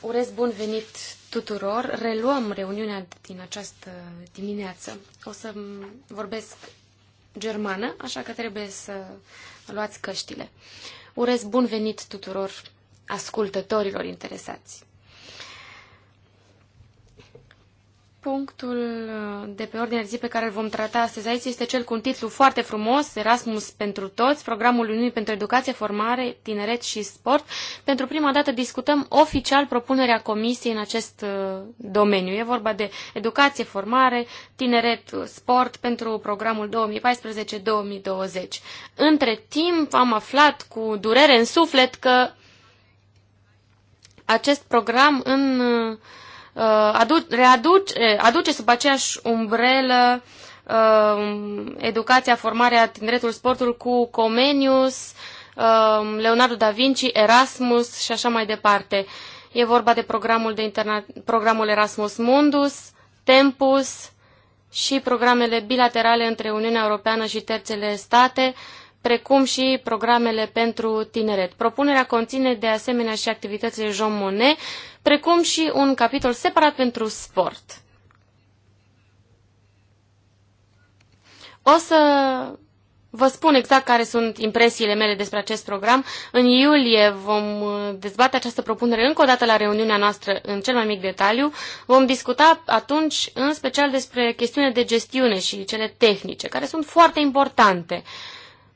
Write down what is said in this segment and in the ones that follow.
Urez bun venit tuturor. Reluăm reuniunea din această dimineață. O să vorbesc germană, așa că trebuie să luați căștile. Urez bun venit tuturor ascultătorilor interesați. Punctul uh, de pe ordinea de zi pe care îl vom trata astăzi aici este cel cu un titlu foarte frumos, Erasmus pentru toți, programul Uniunii pentru Educație, Formare, Tineret și Sport. Pentru prima dată discutăm oficial propunerea Comisiei în acest uh, domeniu. E vorba de educație, formare, tineret, sport pentru programul 2014-2020. Între timp am aflat cu durere în suflet că acest program în uh, Uh, readuce, eh, aduce sub aceeași umbrelă uh, um, educația, formarea, tineretul, sportul cu Comenius, um, Leonardo da Vinci, Erasmus și așa mai departe. E vorba de programul, de interna- programul Erasmus Mundus, Tempus și programele bilaterale între Uniunea Europeană și terțele state, precum și programele pentru tineret. Propunerea conține de asemenea și activitățile Jean Monnet, precum și un capitol separat pentru sport. O să vă spun exact care sunt impresiile mele despre acest program. În iulie vom dezbate această propunere încă o dată la reuniunea noastră în cel mai mic detaliu. Vom discuta atunci în special despre chestiune de gestiune și cele tehnice, care sunt foarte importante. Uh,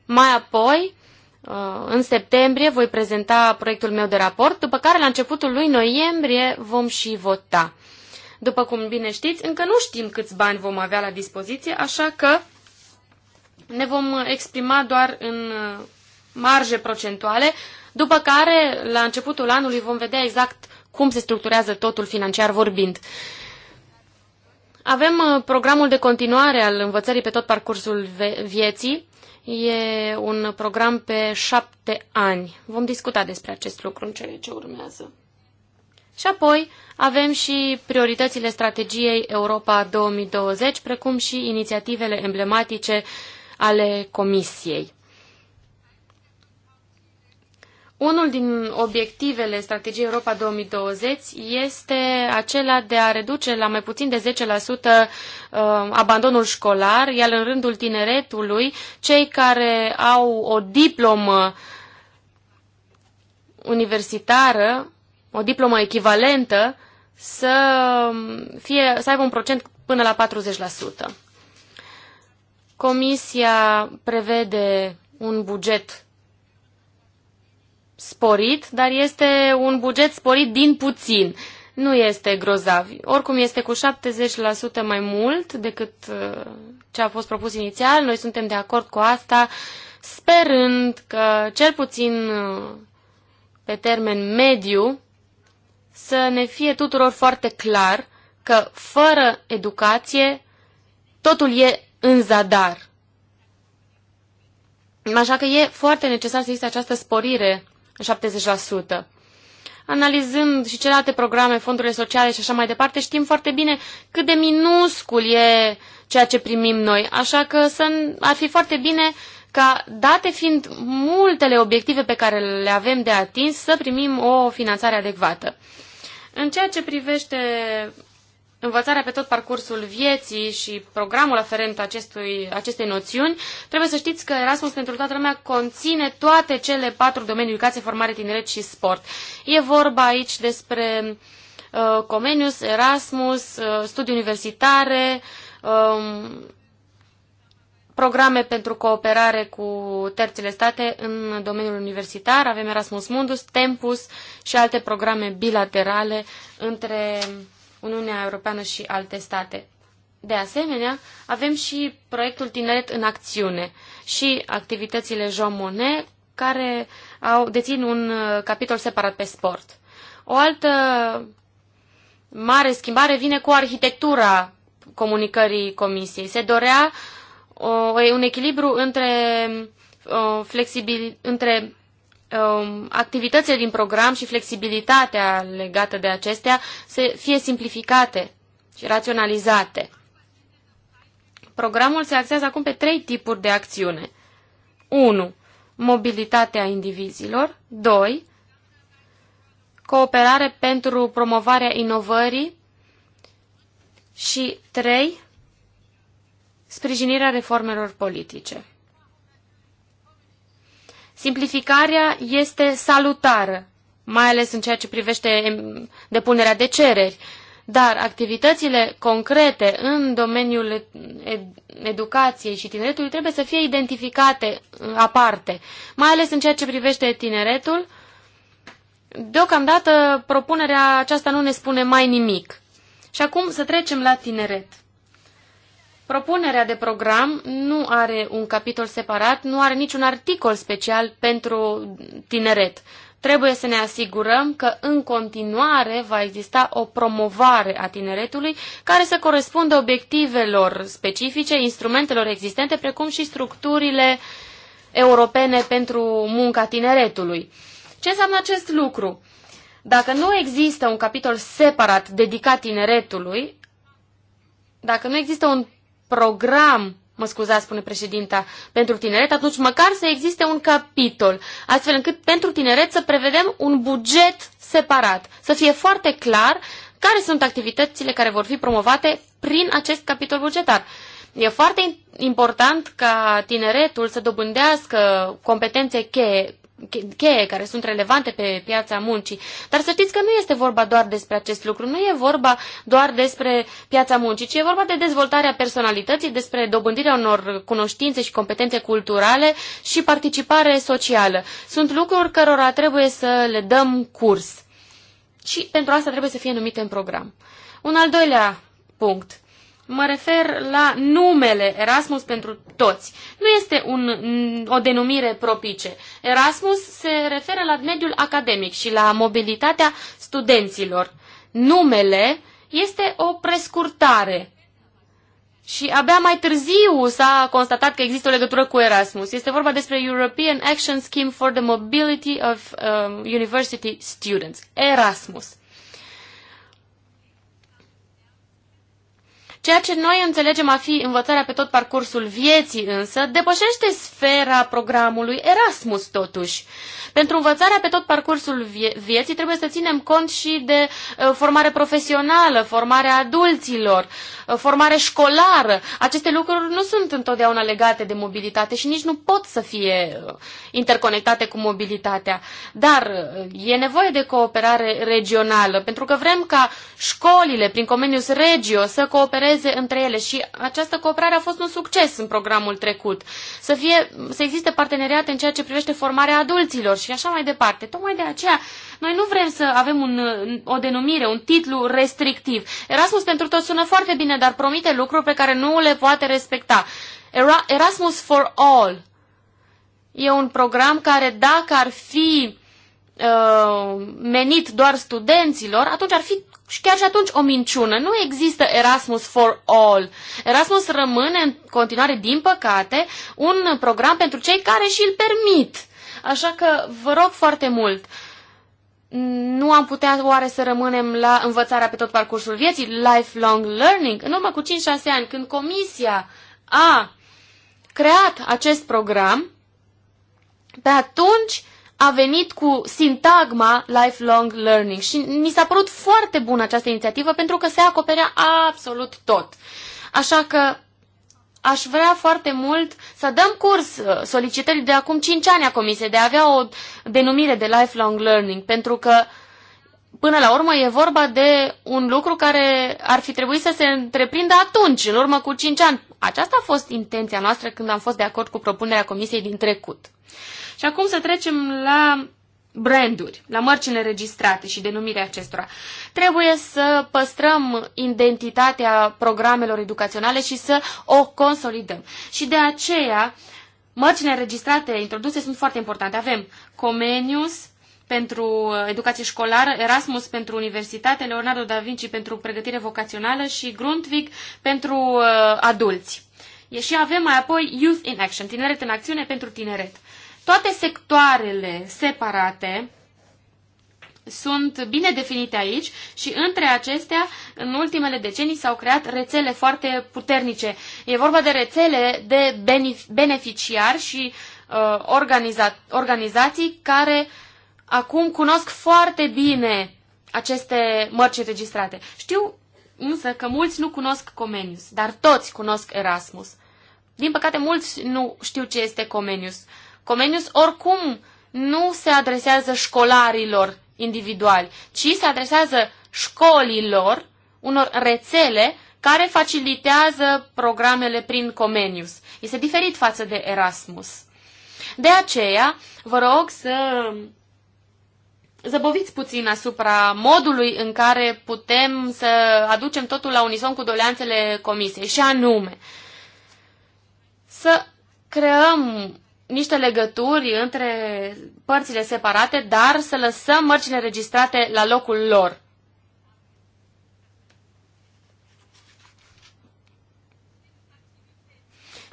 mai apoi, uh, în septembrie, voi prezenta proiectul meu de raport, după care la începutul lui noiembrie vom și vota. După cum bine știți, încă nu știm câți bani vom avea la dispoziție, așa că ne vom exprima doar în uh, marje procentuale, după care, la începutul anului, vom vedea exact cum se structurează totul financiar vorbind. Avem uh, programul de continuare al învățării pe tot parcursul vieții, E un program pe șapte ani. Vom discuta despre acest lucru în cele ce urmează. Și apoi avem și prioritățile strategiei Europa 2020, precum și inițiativele emblematice ale Comisiei. Unul din obiectivele strategiei Europa 2020 este acela de a reduce la mai puțin de 10% uh, abandonul școlar, iar în rândul tineretului, cei care au o diplomă universitară, o diplomă echivalentă, să, fie, să aibă un procent până la 40%. Comisia prevede un buget sporit, dar este un buget sporit din puțin. Nu este grozav. Oricum este cu 70% mai mult decât uh, ce a fost propus inițial. Noi suntem de acord cu asta, sperând că cel puțin uh, pe termen mediu să ne fie tuturor foarte clar că fără educație totul e în zadar. Așa că e foarte necesar să existe această sporire 70%. Analizând și celelalte programe, fondurile sociale și așa mai departe, știm foarte bine cât de minuscul e ceea ce primim noi. Așa că să, ar fi foarte bine ca, date fiind multele obiective pe care le avem de atins, să primim o finanțare adecvată. În ceea ce privește învățarea pe tot parcursul vieții și programul aferent acestui, acestei noțiuni, trebuie să știți că Erasmus pentru toată lumea conține toate cele patru domenii, educație, formare, tineret și sport. E vorba aici despre uh, Comenius, Erasmus, uh, studii universitare, um, programe pentru cooperare cu terțele state în domeniul universitar, avem Erasmus Mundus, Tempus și alte programe bilaterale între Uniunea Europeană și alte state. De asemenea, avem și proiectul Tineret în Acțiune și activitățile Jean Monnet, care au, dețin un uh, capitol separat pe sport. O altă mare schimbare vine cu arhitectura comunicării comisiei. Se dorea o, uh, un echilibru între, o, uh, flexibil, între Um, activitățile din program și flexibilitatea legată de acestea să fie simplificate și raționalizate. Programul se axează acum pe trei tipuri de acțiune. 1. Mobilitatea indivizilor. 2. Cooperare pentru promovarea inovării. Și 3. Sprijinirea reformelor politice. Simplificarea este salutară, mai ales în ceea ce privește depunerea de cereri, dar activitățile concrete în domeniul educației și tineretului trebuie să fie identificate uh, aparte, mai ales în ceea ce privește tineretul. Deocamdată propunerea aceasta nu ne spune mai nimic. Și acum să trecem la tineret. Propunerea de program nu are un capitol separat, nu are niciun articol special pentru tineret. Trebuie să ne asigurăm că în continuare va exista o promovare a tineretului care să corespundă obiectivelor specifice, instrumentelor existente, precum și structurile europene pentru munca tineretului. Ce înseamnă acest lucru? Dacă nu există un capitol separat dedicat tineretului, dacă nu există un program, mă scuzați, spune președinta, pentru tineret, atunci măcar să existe un capitol, astfel încât pentru tineret să prevedem un buget separat, să fie foarte clar care sunt activitățile care vor fi promovate prin acest capitol bugetar. E foarte important ca tineretul să dobândească competențe cheie cheie care sunt relevante pe piața muncii. Dar să știți că nu este vorba doar despre acest lucru, nu e vorba doar despre piața muncii, ci e vorba de dezvoltarea personalității, despre dobândirea unor cunoștințe și competențe culturale și participare socială. Sunt lucruri cărora trebuie să le dăm curs. Și pentru asta trebuie să fie numite în program. Un al doilea punct. Mă refer la numele Erasmus pentru toți. Nu este un, o denumire propice. Erasmus se referă la mediul academic și la mobilitatea studenților. Numele este o prescurtare. Și abia mai târziu s-a constatat că există o legătură cu Erasmus. Este vorba despre European Action Scheme for the Mobility of um, University Students, Erasmus. Ceea ce noi înțelegem a fi învățarea pe tot parcursul vieții însă depășește sfera programului Erasmus totuși. Pentru învățarea pe tot parcursul vie vieții trebuie să ținem cont și de uh, formare profesională, formare adulților, uh, formare școlară. Aceste lucruri nu sunt întotdeauna legate de mobilitate și nici nu pot să fie uh, interconectate cu mobilitatea. Dar uh, e nevoie de cooperare regională pentru că vrem ca școlile prin Comenius Regio să coopereze coopereze între ele și această cooperare a fost un succes în programul trecut. Să, fie, să existe parteneriate în ceea ce privește formarea adulților și așa mai departe. Tocmai de aceea noi nu vrem să avem un, o denumire, un titlu restrictiv. Erasmus pentru toți sună foarte bine, dar promite lucruri pe care nu le poate respecta. Era, Erasmus for All e un program care dacă ar fi uh, menit doar studenților, atunci ar fi și chiar și atunci o minciună. Nu există Erasmus for All. Erasmus rămâne în continuare, din păcate, un program pentru cei care și îl permit. Așa că vă rog foarte mult, nu am putea oare să rămânem la învățarea pe tot parcursul vieții, lifelong learning? În urmă cu 5-6 ani, când comisia a creat acest program, pe atunci a venit cu sintagma lifelong learning și mi s-a părut foarte bună această inițiativă pentru că se acoperea absolut tot. Așa că aș vrea foarte mult să dăm curs uh, solicitării de acum 5 ani a comisiei de a avea o denumire de lifelong learning, pentru că până la urmă e vorba de un lucru care ar fi trebuit să se întreprindă atunci, în urmă cu 5 ani, aceasta a fost intenția noastră când am fost de acord cu propunerea comisiei din trecut. Și acum să trecem la branduri, la mărcile registrate și denumirea acestora. Trebuie să păstrăm identitatea programelor educaționale și să o consolidăm. Și de aceea, mărcile registrate introduse sunt foarte importante. Avem Comenius, pentru educație școlară, Erasmus pentru universitate, Leonardo da Vinci pentru pregătire vocațională și Grundtvig pentru uh, adulți. E și avem mai apoi Youth in Action, tineret în acțiune pentru tineret. Toate sectoarele separate sunt bine definite aici și între acestea, în ultimele decenii s-au creat rețele foarte puternice. E vorba de rețele de beneficiari și uh, organiza- organizații care uh, acum cunosc foarte bine aceste mărci înregistrate. Știu însă că mulți nu cunosc Comenius, dar toți cunosc Erasmus. Din păcate, mulți nu știu ce este Comenius. Comenius oricum nu se adresează școlarilor individuali, ci se adresează școlilor, unor rețele care facilitează programele prin Comenius. Este diferit față de Erasmus. De aceea, vă rog să zăboviți puțin asupra modului în care putem să aducem totul la unison cu doleanțele comisiei, și anume să creăm niște legături între părțile separate, dar să lăsăm mărcile registrate la locul lor.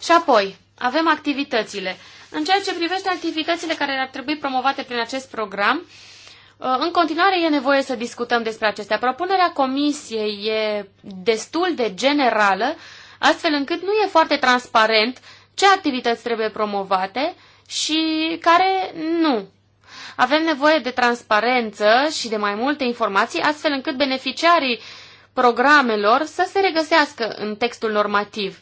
Și apoi, avem activitățile. În ceea ce privește activitățile care ar trebui promovate prin acest program, uh, Uh, în continuare e nevoie să discutăm despre acestea. Propunerea comisiei e destul de generală, astfel încât nu e foarte transparent ce activități trebuie promovate și care nu. Avem nevoie de transparență și de mai multe informații, astfel încât beneficiarii programelor să se regăsească în textul normativ.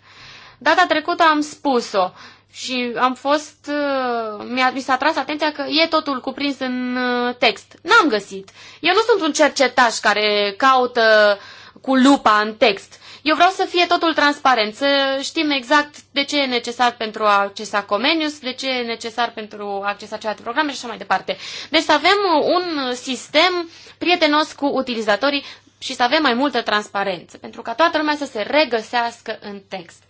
Data trecută am spus-o, și am fost, uh, mi, mi s-a tras atenția că e totul cuprins în uh, text. N-am găsit. Eu nu sunt un cercetaș care caută cu lupa în text. Eu vreau să fie totul transparent, să știm exact de ce e necesar pentru a accesa Comenius, de ce e necesar pentru a accesa celelalte programe și așa mai departe. Deci să avem uh, un sistem prietenos cu utilizatorii și să avem mai multă transparență, pentru ca toată lumea să se regăsească în text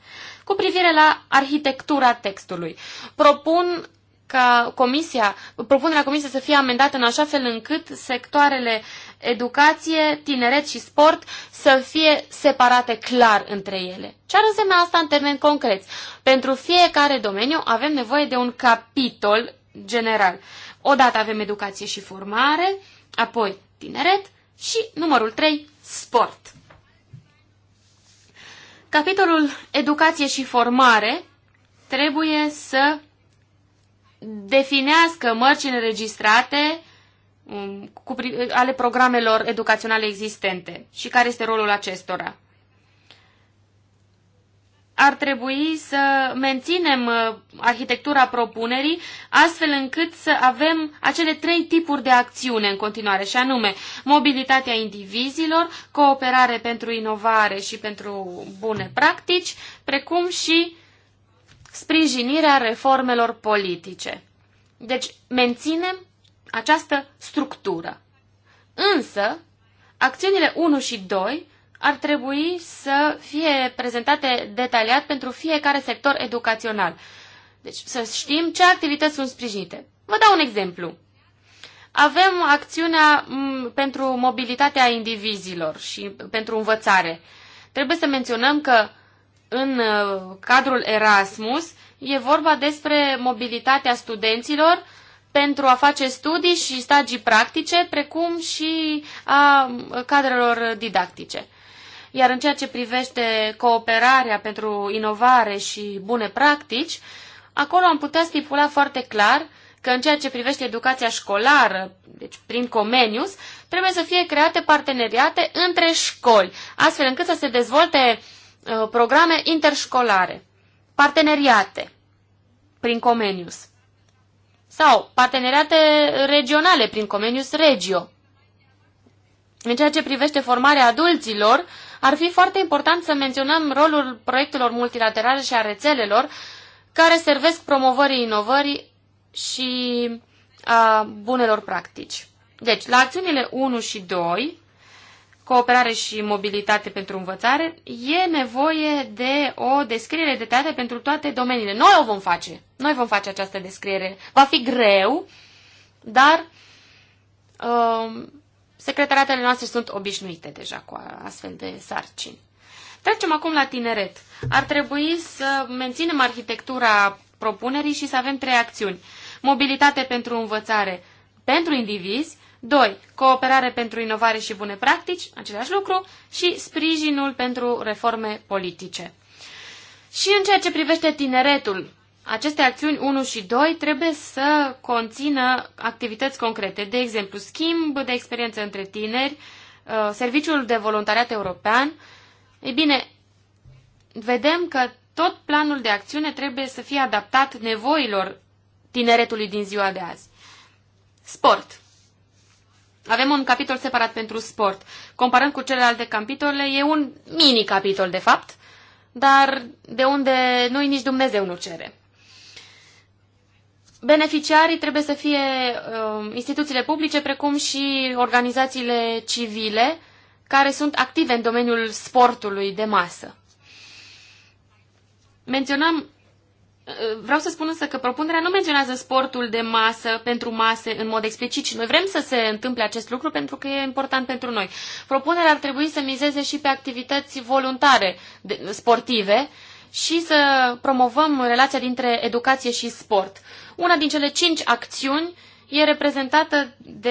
cu privire la arhitectura textului. Propun ca comisia, propunerea comisiei să fie amendată în așa fel încât sectoarele educație, tineret și sport să fie separate clar între ele. Ce ar însemna asta în termeni concreți? Pentru fiecare domeniu avem nevoie de un capitol general. Odată avem educație și formare, apoi tineret și numărul 3, sport. Capitolul educație și formare trebuie să definească mărci înregistrate um, ale programelor educaționale existente și care este rolul acestora ar trebui să menținem uh, arhitectura propunerii astfel încât să avem acele trei tipuri de acțiune în continuare, și anume mobilitatea indivizilor, cooperare pentru inovare și pentru bune practici, precum și sprijinirea reformelor politice. Deci menținem această structură. Însă, acțiunile 1 și 2 ar trebui să fie prezentate detaliat pentru fiecare sector educațional. Deci să știm ce activități sunt sprijinite. Vă dau un exemplu. Avem acțiunea pentru mobilitatea indivizilor și pentru învățare. Trebuie să menționăm că în uh, cadrul Erasmus e vorba despre mobilitatea studenților pentru a face studii și stagii practice, precum și a uh, cadrelor didactice. Iar în ceea ce privește cooperarea pentru inovare și bune practici, acolo am putea stipula foarte clar că în ceea ce privește educația școlară, deci prin Comenius, trebuie să fie create parteneriate între școli, astfel încât să se dezvolte ă, programe interșcolare, parteneriate prin Comenius sau parteneriate regionale prin Comenius Regio. În ceea ce privește formarea adulților, ar fi foarte important să menționăm rolul proiectelor multilaterale și a rețelelor care servesc promovării inovării și a bunelor practici. Deci, la acțiunile 1 și 2, cooperare și mobilitate pentru învățare, e nevoie de o descriere detaliată pentru toate domeniile. Noi o vom face. Noi vom face această descriere. Va fi greu, dar uh, Secretariatele noastre sunt obișnuite deja cu astfel de sarcini. Trecem acum la tineret. Ar trebui să menținem arhitectura propunerii și să avem trei acțiuni. Mobilitate pentru învățare pentru indivizi, 2. Cooperare pentru inovare și bune practici, același lucru, și sprijinul pentru reforme politice. Și în ceea ce privește tineretul, aceste acțiuni 1 și 2 trebuie să conțină activități concrete, de exemplu schimb de experiență între tineri, uh, serviciul de voluntariat european. Ei bine, vedem că tot planul de acțiune trebuie să fie adaptat nevoilor tineretului din ziua de azi. Sport. Avem un capitol separat pentru sport. Comparând cu celelalte capitole, e un mini capitol, de fapt, dar de unde noi nici Dumnezeu nu cere. Beneficiarii trebuie să fie uh, instituțiile publice, precum și organizațiile civile care sunt active în domeniul sportului de masă. Menționăm, uh, vreau să spun însă că propunerea nu menționează sportul de masă pentru mase în mod explicit și noi vrem să se întâmple acest lucru pentru că e important pentru noi. Propunerea ar trebui să mizeze și pe activități voluntare de, sportive, uh, și să promovăm relația dintre educație și sport. Una din cele cinci acțiuni e reprezentată de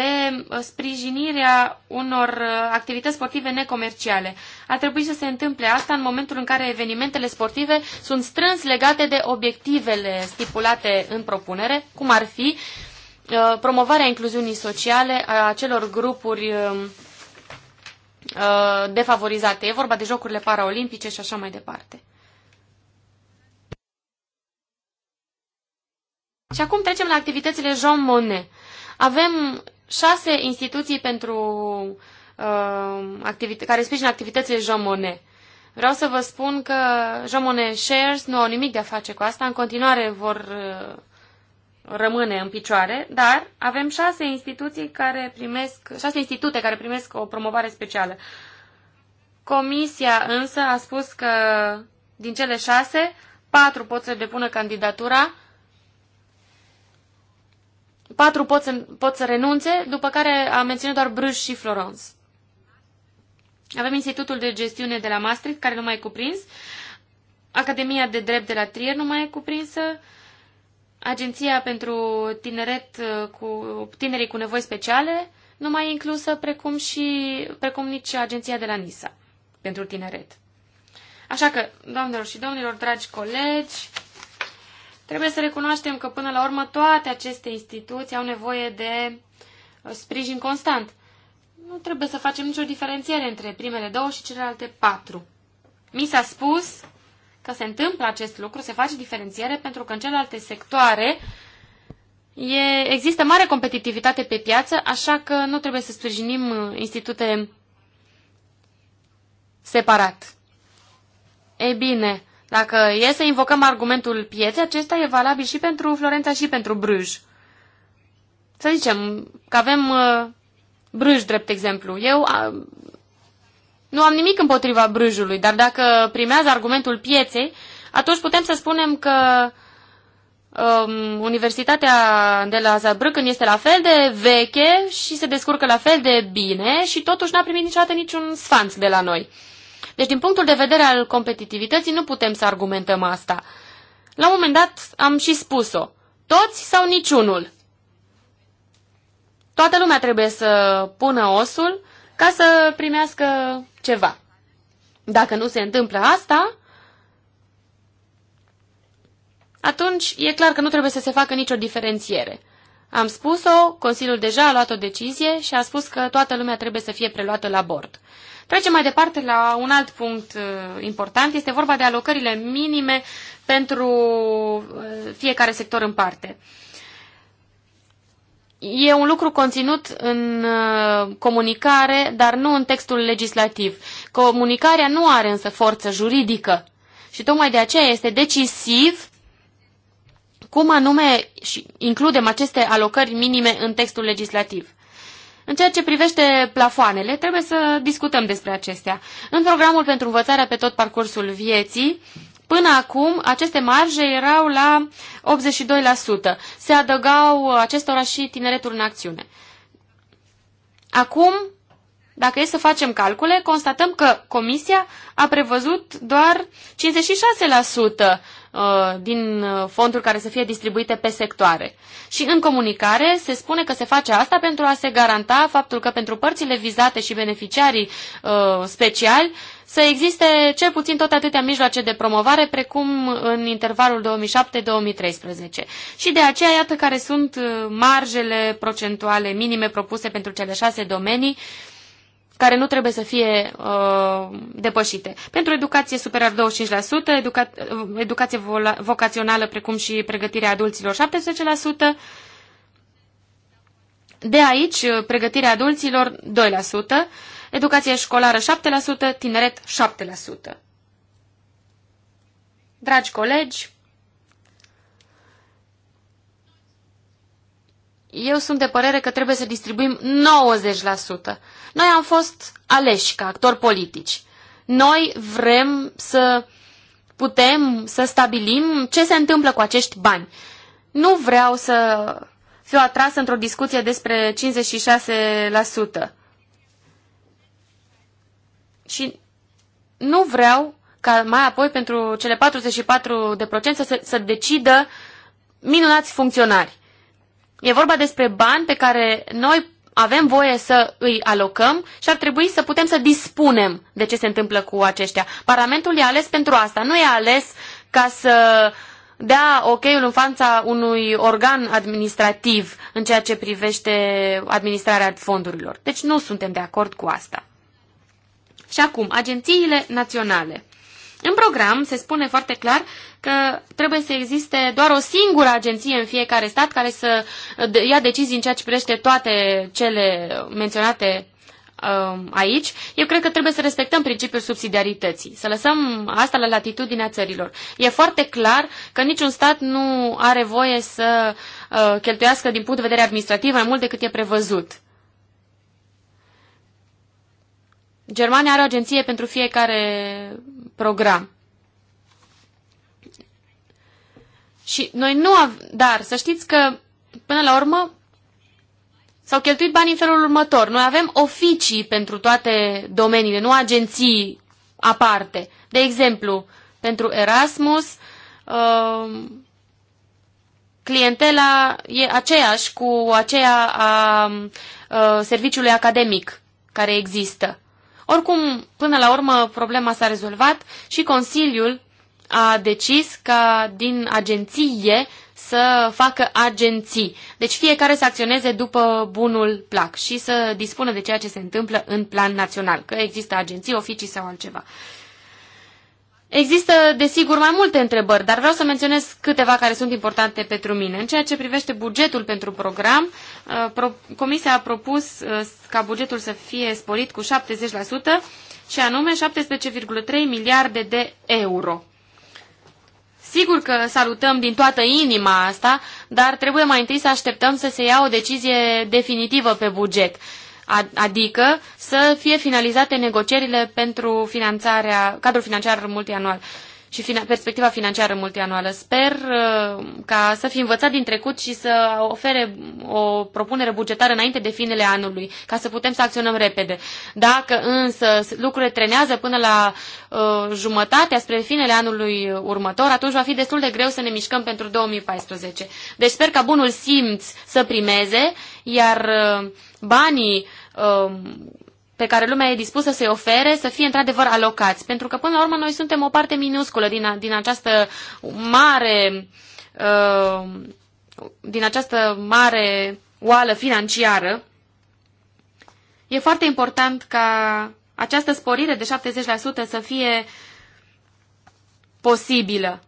uh, sprijinirea unor uh, activități sportive necomerciale. Ar trebui să se întâmple asta în momentul în care evenimentele sportive sunt strâns legate de obiectivele stipulate în propunere, cum ar fi uh, promovarea incluziunii sociale a celor grupuri um, defavorizate. E vorba de jocurile paraolimpice și așa mai departe. Și acum trecem la activitățile Jean Monnet. Avem șase instituții pentru, uh, care sprijină activitățile Jean Monnet. Vreau să vă spun că Jean Monnet Shares nu au nimic de a face cu asta. În continuare vor uh, rămâne în picioare, dar avem șase instituții care primesc, șase institute care primesc o promovare specială. Comisia însă a spus că din cele șase, patru pot să depună candidatura, patru pot să, pot să renunțe, după care a menționat doar Bruges și Florence. Avem Institutul de Gestiune de la Maastricht, care nu mai e cuprins, Academia de Drept de la Trier nu mai e cuprinsă, Agenția pentru tineret uh, cu, Tinerii cu Nevoi Speciale nu mai e inclusă, precum, și, precum nici Agenția de la NISA pentru tineret. Așa că, doamnelor și domnilor, dragi colegi, Trebuie să recunoaștem că până la urmă toate aceste instituții au nevoie de uh, sprijin constant. Nu trebuie să facem nicio diferențiere între primele două și celelalte patru. Mi s-a spus că se întâmplă acest lucru, se face diferențiere pentru că în celelalte sectoare e, există mare competitivitate pe piață, așa că nu trebuie să sprijinim uh, institute separat. Ei bine, dacă e să invocăm argumentul pieței, acesta e valabil și pentru Florența și pentru Bruj. Să zicem că avem uh, Bruj drept exemplu. Eu uh, nu am nimic împotriva Brujului, dar dacă primează argumentul pieței, atunci putem să spunem că um, Universitatea de la Zabrâcân este la fel de veche și se descurcă la fel de bine și totuși n-a primit niciodată niciun sfanț de la noi. Deci, din punctul de vedere al competitivității, nu putem să argumentăm asta. La un moment dat am și spus-o. Toți sau niciunul? Toată lumea trebuie să pună osul ca să primească ceva. Dacă nu se întâmplă asta, atunci e clar că nu trebuie să se facă nicio diferențiere. Am spus-o, Consiliul deja a luat o decizie și a spus că toată lumea trebuie să fie preluată la bord. Trecem mai departe la un alt punct uh, important. Este vorba de alocările minime pentru uh, fiecare sector în parte. E un lucru conținut în uh, comunicare, dar nu în textul legislativ. Comunicarea nu are însă forță juridică și tocmai de aceea este decisiv cum anume și includem aceste alocări minime în textul legislativ. În ceea ce privește plafoanele, trebuie să discutăm despre acestea. În programul pentru învățarea pe tot parcursul vieții, Până acum, aceste marje erau la 82%. Se adăgau acestora și tineretul în acțiune. Acum, dacă e să facem calcule, constatăm că Comisia a prevăzut doar 56% Uh, din uh, fonduri care să fie distribuite pe sectoare. Și în comunicare se spune că se face asta pentru a se garanta faptul că pentru părțile vizate și beneficiarii uh, speciali să existe cel puțin tot atâtea mijloace de promovare precum în intervalul 2007-2013. Și de aceea iată care sunt marjele procentuale minime propuse pentru cele șase domenii uh, care nu trebuie să fie uh, depășite. Pentru educație superior 25%, educa uh, educație vocațională precum și pregătirea adulților 17%, de aici uh, pregătirea adulților 2%, educație școlară 7%, tineret 7%. Dragi colegi, eu sunt de părere că trebuie să distribuim 90%. Noi am fost aleși ca actori politici. Noi vrem să putem să stabilim ce se întâmplă cu acești bani. Nu vreau să fiu atras într-o discuție despre 56%. Și nu vreau ca mai apoi pentru cele 44% de să, să decidă minunați funcționari. E vorba despre bani pe care noi avem voie să îi alocăm și ar trebui să putem să dispunem de ce se întâmplă cu aceștia. Parlamentul e ales pentru asta, nu e ales ca să dea ok-ul în fața unui organ administrativ în ceea ce privește administrarea fondurilor. Deci nu suntem de acord cu asta. Și acum, agențiile naționale. În program se spune foarte clar că trebuie să existe doar o singură agenție în fiecare stat care să uh, ia decizii în ceea ce privește toate cele menționate uh, aici, eu cred că trebuie să respectăm principiul subsidiarității, să lăsăm asta la latitudinea țărilor. E foarte clar că niciun stat nu are voie să uh, cheltuiască din punct de vedere administrativ mai mult decât e prevăzut. Germania are o agenție pentru fiecare program. Și noi nu av- dar să știți că până la urmă s-au cheltuit bani în felul următor. Noi avem oficii pentru toate domeniile, nu agenții aparte. De exemplu, pentru Erasmus, uh, clientela e aceeași cu aceea a uh, serviciului academic care există. Oricum, până la urmă, problema s-a rezolvat și Consiliul a decis ca din agenție să facă agenții. Deci fiecare să acționeze după bunul plac și să dispună de ceea ce se întâmplă în plan național, că există agenții, oficii sau altceva. Există, desigur, mai multe întrebări, dar vreau să menționez câteva care sunt importante pentru mine. În ceea ce privește bugetul pentru program, uh, Comisia a propus uh, ca bugetul să fie sporit cu 70% și anume 17,3 miliarde de euro. Sigur că salutăm din toată inima asta, dar trebuie mai întâi să așteptăm să se ia o decizie definitivă pe buget adică să fie finalizate negocierile pentru finanțarea, cadrul financiar multianual și fina, perspectiva financiară multianuală. Sper uh, ca să fi învățat din trecut și să ofere o propunere bugetară înainte de finele anului, ca să putem să acționăm repede. Dacă însă lucrurile trenează până la uh, jumătatea spre finele anului următor, atunci va fi destul de greu să ne mișcăm pentru 2014. Deci sper ca bunul simț să primeze, iar uh, banii um, pe care lumea e dispusă să-i ofere să fie într-adevăr alocați. Pentru că, până la urmă, noi suntem o parte minusculă din, a, din această mare um, din această mare oală financiară. E foarte important ca această sporire de 70% să fie posibilă.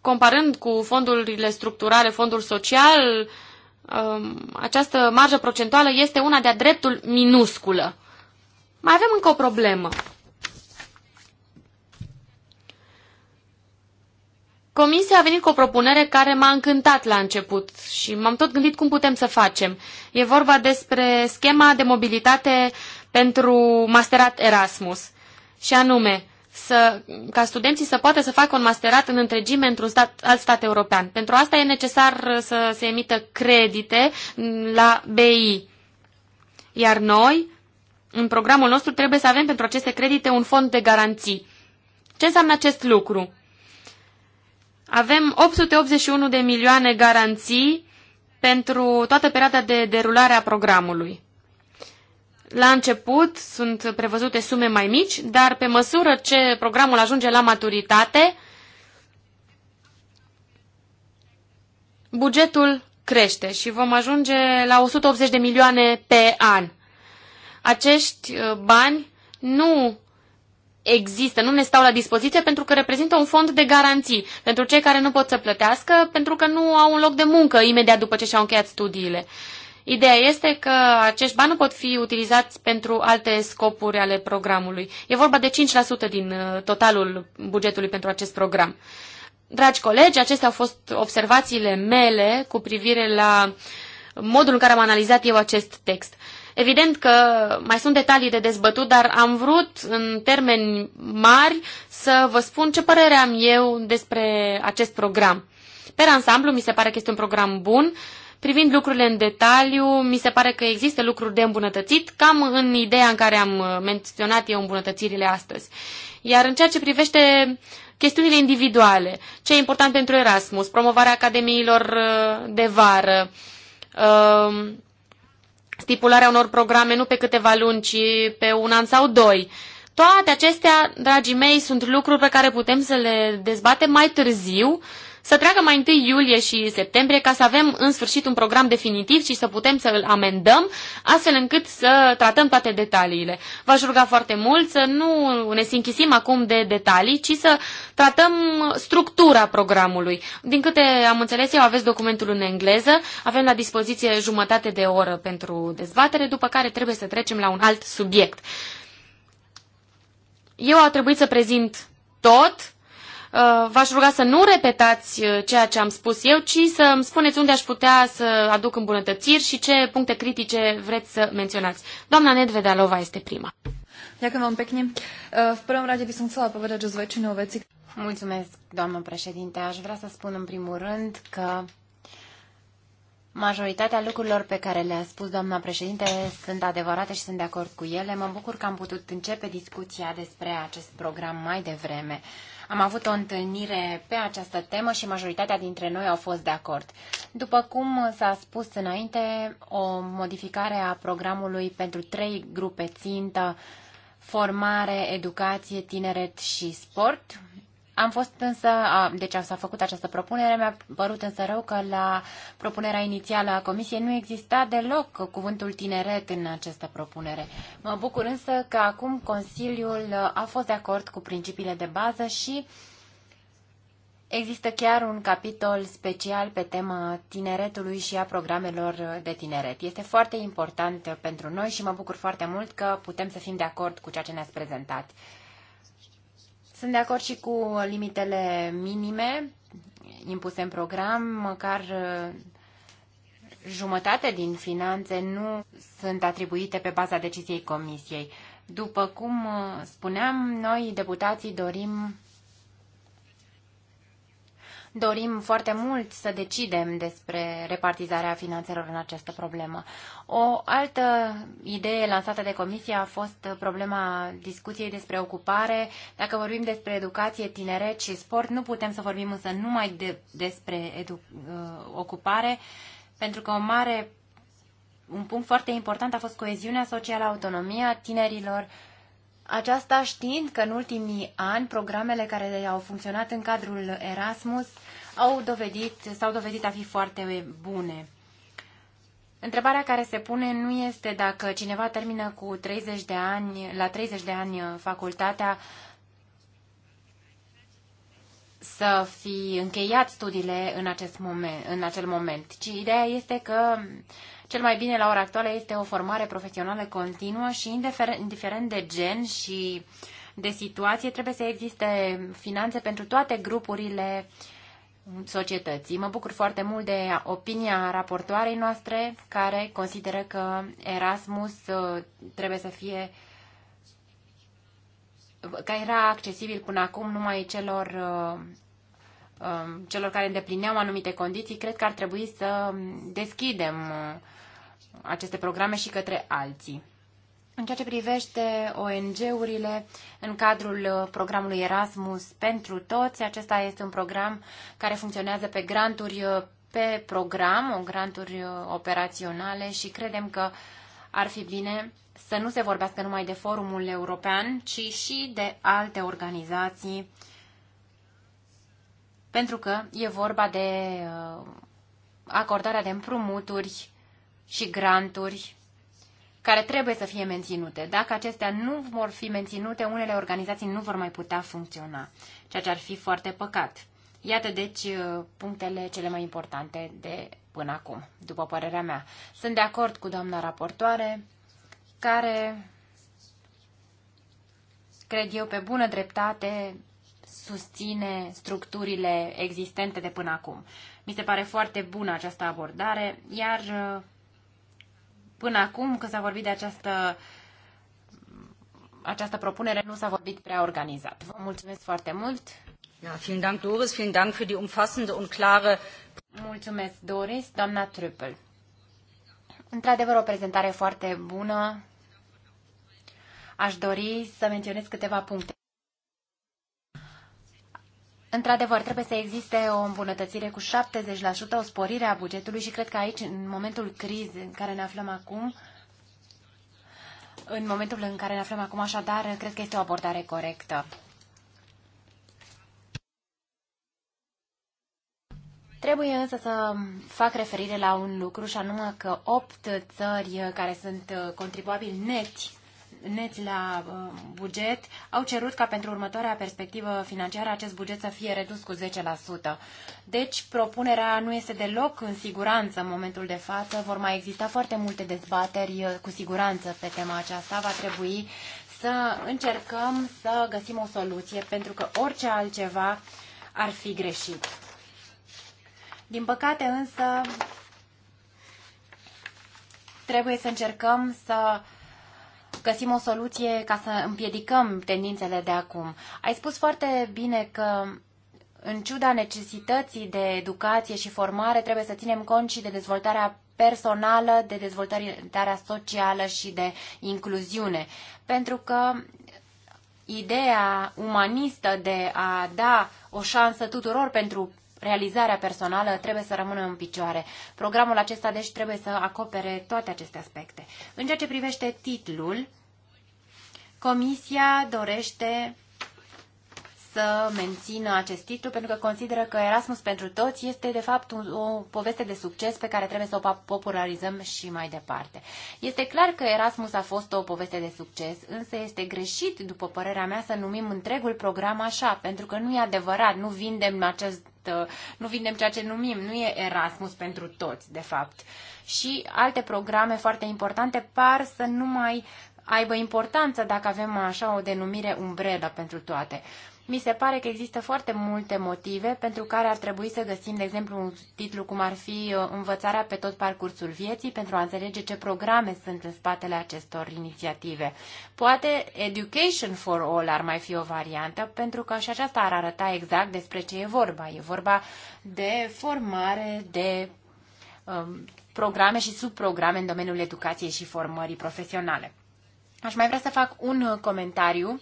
Comparând cu fondurile structurale, fondul social, uh, Um, această marjă procentuală este una de-a dreptul minusculă. Mai avem încă o problemă. Comisia a venit cu o propunere care m-a încântat la început și m-am tot gândit cum putem să facem. E vorba despre schema de mobilitate pentru masterat Erasmus. Și anume, să, ca studenții să poată să facă un masterat în întregime într-un stat, alt stat european. Pentru asta e necesar să se emită credite la BI. Iar noi, în programul nostru, trebuie să avem pentru aceste credite un fond de garanții. Ce înseamnă acest lucru? Avem 881 de milioane garanții pentru toată perioada de derulare a programului. La început sunt prevăzute sume mai mici, dar pe măsură ce programul ajunge la maturitate, bugetul crește și vom ajunge la 180 de milioane pe an. Acești uh, bani nu există, nu ne stau la dispoziție pentru că reprezintă un fond de garanții pentru cei care nu pot să plătească, pentru că nu au un loc de muncă imediat după ce și-au încheiat studiile. Ideea este că acești bani nu pot fi utilizați pentru alte scopuri ale programului. E vorba de 5% din uh, totalul bugetului pentru acest program. Dragi colegi, acestea au fost observațiile mele cu privire la modul în care am analizat eu acest text. Evident că mai sunt detalii de dezbătut, dar am vrut în termeni mari să vă spun ce părere am eu despre acest program. Per ansamblu, mi se pare că este un program bun, Privind lucrurile în detaliu, mi se pare că există lucruri de îmbunătățit, cam în ideea în care am uh, menționat eu îmbunătățirile astăzi. Iar în ceea ce privește chestiunile individuale, ce e important pentru Erasmus, promovarea academiilor uh, de vară, um, stipularea unor programe nu pe câteva luni, ci pe un an sau doi, toate acestea, dragii mei, sunt lucruri pe care putem să le dezbatem mai târziu, uh, să treacă mai întâi iulie și septembrie ca să avem în sfârșit un program definitiv și să putem să îl amendăm, astfel încât să tratăm toate detaliile. V-aș ruga foarte mult să nu ne sinchisim acum de detalii, ci să tratăm structura programului. Din câte am înțeles eu, aveți documentul în engleză, avem la dispoziție jumătate de oră pentru dezbatere, după care trebuie să trecem la un alt subiect. Eu a trebuit să prezint tot Uh, v-aș ruga să nu repetați uh, ceea ce am spus eu, ci să îmi spuneți unde aș putea să aduc îmbunătățiri și ce puncte critice vreți să menționați. Doamna Nedvedalova este prima. Dacă vă pekne. în primul rând, vi sunt să povedať, že s väčšinou Mulțumesc, doamnă președinte. Aș vrea să spun în primul rând că Majoritatea lucrurilor pe care le-a spus doamna președinte sunt adevărate și sunt de acord cu ele. Mă bucur că am putut începe discuția despre acest program mai devreme. Uh, am avut o întâlnire pe această temă și majoritatea dintre noi au fost de acord. După cum s-a spus înainte, o modificare a programului pentru trei grupe țintă, formare, educație, tineret și sport, am fost însă, deci s-a făcut această propunere, mi-a părut însă rău că la propunerea inițială a Comisiei nu exista deloc cuvântul tineret în această propunere. Mă bucur însă că acum Consiliul a fost de acord cu principiile de bază și există chiar un capitol special pe tema tineretului și a programelor de tineret. Este foarte important pentru noi și mă bucur foarte mult că putem să fim de acord cu ceea ce ne-ați prezentat. Sunt de acord și cu limitele minime impuse în program, măcar uh, jumătate din finanțe nu sunt atribuite pe baza deciziei Comisiei. După cum uh, spuneam, noi, deputații, dorim dorim foarte mult să decidem despre repartizarea finanțelor în această problemă. O altă idee lansată de comisie a fost problema discuției despre ocupare. Dacă vorbim despre educație, tineret și sport, nu putem să vorbim însă numai de, despre edu, uh, ocupare, pentru că o mare, un punct foarte important a fost coeziunea socială, autonomia tinerilor, uh, aceasta știind că în ultimii ani programele care au funcționat în cadrul Erasmus au dovedit, s-au dovedit a fi foarte bune. Întrebarea care se pune nu este dacă cineva termină cu 30 de ani, la 30 de ani facultatea, să fi încheiat studiile în, acest moment, în acel moment, ci ideea este că cel mai bine la ora actuală este o formare profesională continuă și indiferent de gen și de situație, trebuie să existe finanțe pentru toate grupurile societății. Mă bucur foarte mult de opinia raportoarei noastre, care consideră că Erasmus uh, trebuie să fie care era accesibil până acum numai celor, uh, um, celor care îndeplineau anumite condiții, cred că ar trebui să deschidem uh, aceste programe și către alții. În ceea ce privește ONG-urile, în cadrul uh, programului Erasmus pentru toți, acesta este un program care funcționează pe granturi pe program, granturi operaționale și credem că ar fi bine să nu se vorbească numai de Forumul European, ci și de alte organizații, pentru că e vorba de uh, acordarea de împrumuturi și granturi care trebuie să fie menținute. Dacă acestea nu vor fi menținute, unele organizații nu vor mai putea funcționa, ceea ce ar fi foarte păcat. Iată deci uh, punctele cele mai importante de până acum, după părerea mea. Sunt de acord cu doamna raportoare care, cred eu, pe bună dreptate susține structurile existente de până acum. Mi se pare foarte bună această abordare, iar până acum, când s-a vorbit de această, această propunere, nu s-a vorbit prea organizat. Vă mulțumesc foarte mult! Ja, vielen Dank, Doris. Vielen Dank für die umfassende und klare... Mulțumesc, Doris. Doamna Trüppel. Într-adevăr, o prezentare foarte bună Aș dori să menționez câteva puncte. Într-adevăr, trebuie să existe o îmbunătățire cu 70%, o sporire a bugetului și cred că aici, în momentul crizei în care ne aflăm acum, în momentul în care ne aflăm acum, așadar, cred că este o abordare corectă. Trebuie însă să fac referire la un lucru și anume că opt țări care sunt contribuabili neti net la uh, buget au cerut ca pentru următoarea perspectivă financiară acest buget să fie redus cu 10%. Deci propunerea nu este deloc în siguranță în momentul de față. Vor mai exista foarte multe dezbateri uh, cu siguranță pe tema aceasta. Va trebui să încercăm să găsim o soluție pentru că orice altceva ar fi greșit. Din păcate însă trebuie să încercăm să găsim o soluție ca să împiedicăm tendințele de acum. Ai spus foarte bine că în ciuda necesității de educație și formare, trebuie să ținem cont și de dezvoltarea personală, de dezvoltarea socială și de incluziune. Pentru că ideea umanistă de a da o șansă tuturor pentru realizarea personală trebuie să rămână în picioare. Programul acesta, deci, trebuie să acopere toate aceste aspecte. În ceea ce privește titlul, Comisia dorește să mențină acest titlu pentru că consideră că Erasmus pentru toți este de fapt un, o poveste de succes pe care trebuie să o popularizăm și mai departe. Este clar că Erasmus a fost o poveste de succes, însă este greșit, după părerea mea, să numim întregul program așa, pentru că nu e adevărat, nu vindem acest nu vindem ceea ce numim, nu e Erasmus pentru toți, de fapt. Și alte programe foarte importante par să nu mai uh, aibă importanță dacă avem așa o denumire umbrelă pentru toate. Mi se pare că există foarte multe motive pentru care ar trebui să găsim, de exemplu, un titlu cum ar fi uh, Învățarea pe tot parcursul vieții pentru a înțelege ce programe sunt în spatele acestor inițiative. Poate Education for All ar mai fi o variantă, pentru că și aceasta ar arăta exact despre ce e vorba. E vorba de formare, de um, programe și subprograme în domeniul educației și formării profesionale. Aș mai vrea să fac un uh, comentariu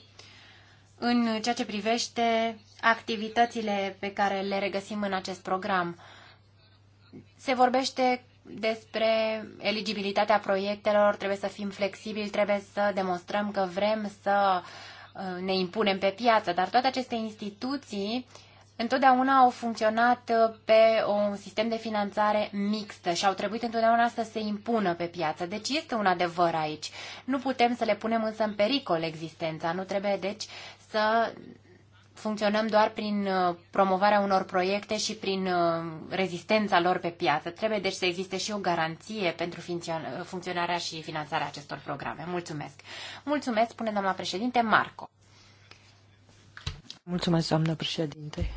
în ceea ce privește activitățile pe care le regăsim în acest program. Se vorbește despre eligibilitatea proiectelor, trebuie să fim flexibili, trebuie să demonstrăm că vrem să uh, ne impunem pe piață, dar toate aceste instituții uh, întotdeauna au funcționat uh, pe un sistem de finanțare mixtă și au trebuit întotdeauna să se impună pe piață. Deci este un adevăr aici. Nu putem să le punem însă în pericol existența. Nu trebuie deci să funcționăm doar prin uh, promovarea unor proiecte și prin uh, rezistența lor pe piață. Trebuie deci să existe și o garanție pentru funcționarea și finanțarea acestor programe. Mulțumesc. Mulțumesc, spune doamna președinte Marco. Mulțumesc, doamnă președinte.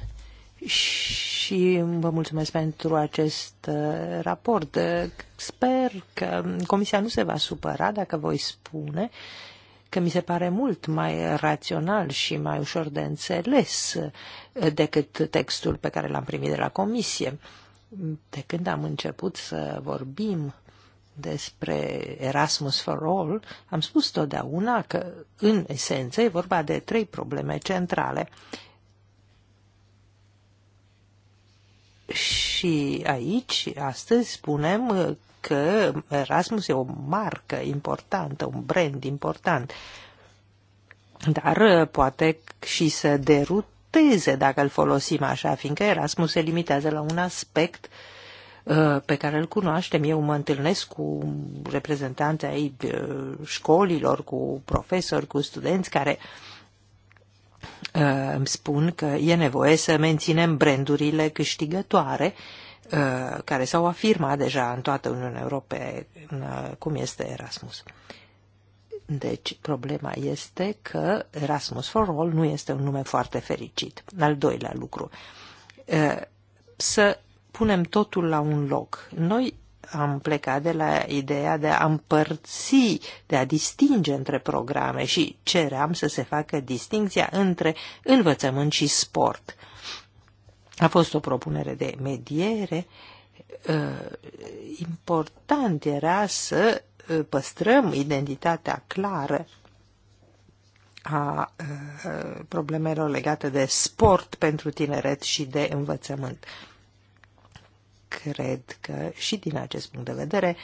Și vă mulțumesc pentru acest uh, raport. Sper că Comisia nu se va supăra dacă voi spune că mi se pare mult mai rațional și mai ușor de înțeles decât textul pe care l-am primit de la Comisie. De când am început să vorbim despre Erasmus for All, am spus totdeauna că, în esență, e vorba de trei probleme centrale. Și aici, astăzi, spunem că Erasmus e o marcă importantă, un brand important, dar uh, poate și să deruteze dacă îl folosim așa, fiindcă Erasmus se limitează la un aspect uh, Uh, pe care îl cunoaștem. Eu mă întâlnesc cu reprezentanții ai uh, școlilor, cu profesori, cu studenți care uh, îmi spun că e nevoie să menținem brandurile câștigătoare care s-au afirmat deja în toată Uniunea Europeană, cum este Erasmus. Deci, problema este că Erasmus for All nu este un nume foarte fericit. Al doilea lucru, să punem totul la un loc. Noi am plecat de la ideea de a împărți, de a distinge între programe și ceream să se facă distinția între învățământ și sport. A fost o propunere de mediere. Uh, important era să uh, păstrăm identitatea clară a uh, problemelor legate de sport pentru tineret și de învățământ cred că și din acest punct de vedere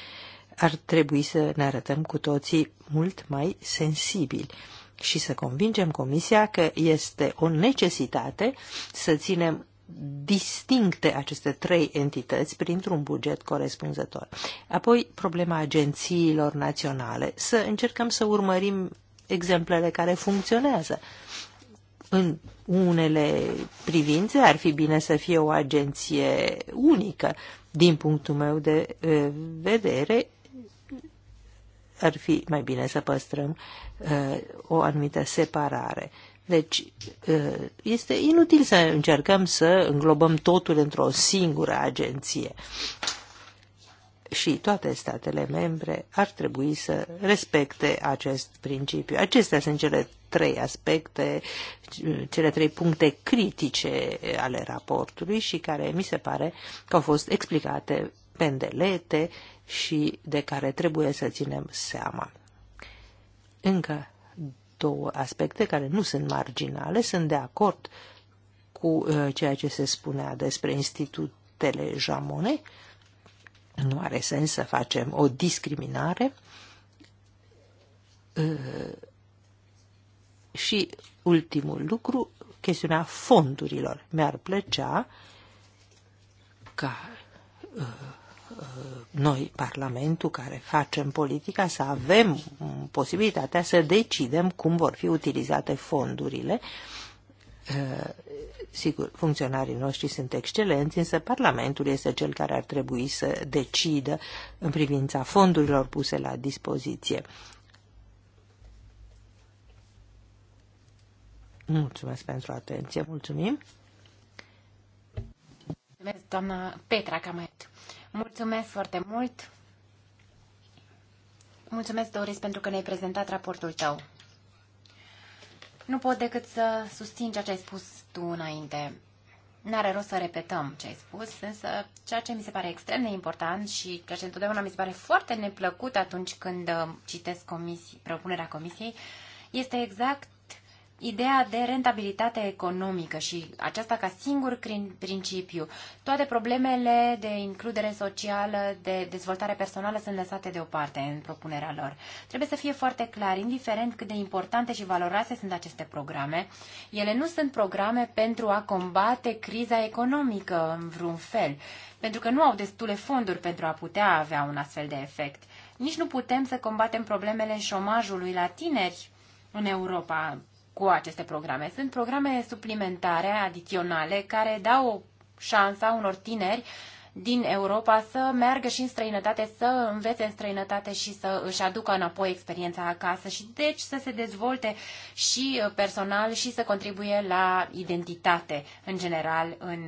ar trebui să ne arătăm cu toții mult mai sensibili și să convingem Comisia că este o necesitate să ținem distincte aceste trei entități printr-un buget corespunzător. Apoi, problema agențiilor naționale. Să încercăm să urmărim exemplele care funcționează în unele privințe ar fi bine să fie o agenție unică. Din punctul meu de vedere, ar fi mai bine să păstrăm uh, o anumită separare. Deci, uh, este inutil să încercăm să înglobăm totul într-o singură agenție. Și toate statele membre ar trebui să respecte acest principiu. Acestea sunt cele trei aspecte, cele trei puncte critice ale raportului și care mi se pare că au fost explicate pendelete și de care trebuie să ținem seama. Încă două aspecte care nu sunt marginale, sunt de acord cu uh, ceea ce se spunea despre institutele jamone. Nu are sens să facem o discriminare uh, și ultimul lucru, chestiunea fondurilor. Mi-ar plăcea ca uh, uh, noi, Parlamentul, care facem politica, să avem posibilitatea să decidem cum vor fi utilizate fondurile. Uh, sigur, funcționarii noștri sunt excelenți, însă Parlamentul este cel care ar trebui să decidă în privința fondurilor puse la dispoziție. Mulțumesc pentru atenție. Mulțumim. Mulțumesc, doamna Petra Camet. Mulțumesc foarte mult. Mulțumesc, Doris, pentru că ne-ai prezentat raportul tău. Nu pot decât să susțin ceea ce ai spus tu înainte. N-are rost să repetăm ce ai spus, însă ceea ce mi se pare extrem de important și ceea ce întotdeauna mi se pare foarte neplăcut atunci când uh, citesc comisii, propunerea comisiei, este exact ideea de rentabilitate economică și aceasta ca singur principiu. Toate problemele de includere socială, de dezvoltare personală sunt lăsate deoparte în propunerea lor. Trebuie să fie foarte clar, indiferent cât de importante și valoroase sunt aceste programe, ele nu sunt programe pentru a combate criza economică în vreun fel, pentru că nu au destule fonduri pentru a putea avea un astfel de efect. Nici nu putem să combatem problemele șomajului la tineri în Europa cu aceste programe. Sunt programe suplimentare, adiționale, care dau o șansa unor tineri din Europa să meargă și în străinătate, să învețe în străinătate și să își aducă înapoi experiența acasă și deci să se dezvolte și personal și să contribuie la identitate în general în,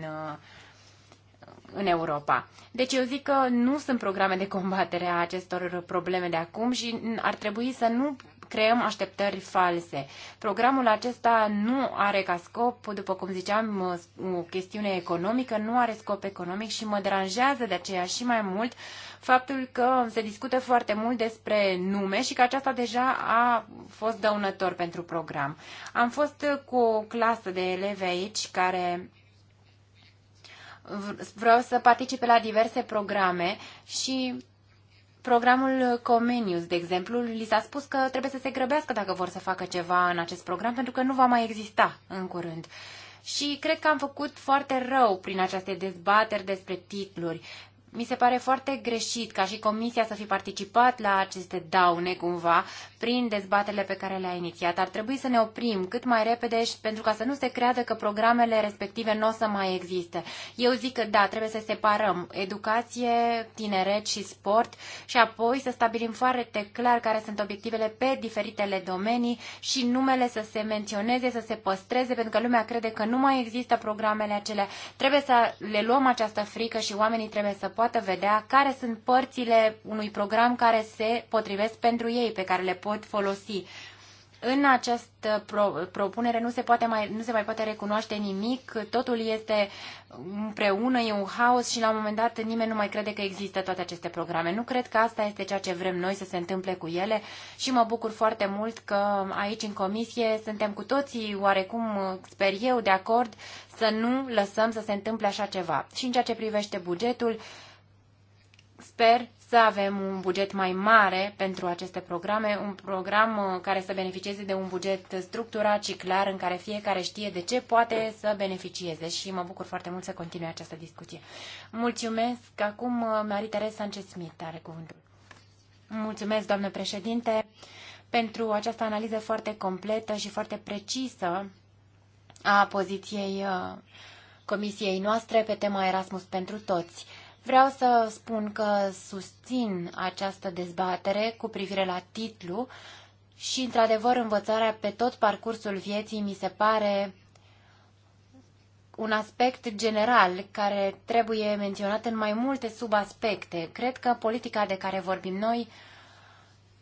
în Europa. Deci eu zic că nu sunt programe de combatere a acestor probleme de acum și ar trebui să nu creăm așteptări false. Programul acesta nu are ca scop, după cum ziceam, o chestiune economică, nu are scop economic și mă deranjează de aceea și mai mult faptul că se discută foarte mult despre nume și că aceasta deja a fost dăunător pentru program. Am fost cu o clasă de elevi aici care vreau să participe la diverse programe și programul Comenius, de exemplu, li s-a spus că trebuie să se grăbească dacă vor să facă ceva în acest program, pentru că nu va mai exista în curând. Și cred că am făcut foarte rău prin aceste dezbateri despre titluri mi se pare foarte greșit ca și Comisia să fi participat la aceste daune cumva prin dezbatele pe care le-a inițiat. Ar trebui să ne oprim cât mai repede și pentru ca să nu se creadă că programele respective nu o să mai existe. Eu zic că da, trebuie să separăm educație, tineret și sport și apoi să stabilim foarte clar care sunt obiectivele pe diferitele domenii și numele să se menționeze, să se păstreze, pentru că lumea crede că nu mai există programele acelea. Trebuie să le luăm această frică și oamenii trebuie să poată vedea care sunt părțile unui program care se potrivesc pentru ei, pe care le pot folosi. În această pro- propunere nu se, poate mai, nu se mai poate recunoaște nimic, totul este împreună, e un haos și la un moment dat nimeni nu mai crede că există toate aceste programe. Nu cred că asta este ceea ce vrem noi să se întâmple cu ele și mă bucur foarte mult că aici în comisie suntem cu toții oarecum, sper eu, de acord să nu lăsăm să se întâmple așa ceva. Și în ceea ce privește bugetul, Sper să avem un buget mai mare pentru aceste programe, un program uh, care să beneficieze de un buget structurat și clar în care fiecare știe de ce poate să beneficieze și mă bucur foarte mult să continue această discuție. Mulțumesc. Acum uh, Marie Teresa Sanchez-Smith are cuvântul. Mulțumesc, doamnă președinte, pentru această analiză foarte completă și foarte precisă a poziției uh, Comisiei noastre pe tema Erasmus pentru toți. Vreau să spun că susțin această dezbatere cu privire la titlu și, într-adevăr, învățarea pe tot parcursul vieții mi se pare un aspect general care trebuie menționat în mai multe subaspecte. Cred că politica de care vorbim noi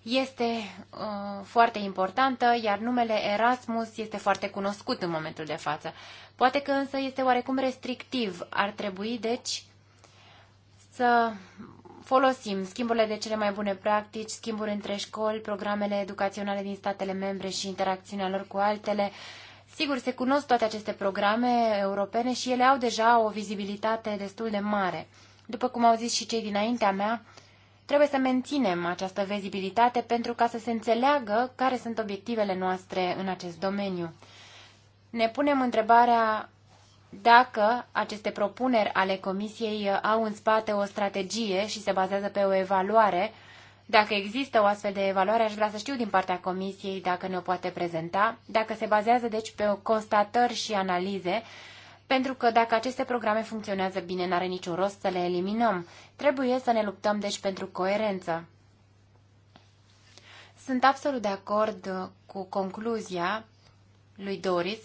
este uh, foarte importantă, iar numele Erasmus este foarte cunoscut în momentul de față. Poate că însă este oarecum restrictiv. Ar trebui, deci, să folosim schimburile de cele mai bune practici, schimburi între școli, programele educaționale din statele membre și interacțiunea lor cu altele. Sigur, se cunosc toate aceste programe europene și ele au deja o vizibilitate destul de mare. După cum au zis și cei dinaintea mea, trebuie să menținem această vizibilitate pentru ca să se înțeleagă care sunt obiectivele noastre în acest domeniu. Ne punem întrebarea dacă aceste propuneri ale Comisiei uh, au în spate o strategie și se bazează pe o evaluare. Dacă există o astfel de evaluare, aș vrea să știu din partea Comisiei dacă ne-o poate prezenta, dacă se bazează deci pe constatări și analize, pentru că dacă aceste programe funcționează bine, n-are niciun rost să le eliminăm. Trebuie să ne luptăm deci pentru coerență. Sunt absolut de acord uh, cu concluzia lui Doris,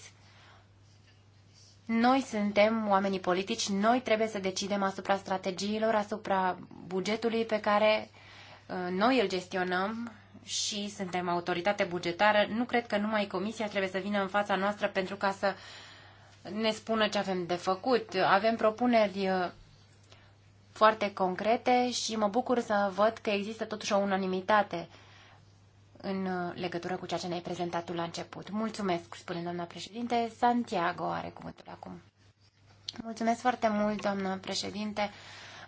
noi suntem oamenii politici, noi trebuie să decidem asupra strategiilor, asupra bugetului pe care uh, noi îl gestionăm și suntem autoritate bugetară. Nu cred că numai Comisia trebuie să vină în fața noastră pentru ca să ne spună ce avem de făcut. Avem propuneri uh, foarte concrete și mă bucur să văd că există totuși o unanimitate în uh, legătură cu ceea ce ne-ai prezentat tu la început. Mulțumesc, spune doamna președinte. Santiago are cuvântul acum. Mulțumesc foarte mult, doamna președinte.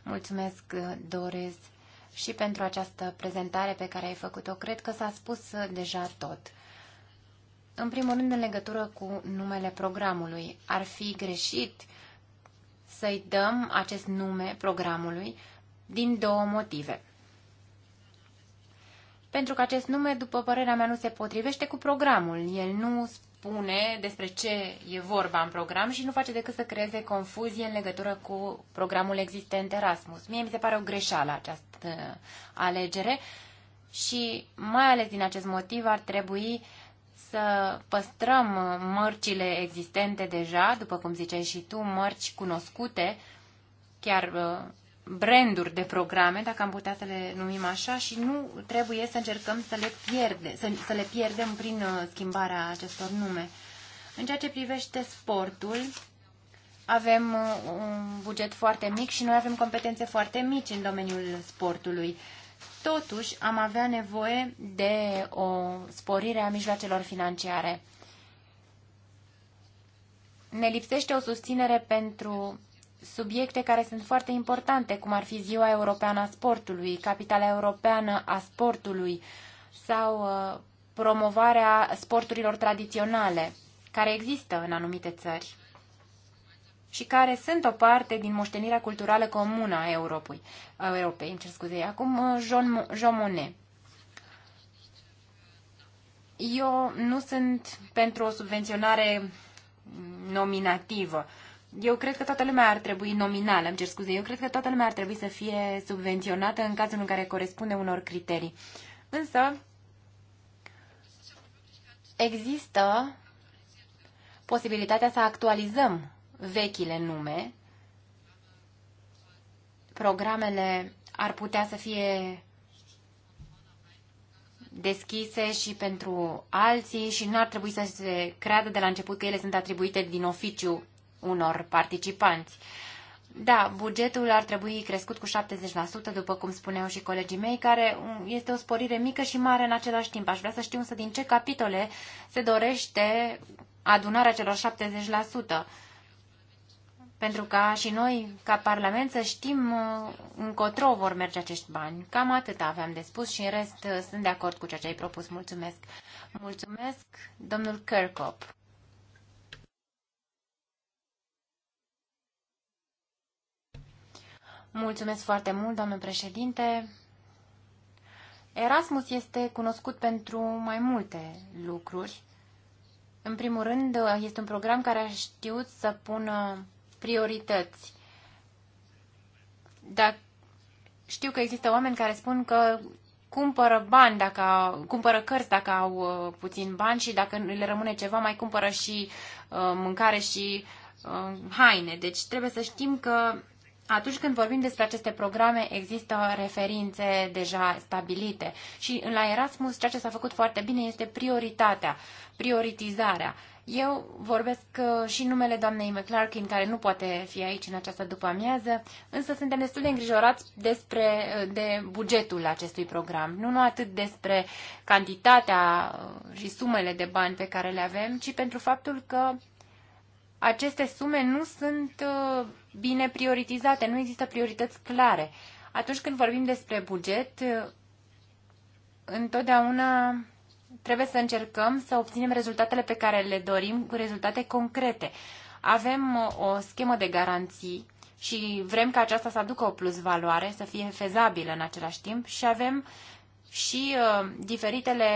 Mulțumesc, uh, Doris, și pentru această prezentare pe care ai făcut-o. Cred că s-a spus uh, deja tot. În primul rând, în legătură cu numele programului, ar fi greșit să-i dăm acest nume programului din două motive pentru că acest nume, după părerea mea, nu se potrivește cu programul. El nu spune despre ce e vorba în program și nu face decât să creeze confuzie în legătură cu programul existent Erasmus. Mie mi se pare o greșeală această alegere și mai ales din acest motiv ar trebui să păstrăm mărcile existente deja, după cum ziceai și tu, mărci cunoscute, chiar uh, branduri de programe, dacă am putea să le numim așa, și nu trebuie să încercăm să le, pierde, să, să le pierdem prin uh, schimbarea acestor nume. În ceea ce privește sportul, avem uh, un buget foarte mic și noi avem competențe foarte mici în domeniul sportului. Totuși, am avea nevoie de o sporire a mijloacelor financiare. Ne lipsește o susținere pentru subiecte care sunt foarte importante, cum ar fi Ziua Europeană a Sportului, Capitala Europeană a Sportului sau uh, promovarea sporturilor tradiționale, care există în anumite țări și care sunt o parte din moștenirea culturală comună a Europei. A Europei cer scuze. Acum, uh, Jean, Jean Monnet. Eu nu sunt pentru o subvenționare nominativă. Uh, eu cred că toată lumea ar trebui nominal, îmi cer scuze, eu cred că toată lumea ar trebui să fie subvenționată în cazul în care corespunde unor criterii. Însă, există posibilitatea să actualizăm vechile nume. Programele ar putea să fie deschise și pentru alții și nu ar trebui să se creadă de la început că ele sunt atribuite din oficiu unor participanți. Da, bugetul ar trebui crescut cu 70%, după cum spuneau și colegii mei, care este o sporire mică și mare în același timp. Aș vrea să știu însă din ce capitole se dorește adunarea celor 70%, pentru ca și noi, ca Parlament, să știm uh, încotro vor merge acești bani. Cam atât aveam de spus și în rest uh, sunt de acord cu ceea ce ai propus. Mulțumesc! Mulțumesc, domnul Kirkop. Mulțumesc foarte mult, doamnă președinte. Erasmus este cunoscut pentru mai multe lucruri. În primul rând, este un program care a știut să pună priorități. Dar știu că există oameni care spun că cumpără bani dacă cumpără cărți dacă au uh, puțin bani și dacă le rămâne ceva mai cumpără și uh, mâncare și uh, haine. Deci trebuie să știm că atunci când vorbim despre aceste programe, există referințe deja stabilite și la Erasmus ceea ce s-a făcut foarte bine este prioritatea, prioritizarea. Eu vorbesc uh, și numele doamnei McClarkin, care nu poate fi aici în această după-amiază, însă suntem destul de îngrijorați despre, uh, de bugetul acestui program. Nu, nu atât despre cantitatea uh, și sumele de bani pe care le avem, ci pentru faptul că aceste sume nu sunt bine prioritizate, nu există priorități clare. Atunci când vorbim despre buget, întotdeauna trebuie să încercăm să obținem rezultatele pe care le dorim cu rezultate concrete. Avem uh, o schemă de garanții și vrem ca aceasta să aducă o plus valoare, să fie fezabilă în același timp și avem și uh, diferitele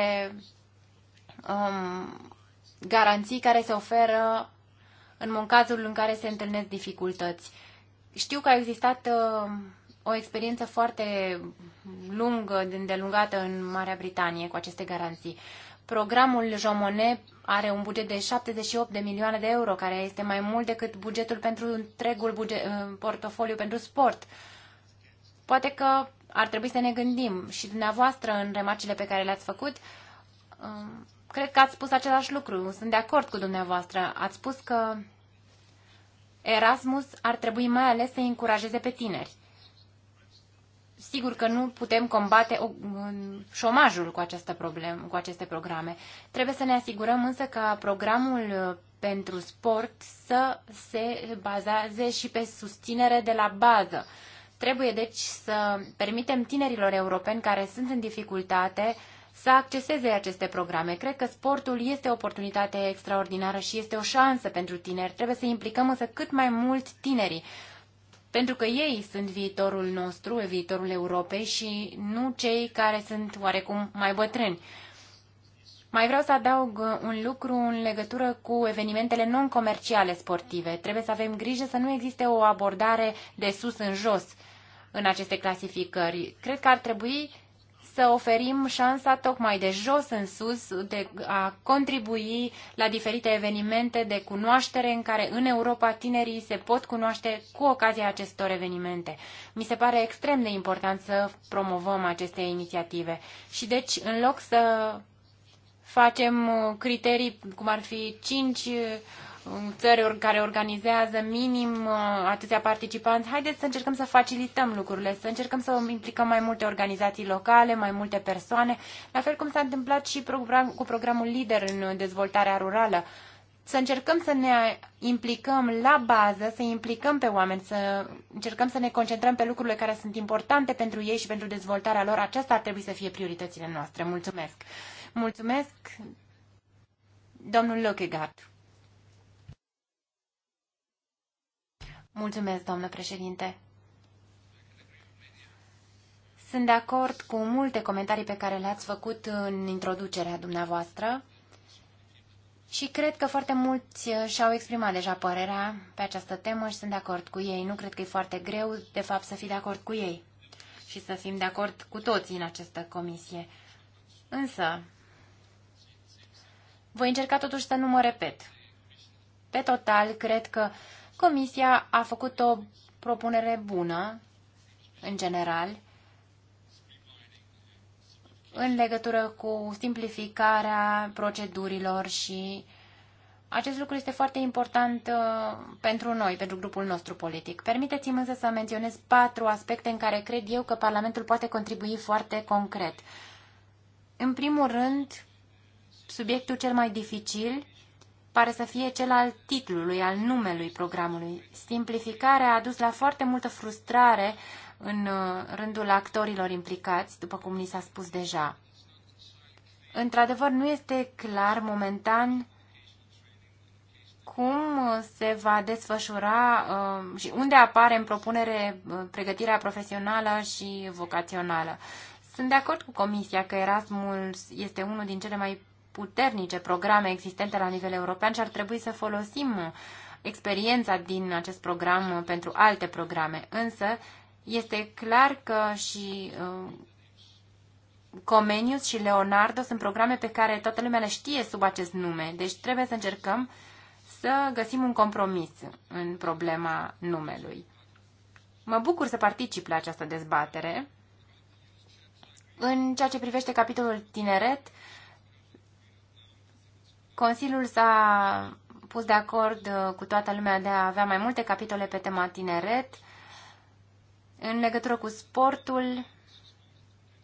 um, garanții care se oferă în cazul în care se întâlnesc dificultăți. Știu că a existat uh, o experiență foarte lungă, îndelungată în Marea Britanie cu aceste garanții. Programul Jomone are un buget de 78 de milioane de euro, care este mai mult decât bugetul pentru întregul buget, uh, portofoliu pentru sport. Poate că ar trebui să ne gândim și dumneavoastră în remarcile pe care le-ați făcut uh, Cred că ați spus același lucru. Sunt de acord cu dumneavoastră. Ați spus că Erasmus ar trebui mai ales să încurajeze pe tineri. Sigur că nu putem combate șomajul cu, această problem, cu aceste programe. Trebuie să ne asigurăm însă ca programul uh, pentru sport să se bazeze și pe susținere de la bază. Trebuie deci să permitem tinerilor europeni care sunt în dificultate să acceseze aceste programe. Cred că sportul este o oportunitate extraordinară și este o șansă pentru tineri. Trebuie să implicăm însă cât mai mult tinerii, pentru că ei sunt viitorul nostru, viitorul Europei și nu cei care sunt oarecum mai bătrâni. Mai vreau să adaug uh, un lucru în legătură cu evenimentele non-comerciale sportive. Trebuie să avem grijă să nu existe o abordare de sus în jos în aceste clasificări. Cred că ar trebui să oferim șansa tocmai de jos în sus de a contribui la diferite evenimente de cunoaștere în care în Europa tinerii se pot cunoaște cu ocazia acestor evenimente. Mi se pare extrem de important să promovăm aceste inițiative și deci în loc să facem criterii cum ar fi 5 țări care organizează minim uh, atâția participanți, haideți să încercăm să facilităm lucrurile, să încercăm să implicăm mai multe organizații locale, mai multe persoane, la fel cum s-a întâmplat și program, cu programul LIDER în dezvoltarea rurală. Să încercăm să ne implicăm la bază, să implicăm pe oameni, să încercăm să ne concentrăm pe lucrurile care sunt importante pentru ei și pentru dezvoltarea lor. Aceasta ar trebui să fie prioritățile noastre. Mulțumesc! Mulțumesc, domnul Lockegaard. Mulțumesc, domnule președinte. Sunt de acord cu multe comentarii pe care le-ați făcut în introducerea dumneavoastră și cred că foarte mulți uh, și-au exprimat deja părerea pe această temă și sunt de acord cu ei. Nu cred că e foarte greu, de fapt, să fii de acord cu ei și să fim de acord cu toții în această comisie. Însă, voi încerca totuși să nu mă repet. Pe total, cred că Comisia a făcut o propunere bună, în general, în legătură cu simplificarea procedurilor și acest lucru este foarte important uh, pentru noi, pentru grupul nostru politic. Permiteți-mi însă să menționez patru aspecte în care cred eu că Parlamentul poate contribui foarte concret. În primul rând, subiectul cel mai dificil pare să fie cel al titlului, al numelui programului. Simplificarea a dus la foarte multă frustrare în uh, rândul actorilor implicați, după cum ni s-a spus deja. Într-adevăr, nu este clar momentan cum uh, se va desfășura uh, și unde apare în propunere pregătirea profesională și vocațională. Sunt de acord cu Comisia că Erasmus este unul din cele mai puternice programe existente la nivel european și ar trebui să folosim experiența din acest program pentru alte programe. Însă, este clar că și uh, Comenius și Leonardo sunt programe pe care toată lumea le știe sub acest nume, deci trebuie să încercăm să găsim un compromis în problema numelui. Mă bucur să particip la această dezbatere. În ceea ce privește capitolul tineret, Consiliul s-a pus de acord uh, cu toată lumea de a avea mai multe capitole pe tema tineret. În legătură cu sportul,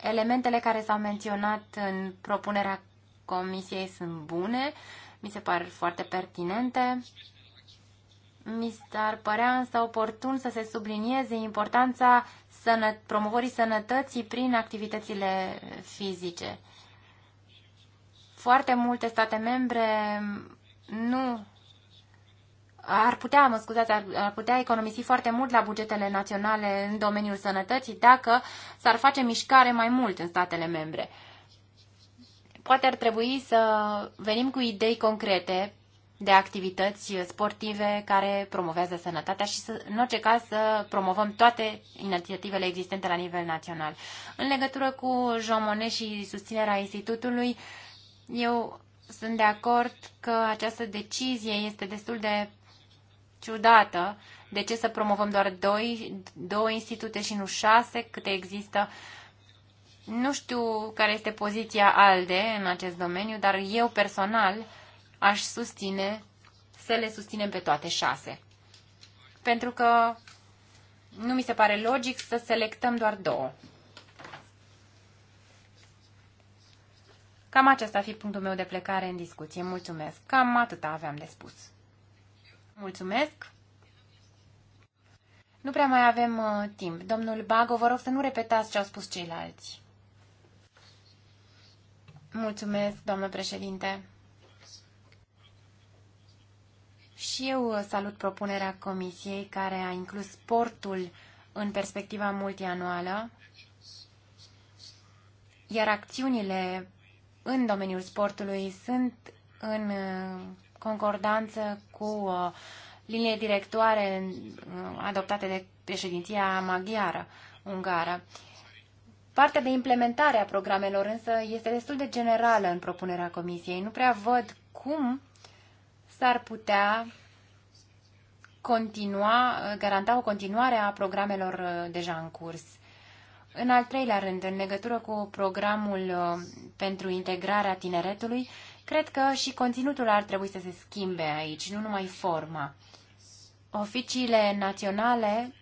elementele care s-au menționat în propunerea Comisiei sunt bune, mi se par foarte pertinente. Mi s-ar părea însă oportun să se sublinieze importanța sănă- promovării sănătății prin activitățile fizice. Foarte multe state membre nu ar putea, mă scuzați, ar, ar putea economisi foarte mult la bugetele naționale în domeniul sănătății dacă s-ar face mișcare mai mult în statele membre. Poate ar trebui să venim cu idei concrete de activități sportive care promovează sănătatea și să, în orice caz să promovăm toate inițiativele existente la nivel național. În legătură cu Jean Monnet și susținerea Institutului, uh, eu sunt de acord că această decizie este destul de ciudată. De ce să promovăm doar doi, două institute și nu șase câte există? Nu știu care este poziția ALDE în acest domeniu, dar eu personal aș susține să le susținem pe toate șase. Pentru că nu mi se pare logic să selectăm doar două. Cam acesta ar fi punctul meu de plecare în discuție. Mulțumesc. Cam atâta aveam de spus. Mulțumesc. Nu prea mai avem uh, timp. Domnul Bago, vă rog să nu repetați ce au spus ceilalți. Mulțumesc, doamnă președinte. Și eu uh, salut propunerea comisiei care a inclus sportul în perspectiva multianuală, iar acțiunile în domeniul sportului sunt în uh, concordanță cu uh, linie directoare uh, adoptate de președinția maghiară ungară. Partea de implementare a programelor însă este destul de generală în propunerea Comisiei. Nu prea văd cum s-ar putea continua, garanta o continuare a programelor deja în curs. În al treilea rând, în legătură cu programul uh, pentru integrarea tineretului, cred că și conținutul ar trebui să se schimbe aici, nu numai forma. Oficiile naționale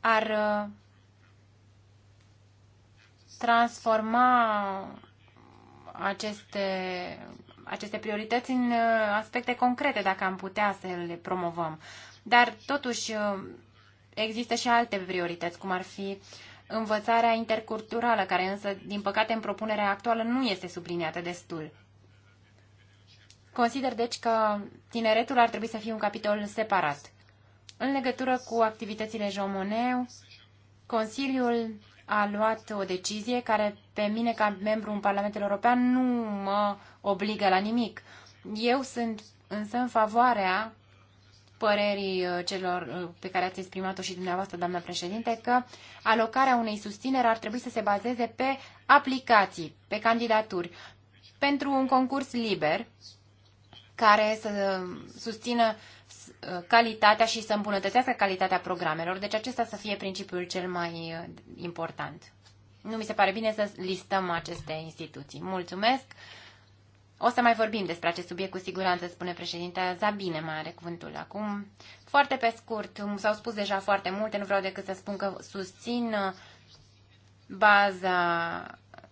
ar uh, transforma aceste, aceste priorități în uh, aspecte concrete, dacă am putea să le promovăm. Dar, totuși, Există și alte priorități, cum ar fi învățarea interculturală, care însă, din păcate, în propunerea actuală nu este subliniată destul. Consider, deci, că tineretul ar trebui să fie un capitol separat. În legătură cu activitățile Jomoneu, Consiliul a luat o decizie care pe mine, ca membru în Parlamentul European, nu mă obligă la nimic. Eu sunt însă în favoarea părerii uh, celor uh, pe care ați exprimat-o și dumneavoastră, doamna președinte, că alocarea unei susțineri ar trebui să se bazeze pe aplicații, pe candidaturi, pentru un concurs liber care să susțină uh, calitatea și să îmbunătățească calitatea programelor. Deci acesta să fie principiul cel mai important. Nu mi se pare bine să listăm aceste instituții. Mulțumesc! O să mai vorbim despre acest subiect cu siguranță, spune președintele Zabine, mai are cuvântul acum. Foarte pe scurt, s-au spus deja foarte multe, nu vreau decât să spun că susțin uh, baza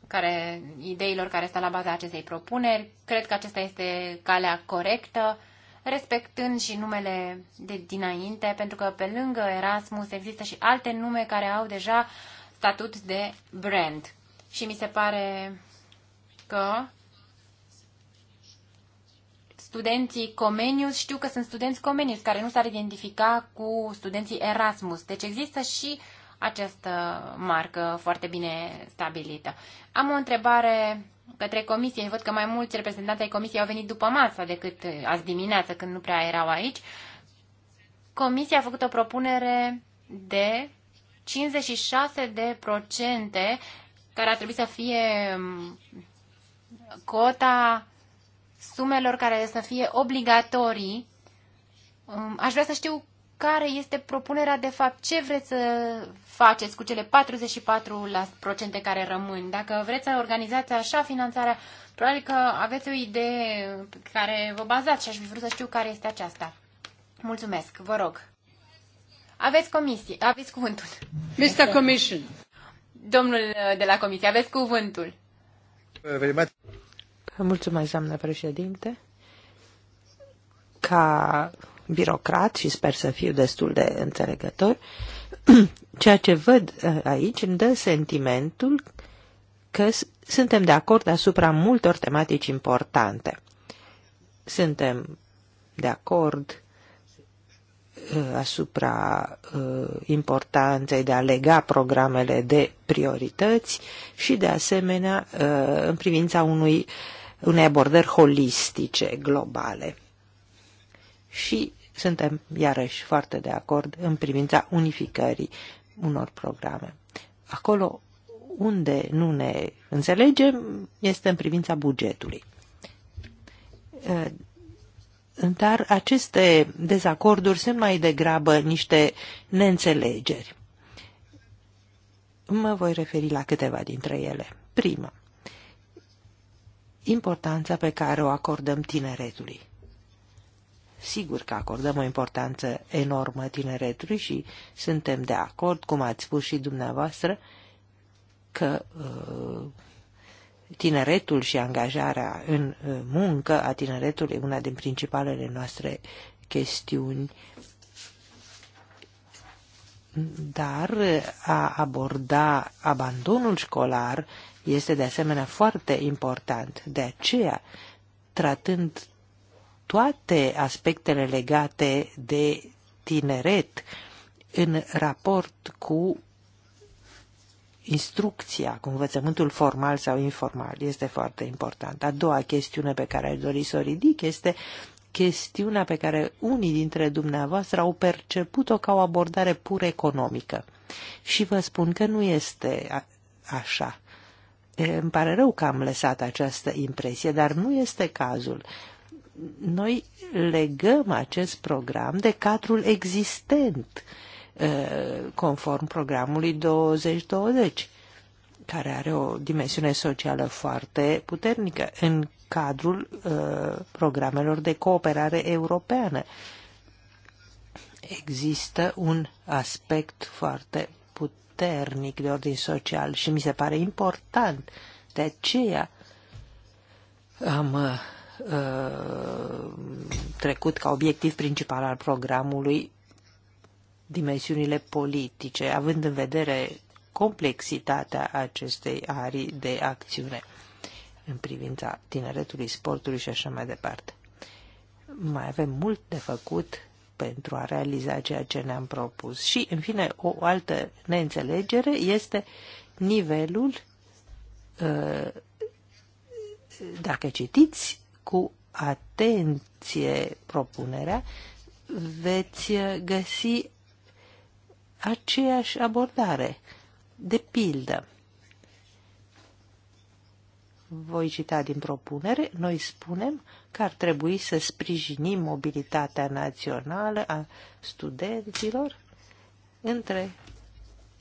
care, ideilor care stau la baza acestei propuneri. Cred că acesta este calea corectă, respectând și numele de dinainte, pentru că pe lângă Erasmus există și alte nume care au deja statut de brand. Și mi se pare că studenții Comenius, știu că sunt studenți Comenius care nu s-ar identifica cu studenții Erasmus. Deci există și această marcă foarte bine stabilită. Am o întrebare către comisie. Văd că mai mulți reprezentanți ai comisiei au venit după masă decât azi dimineață când nu prea erau aici. Comisia a făcut o propunere de 56 de procente care ar trebui să fie cota sumelor care să fie obligatorii. Um, aș vrea să știu care este propunerea de fapt, ce vreți să faceți cu cele 44% care rămân. Dacă vreți să organizați așa finanțarea, probabil că aveți o idee pe care vă bazați și aș vrea să știu care este aceasta. Mulțumesc, vă rog. Aveți comisie, aveți cuvântul. Mr. Commission. Domnul de la comisie, aveți cuvântul. Mulțumesc, doamnă președinte. Ca birocrat și sper să fiu destul de înțelegător, ceea ce văd uh, aici îmi dă sentimentul că suntem de acord asupra multor tematici importante. Suntem de acord uh, asupra uh, importanței de a lega programele de priorități și, de asemenea, în privința unui uh, unei abordări holistice, globale. Și suntem iarăși foarte de acord în privința unificării unor programe. Acolo unde nu ne înțelegem este în privința bugetului. Dar aceste dezacorduri sunt mai degrabă niște neînțelegeri. Mă voi referi la câteva dintre ele. Prima importanța pe care o acordăm tineretului. Sigur că acordăm o importanță enormă tineretului și suntem de acord, cum ați spus și dumneavoastră, că uh, tineretul și angajarea în uh, muncă a tineretului e una din principalele noastre chestiuni. Dar uh, a aborda abandonul școlar este de asemenea foarte important. De aceea, tratând toate aspectele legate de tineret în raport cu instrucția, cu învățământul formal sau informal, este foarte important. A doua chestiune pe care aș dori să o ridic este chestiunea pe care unii dintre dumneavoastră au perceput-o ca o abordare pur economică. Și vă spun că nu este așa. Îmi pare rău că am lăsat această impresie, dar nu este cazul. Noi legăm acest program de cadrul existent, uh, conform programului 2020, care are o dimensiune socială foarte puternică în cadrul uh, programelor de cooperare europeană. Există un aspect foarte puternic de ordin social și mi se pare important. De aceea am uh, trecut ca obiectiv principal al programului dimensiunile politice, având în vedere complexitatea acestei arii de acțiune în privința tineretului, sportului și așa mai departe. Mai avem mult de făcut pentru a realiza ceea ce ne-am propus. Și, în fine, o altă neînțelegere este nivelul, uh, dacă citiți cu atenție propunerea, veți găsi aceeași abordare. De pildă, voi cita din propunere, noi spunem că ar trebui să sprijinim mobilitatea națională a studenților între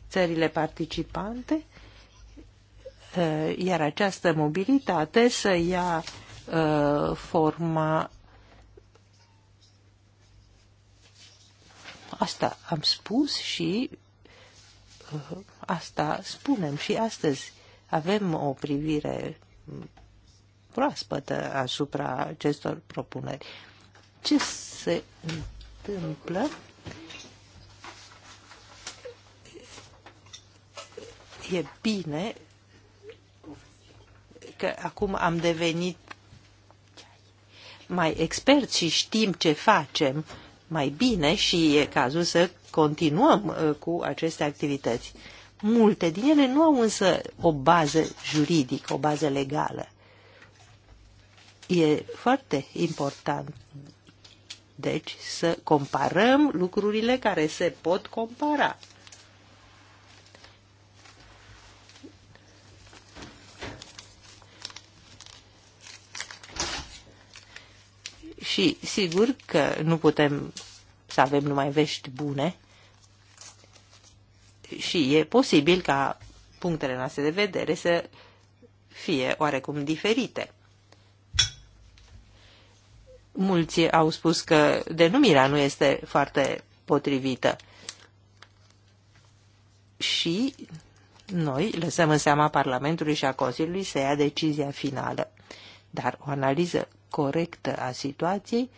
țările participante, eh, iar această mobilitate să ia eh, forma Asta am spus și eh, asta spunem și astăzi. Avem o privire proaspătă asupra acestor propuneri. Ce se întâmplă? E bine că acum am devenit mai experți și știm ce facem mai bine și e cazul să continuăm uh, cu aceste activități. Multe din ele nu au însă o bază juridică, o bază legală. E foarte important, deci, să comparăm lucrurile care se pot compara. Și sigur că nu putem să avem numai vești bune și e posibil ca punctele noastre de vedere să fie oarecum diferite. Mulți au spus că denumirea nu este foarte potrivită. Și noi lăsăm în seama Parlamentului și a Consiliului să ia decizia finală. Dar o analiză corectă a situației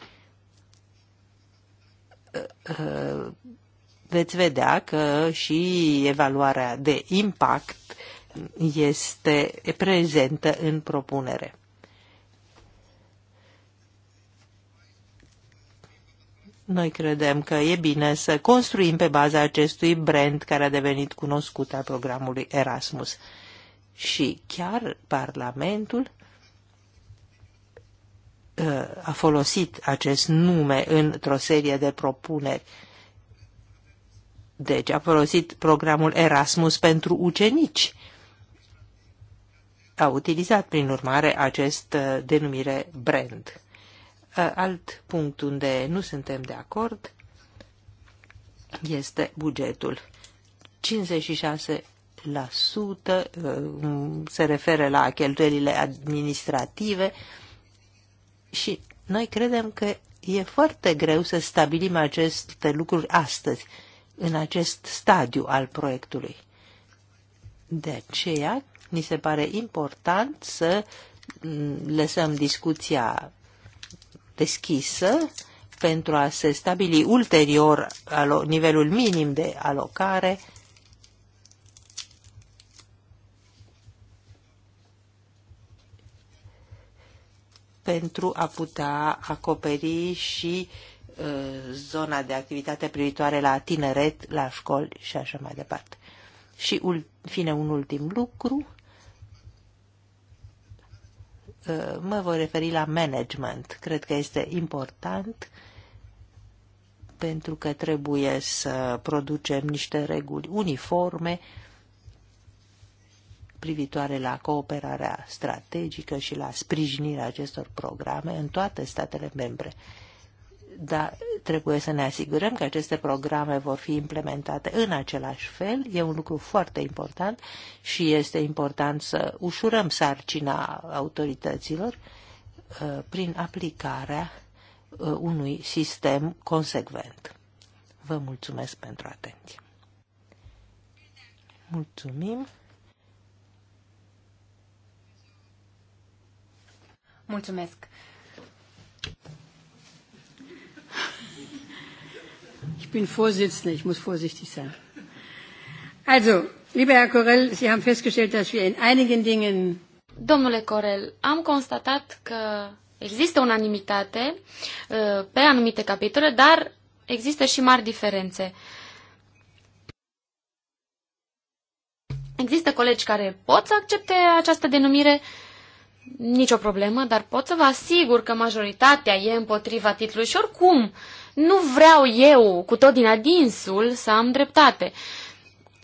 veți vedea că și evaluarea de impact este prezentă în propunere. Noi credem că e bine să construim pe baza acestui brand care a devenit cunoscut al programului Erasmus. Și chiar Parlamentul uh, a folosit acest nume într-o serie de propuneri. Deci a folosit programul Erasmus pentru ucenici. A utilizat, prin urmare, acest uh, denumire brand. Ă, alt punct unde nu suntem de acord este bugetul. 56% ă, se referă la cheltuielile administrative și noi credem că e foarte greu să stabilim aceste lucruri astăzi, în acest stadiu al proiectului. De aceea, ni se pare important să lăsăm discuția deschisă pentru a se stabili ulterior nivelul minim de alocare pentru a putea acoperi și uh, zona de activitate privitoare la tineret, la școli și așa mai departe. Și, în fine, un ultim lucru, mă voi referi la management. Cred că este important pentru că trebuie să producem niște reguli uniforme privitoare la cooperarea strategică și la sprijinirea acestor programe în toate statele membre dar trebuie să ne asigurăm că aceste programe vor fi implementate în același fel. E un lucru foarte important și este important să ușurăm sarcina autorităților uh, prin aplicarea uh, unui sistem consecvent. Vă mulțumesc pentru atenție. Mulțumim. Mulțumesc. Ich bin Vorsitzende, ich muss vorsichtig sein. Also, lieber Herr Corell, Sie haben festgestellt, dass wir in einigen Dingen. Domnule Corel, am constatat că există unanimitate uh, pe anumite capitole, dar există și mari diferențe. Există colegi care pot să accepte această denumire, nicio problemă, dar pot să vă asigur că majoritatea e împotriva titlului și oricum nu vreau eu, cu tot din adinsul, să am dreptate.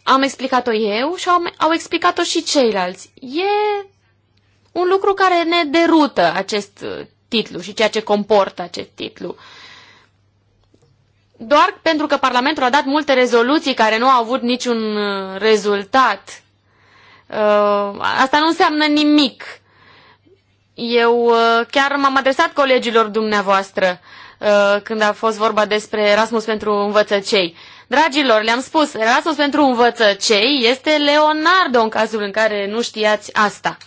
Am explicat-o eu și au, au explicat-o și ceilalți. E un lucru care ne derută acest uh, titlu și ceea ce comportă acest titlu. Doar pentru că Parlamentul a dat multe rezoluții care nu au avut niciun uh, rezultat, uh, asta nu înseamnă nimic. Eu chiar m-am adresat colegilor dumneavoastră Uh, când a fost vorba despre Erasmus pentru învățăcei. Dragilor, le-am spus, Erasmus pentru învățăcei este Leonardo în cazul în care nu știați asta.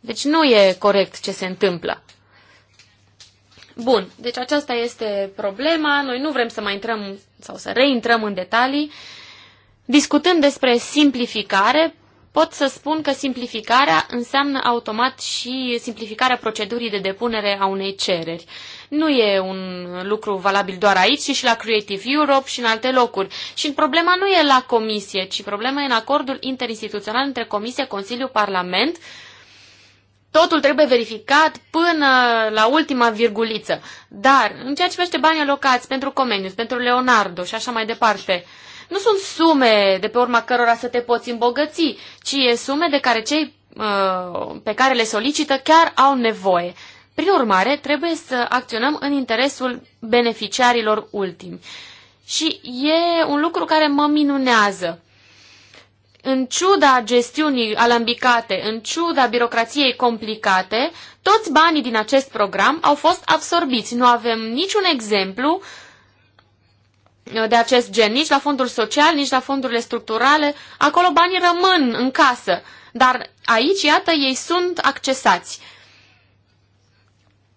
Deci nu e corect ce se întâmplă. Bun, deci aceasta este problema. Noi nu vrem să mai intrăm sau să reintrăm în detalii. Discutând despre simplificare, pot să spun că simplificarea înseamnă automat și simplificarea procedurii de depunere a unei cereri nu e un lucru valabil doar aici, ci și la Creative Europe și în alte locuri. Și problema nu e la comisie, ci problema e în acordul interinstituțional între Comisie, Consiliu, Parlament. Totul trebuie verificat până la ultima virguliță. Dar, în ceea ce privește banii alocați pentru Comenius, pentru Leonardo și așa mai departe, nu sunt sume de pe urma cărora să te poți îmbogăți, ci e sume de care cei uh, pe care le solicită chiar au nevoie. Prin urmare, trebuie să acționăm în interesul beneficiarilor ultimi. Și e un lucru care mă minunează. În ciuda gestiunii alambicate, în ciuda birocrației complicate, toți banii din acest program au fost absorbiți. Nu avem niciun exemplu de acest gen, nici la fondul social, nici la fondurile structurale. Acolo banii rămân în casă, dar aici, iată, ei sunt accesați.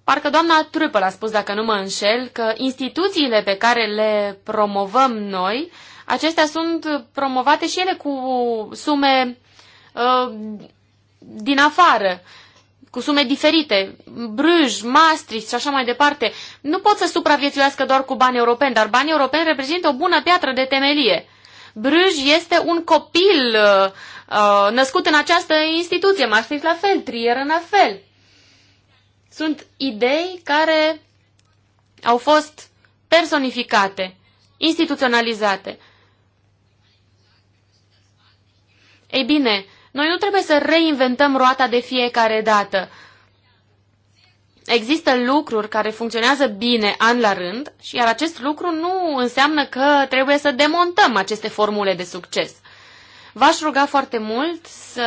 Parcă doamna Trupel a spus, dacă nu mă înșel, că instituțiile pe care le promovăm noi, acestea sunt promovate și ele cu sume uh, din afară, cu sume diferite, Bruj, Maastricht și așa mai departe. Nu pot să supraviețuiască doar cu bani europeni, dar banii europeni reprezintă o bună piatră de temelie. Bruj este un copil uh, uh, născut în această instituție, Maastricht la fel, Trier în la fel. Sunt idei care au fost personificate, instituționalizate. Ei bine, noi nu trebuie să reinventăm roata de fiecare dată. Există lucruri care funcționează bine an la rând, și iar acest lucru nu înseamnă că trebuie să demontăm aceste formule de succes. V-aș ruga foarte mult să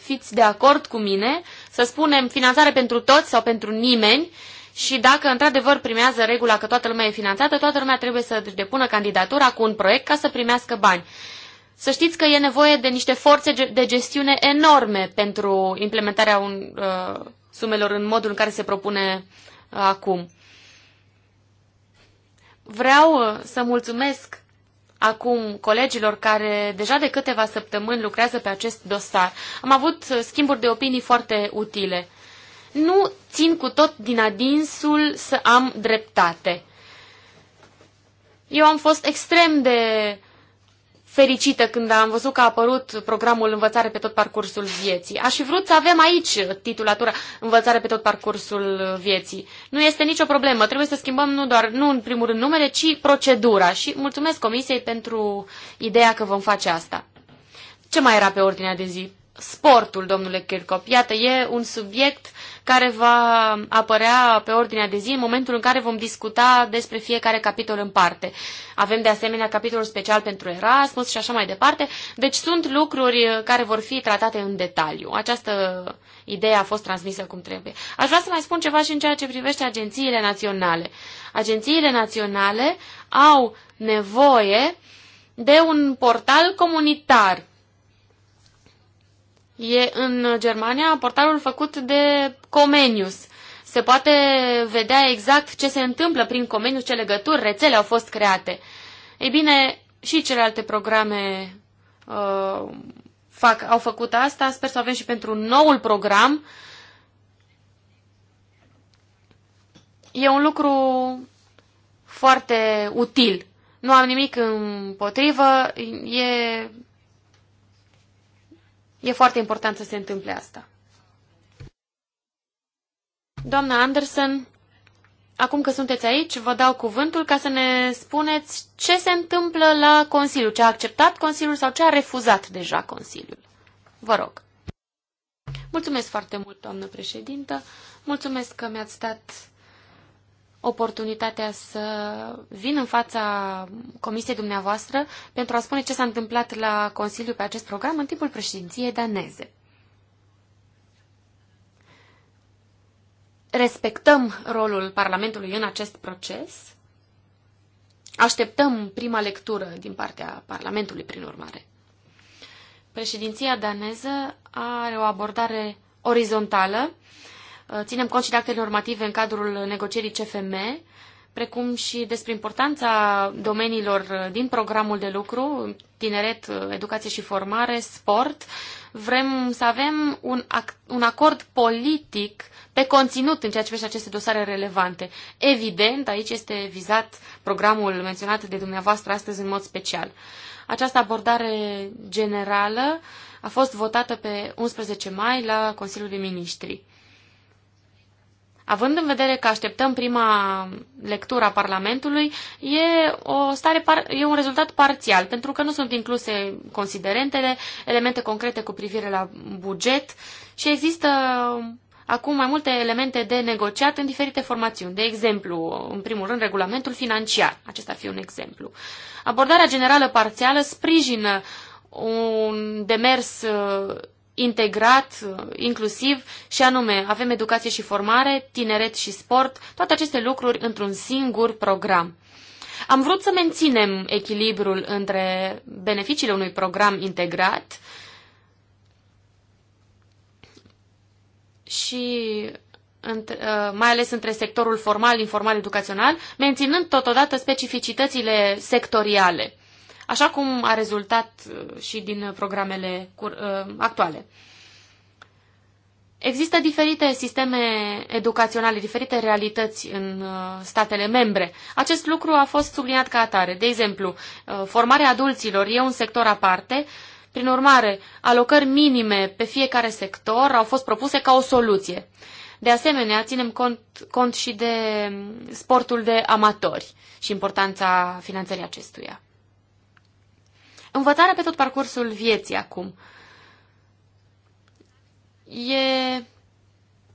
fiți de acord cu mine, să spunem finanțare pentru toți sau pentru nimeni și dacă într-adevăr primează regula că toată lumea e finanțată, toată lumea trebuie să depună candidatura cu un proiect ca să primească bani. Să știți că e nevoie de niște forțe de gestiune enorme pentru implementarea un, uh, sumelor în modul în care se propune uh, acum. Vreau uh, să mulțumesc acum colegilor care deja de câteva săptămâni lucrează pe acest dosar. Am avut uh, schimburi de opinii foarte utile. Nu țin cu tot din adinsul să am dreptate. Eu am fost extrem de fericită când am văzut că a apărut programul Învățare pe tot parcursul vieții. Aș fi vrut să avem aici titulatura Învățare pe tot parcursul vieții. Nu este nicio problemă, trebuie să schimbăm nu doar, nu în primul rând numele, ci procedura și mulțumesc Comisiei pentru ideea că vom face asta. Ce mai era pe ordinea de zi? sportul, domnule Kirchhoff. Iată, e un subiect care va apărea pe ordinea de zi în momentul în care vom discuta despre fiecare capitol în parte. Avem de asemenea capitolul special pentru Erasmus și așa mai departe. Deci sunt lucruri care vor fi tratate în detaliu. Această idee a fost transmisă cum trebuie. Aș vrea să mai spun ceva și în ceea ce privește agențiile naționale. Agențiile naționale au nevoie de un portal comunitar E în Germania portalul făcut de Comenius. Se poate vedea exact ce se întâmplă prin Comenius, ce legături, rețele au fost create. Ei bine, și celelalte programe uh, fac, au făcut asta. Sper să avem și pentru noul program. E un lucru foarte util. Nu am nimic împotrivă. E E foarte important să se întâmple asta. Doamna Anderson, acum că sunteți aici, vă dau cuvântul ca să ne spuneți ce se întâmplă la Consiliu, ce a acceptat Consiliul sau ce a refuzat deja Consiliul. Vă rog. Mulțumesc foarte mult, doamnă președintă. Mulțumesc că mi-ați dat oportunitatea să vin în fața comisiei dumneavoastră pentru a spune ce s-a întâmplat la Consiliu pe acest program în timpul președinției daneze. Respectăm rolul Parlamentului în acest proces. Așteptăm prima lectură din partea Parlamentului, prin urmare. Președinția daneză are o abordare orizontală Uh, ținem cont și de actele normative în cadrul negocierii CFM, precum și despre importanța domeniilor uh, din programul de lucru, tineret, uh, educație și formare, sport. Vrem să avem un, ac- un acord politic pe conținut în ceea ce privește aceste dosare relevante. Evident, aici este vizat programul menționat de dumneavoastră astăzi în mod special. Această abordare generală a fost votată pe 11 mai la Consiliul de Ministri. Având în vedere că așteptăm prima lectură a Parlamentului, e, o stare e un rezultat parțial, pentru că nu sunt incluse considerentele, elemente concrete cu privire la buget și există acum mai multe elemente de negociat în diferite formațiuni. De exemplu, în primul rând, regulamentul financiar. Acesta ar fi un exemplu. Abordarea generală parțială sprijină un demers integrat inclusiv și anume avem educație și formare, tineret și sport, toate aceste lucruri într-un singur program. Am vrut să menținem echilibrul între beneficiile unui program integrat și uh, mai ales între sectorul formal, informal, educațional, menținând totodată specificitățile sectoriale așa cum a rezultat uh, și din programele uh, actuale. Există diferite sisteme educaționale, diferite realități în uh, statele membre. Acest lucru a fost subliniat ca atare. De exemplu, formarea adulților e un sector aparte, prin urmare, alocări minime pe fiecare sector au fost propuse ca o soluție. De asemenea, ținem cont, cont și de um, sportul de amatori și importanța finanțării acestuia. Învățarea pe tot parcursul vieții acum. E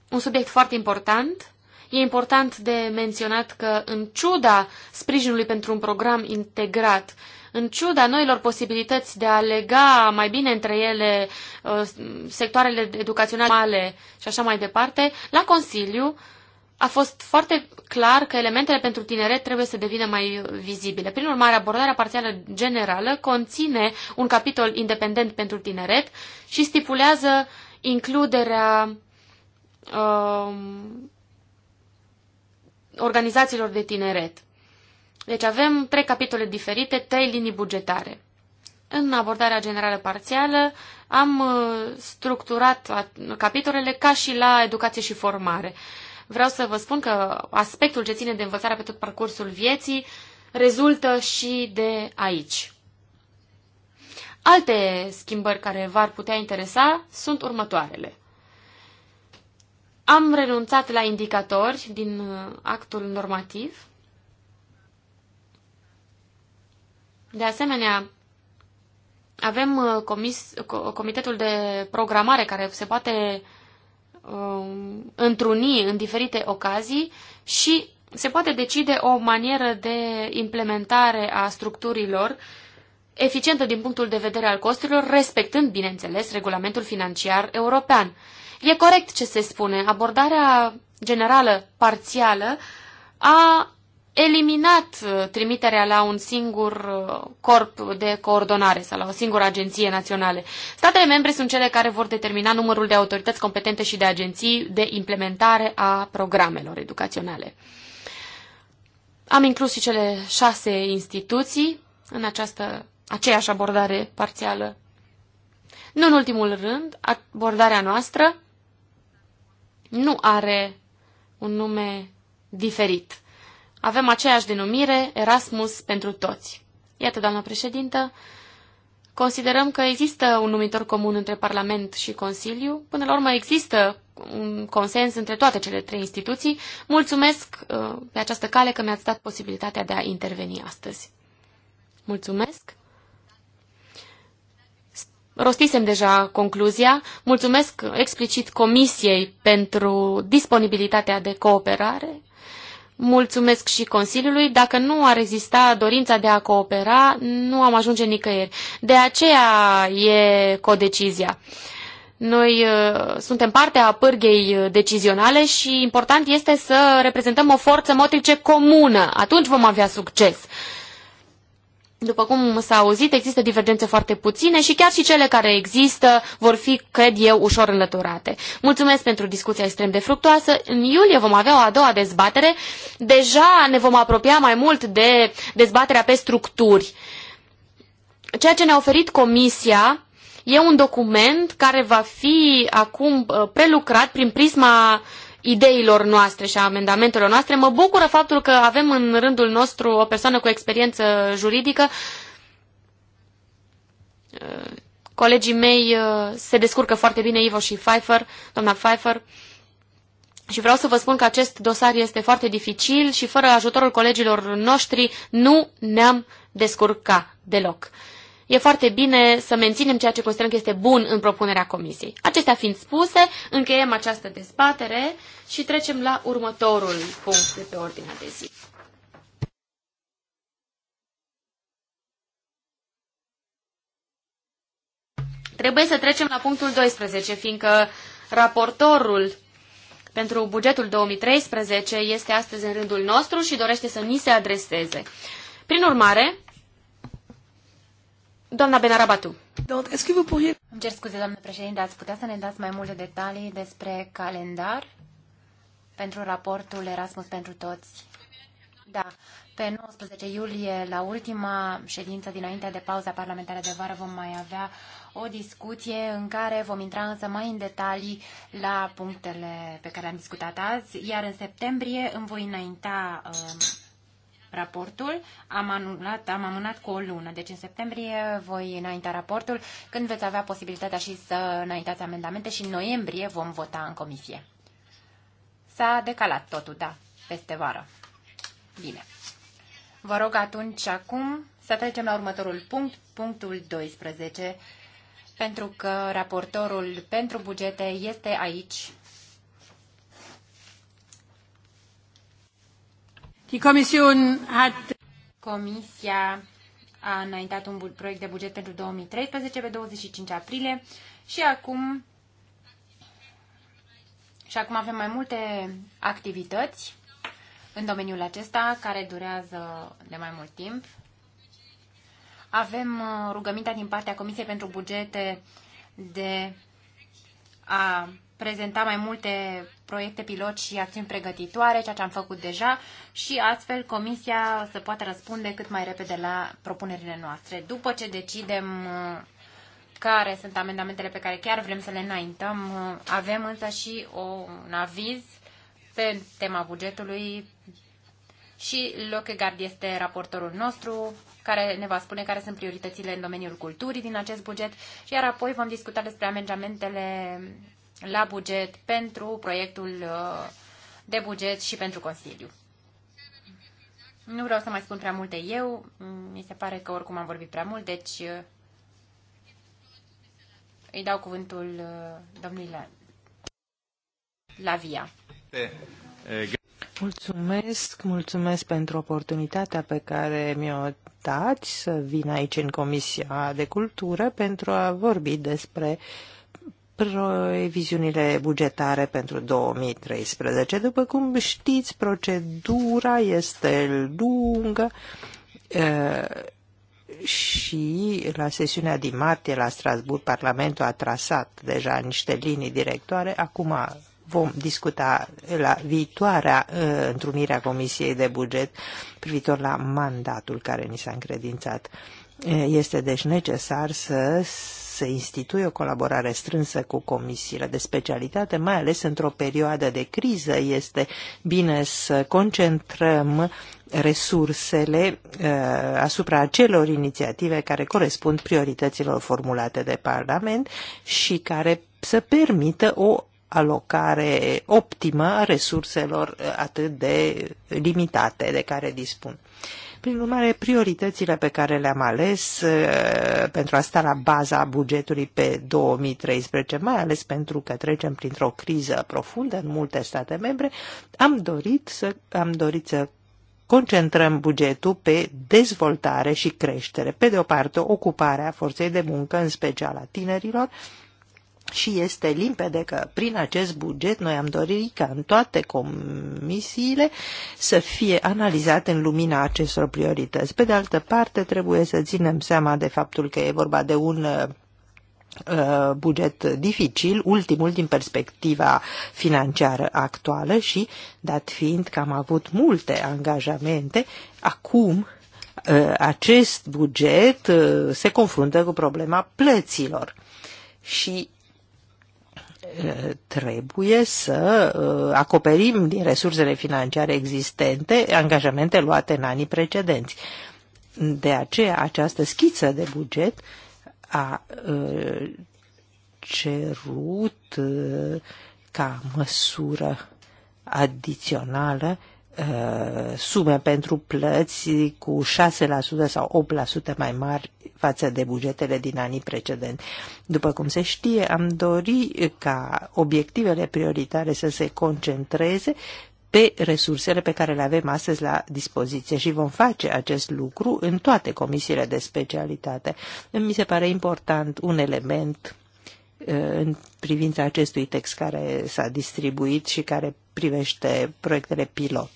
un subiect foarte important. E important de menționat că, în ciuda sprijinului pentru un program integrat, în ciuda noilor posibilități de a lega mai bine între ele uh, sectoarele educaționale și așa mai departe, la Consiliu a fost foarte clar că elementele pentru tineret trebuie să devină mai vizibile. Prin urmare, abordarea parțială generală conține un capitol independent pentru tineret și stipulează includerea um, organizațiilor de tineret. Deci avem trei capitole diferite, trei linii bugetare. În abordarea generală parțială am uh, structurat capitolele ca și la educație și formare. Uh, vreau să vă spun că aspectul ce ține de învățarea pe tot parcursul vieții rezultă și de aici. Alte schimbări care v-ar putea interesa sunt următoarele. Am renunțat la indicatori din uh, actul normativ. De asemenea, avem uh, comis, Comitetul de Programare care se poate um, întruni în diferite ocazii și se poate decide o manieră de implementare a structurilor eficientă din punctul de vedere al costurilor, respectând, bineînțeles, regulamentul financiar european. E corect ce se spune, abordarea generală parțială a eliminat uh, trimiterea la un singur uh, corp de coordonare sau la o singură agenție națională. Statele membre sunt cele care vor determina numărul de autorități competente și de agenții de implementare a programelor educaționale. Am inclus și cele șase instituții în această aceeași abordare parțială. Nu în ultimul rând, abordarea noastră nu are un nume diferit. Avem aceeași denumire, Erasmus pentru toți. Iată, doamnă președintă, considerăm că există un numitor comun între Parlament și Consiliu. Până la urmă există un consens între toate cele trei instituții. Mulțumesc uh, pe această cale că mi-ați dat posibilitatea de a interveni astăzi. Mulțumesc! Rostisem deja concluzia. Mulțumesc explicit Comisiei pentru disponibilitatea de cooperare Mulțumesc și Consiliului. Dacă nu ar exista dorința de a coopera, nu am ajunge nicăieri. De aceea e codecizia. Noi uh, suntem parte a pârghei uh, decizionale și important este să reprezentăm o forță motrice comună. Atunci vom avea succes. După cum s-a auzit, există divergențe foarte puține și chiar și cele care există vor fi, cred eu, ușor înlăturate. Mulțumesc pentru discuția extrem de fructoasă. În iulie vom avea o a doua dezbatere. Deja ne vom apropia mai mult de dezbaterea pe structuri. Ceea ce ne-a oferit Comisia e un document care va fi acum uh, prelucrat prin prisma uh, ideilor noastre și a amendamentelor noastre. Mă bucură faptul că avem în rândul nostru o persoană cu experiență juridică. Colegii mei uh, se descurcă foarte bine, Ivo și Pfeiffer, doamna Pfeiffer. Și vreau să vă spun că acest dosar este foarte dificil și fără ajutorul colegilor noștri nu ne-am descurca deloc e foarte bine să menținem ceea ce considerăm că este bun în propunerea comisiei. Acestea fiind spuse, încheiem această dezbatere și trecem la următorul punct de pe ordinea de zi. Trebuie să trecem la punctul 12, fiindcă raportorul pentru bugetul 2013 este astăzi în rândul nostru și dorește să ni se adreseze. Prin urmare, Doamna Benarabatu. Îmi cer scuze, doamnă președinte, ați putea să ne dați mai multe detalii despre calendar pentru raportul Erasmus pentru toți? Da, pe 19 iulie, la ultima ședință dinainte de pauza parlamentară de vară, vom mai avea o discuție în care vom intra însă mai în detalii la punctele pe care am discutat azi, iar în septembrie îmi voi înainta uh, raportul. Am, anulat, am amânat cu o lună, deci în septembrie voi înainta raportul, când veți avea posibilitatea și să înaintați amendamente și în noiembrie vom vota în comisie. S-a decalat totul, da, peste vară. Bine. Vă rog atunci acum să trecem la următorul punct, punctul 12, pentru că raportorul pentru bugete este aici Comisia a înaintat un proiect de buget pentru 2013 pe 25 aprilie și acum și acum avem mai multe activități în domeniul acesta care durează de mai mult timp. Avem uh, rugămintea din partea Comisiei pentru Bugete de a prezenta mai multe proiecte pilot și acțiuni pregătitoare, ceea ce am făcut deja și astfel Comisia să poată răspunde cât mai repede la propunerile noastre. După ce decidem uh, care sunt amendamentele pe care chiar vrem să le înaintăm, uh, avem însă și o, un aviz pe tema bugetului și Lochegard este raportorul nostru care ne va spune care sunt prioritățile în domeniul culturii din acest buget, iar apoi vom discuta despre amendamentele la buget pentru proiectul uh, de buget și pentru Consiliu. Nu vreau să mai spun prea multe eu, mm, mi se pare că oricum am vorbit prea mult, deci uh, îi dau cuvântul uh, domnului Lavia. Eh, eh, mulțumesc, mulțumesc pentru oportunitatea pe care mi-o dați să vin aici în Comisia de Cultură pentru a vorbi despre uh, previziunile bugetare pentru 2013. După cum știți, procedura este lungă și la sesiunea din martie la Strasburg Parlamentul a trasat deja niște linii directoare. Acum vom discuta la viitoarea întrunire a Comisiei de Buget privitor la mandatul care ni s-a încredințat. Este deci necesar să se instituie o colaborare strânsă cu comisiile de specialitate, mai ales într-o perioadă de criză. Este bine să concentrăm resursele uh, asupra acelor inițiative care corespund priorităților formulate de Parlament și care să permită o alocare optimă a resurselor atât de limitate de care dispun. Uh, prin urmare, prioritățile pe care le-am ales uh, pentru a sta la baza bugetului pe 2013, mai ales pentru că trecem printr-o criză profundă în multe state membre, am dorit să, am dorit să concentrăm bugetul pe dezvoltare și creștere. Pe de o parte, ocuparea forței de muncă, în special a tinerilor, și este limpede că prin acest buget noi am dorit ca în toate comisiile să fie analizate în lumina acestor priorități. Pe de altă parte, trebuie să ținem seama de faptul că e vorba de un uh, buget dificil, ultimul din perspectiva financiară actuală și, dat fiind că am avut multe angajamente, acum uh, acest buget uh, se confruntă cu problema plăților și trebuie să uh, acoperim din resursele financiare existente angajamente luate în anii precedenți. De aceea, această schiță de buget a uh, cerut uh, ca măsură adițională Uh, sume pentru plăți cu 6% sau 8% mai mari față de bugetele din anii precedenți. După cum se știe, am dori ca obiectivele prioritare să se concentreze pe resursele pe care le avem astăzi la dispoziție și vom face acest lucru în toate comisiile de specialitate. Mi se pare important un element Uh, în privința acestui text care s-a distribuit și care privește proiectele pilot.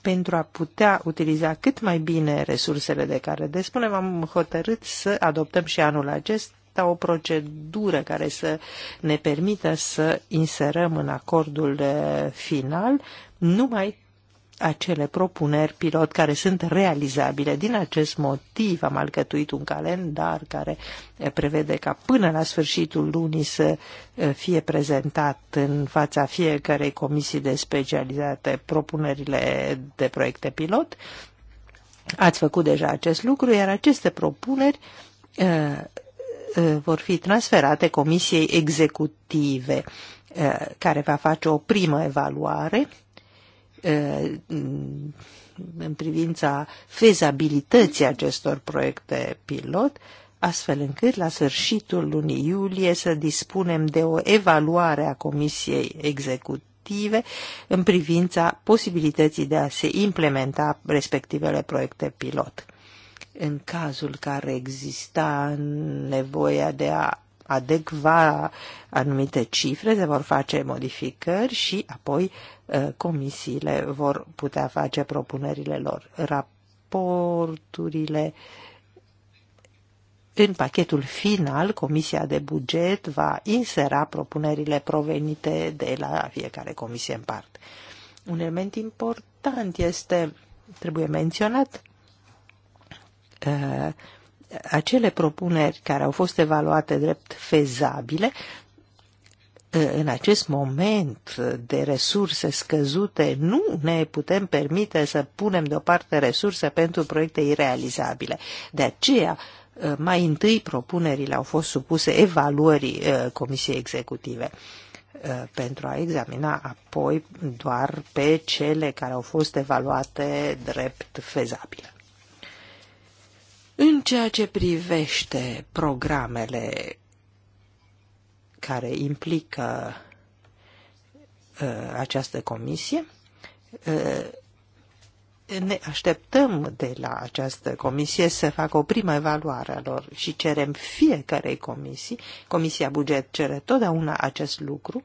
Pentru a putea utiliza cât mai bine resursele de care despunem, am hotărât să adoptăm și anul acesta o procedură care să ne permită să inserăm în acordul final numai acele propuneri pilot care sunt realizabile. Din acest motiv am alcătuit un calendar care eh, prevede ca până la sfârșitul lunii să eh, fie prezentat în fața fiecarei comisii de specializate propunerile de proiecte pilot. Ați făcut deja acest lucru, iar aceste propuneri eh, vor fi transferate Comisiei Executive, care va face o primă evaluare în privința fezabilității acestor proiecte pilot, astfel încât la sfârșitul lunii iulie să dispunem de o evaluare a Comisiei Executive în privința posibilității de a se implementa respectivele proiecte pilot. În cazul care exista nevoia de a adecva anumite cifre, se vor face modificări și apoi Uh, comisiile vor putea face propunerile lor. Raporturile în pachetul final, Comisia de Buget va insera propunerile provenite de la fiecare comisie în parte. Un element important este, trebuie menționat, uh, acele propuneri care au fost evaluate drept fezabile în acest moment de resurse scăzute nu ne putem permite să punem deoparte resurse pentru proiecte irealizabile. De aceea, mai întâi propunerile au fost supuse evaluării uh, Comisiei Executive uh, pentru a examina apoi doar pe cele care au fost evaluate drept fezabile. În ceea ce privește programele care implică uh, această comisie. Uh, ne așteptăm de la această comisie să facă o primă evaluare a lor și cerem fiecare comisii, Comisia Buget cere totdeauna acest lucru,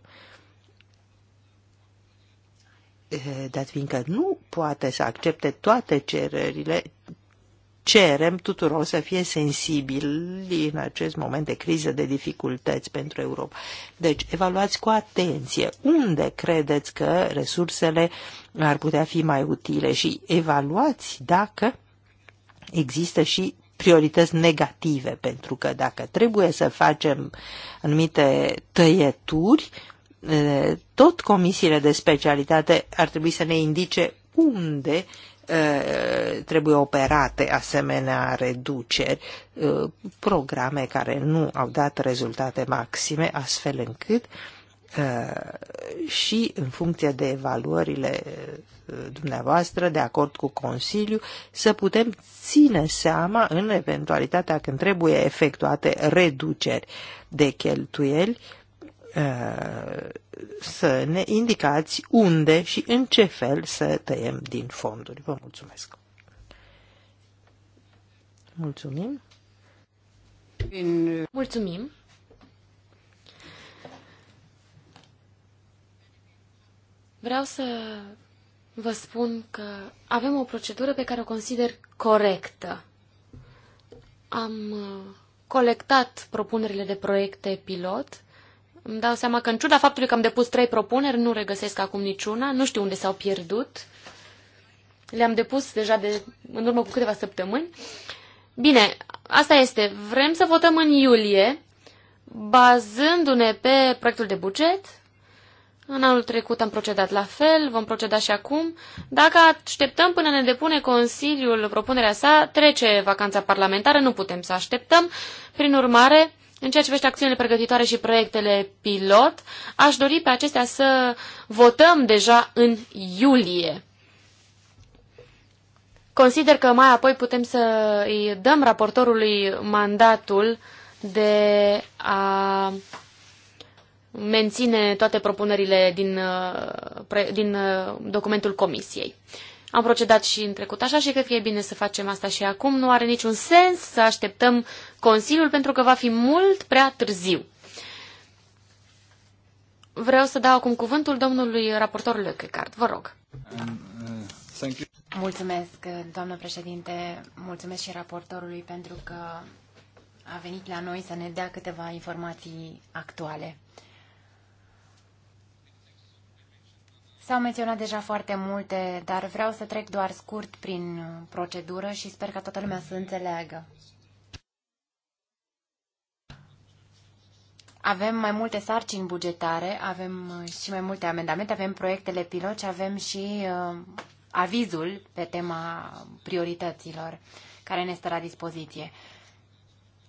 uh, dat fiindcă nu poate să accepte toate cererile cerem tuturor să fie sensibili în acest moment de criză, de dificultăți pentru Europa. Deci, evaluați cu atenție unde credeți că resursele ar putea fi mai utile și evaluați dacă există și priorități negative, pentru că dacă trebuie să facem anumite tăieturi, eh, tot comisiile de specialitate ar trebui să ne indice unde trebuie operate asemenea reduceri, programe care nu au dat rezultate maxime, astfel încât și în funcție de evaluările dumneavoastră, de acord cu Consiliu, să putem ține seama în eventualitatea când trebuie efectuate reduceri de cheltuieli Uh, să ne indicați unde și în ce fel să tăiem din fonduri. Vă mulțumesc! Mulțumim! Uh, Mulțumim! Vreau să vă spun că avem o procedură pe care o consider corectă. Am uh, colectat propunerile de proiecte pilot îmi dau seama că în ciuda faptului că am depus trei propuneri, nu regăsesc acum niciuna, nu știu unde s-au pierdut. Le-am depus deja de, în urmă cu câteva săptămâni. Bine, asta este. Vrem să votăm în iulie, bazându-ne pe proiectul de buget. În anul trecut am procedat la fel, vom proceda și acum. Dacă așteptăm până ne depune Consiliul propunerea sa, trece vacanța parlamentară, nu putem să așteptăm. Prin urmare, în ceea ce vește acțiunile pregătitoare și proiectele pilot, aș dori pe acestea să votăm deja în iulie. Consider că mai apoi putem să îi dăm raportorului mandatul de a menține toate propunerile din, uh, din uh, documentul comisiei. Am procedat și în trecut așa și cred că e bine să facem asta și acum. Nu are niciun sens să așteptăm Consiliul pentru că va fi mult prea târziu. Vreau să dau acum cuvântul domnului raportor Lecăcard. Vă rog. Mulțumesc, doamnă președinte. Mulțumesc și raportorului pentru că a venit la noi să ne dea câteva informații actuale. S-au menționat deja foarte multe, dar vreau să trec doar scurt prin uh, procedură și sper ca toată lumea să înțeleagă. Avem mai multe sarcini bugetare, avem uh, și mai multe amendamente, avem proiectele pilot și avem și uh, avizul pe tema priorităților care ne stă la dispoziție.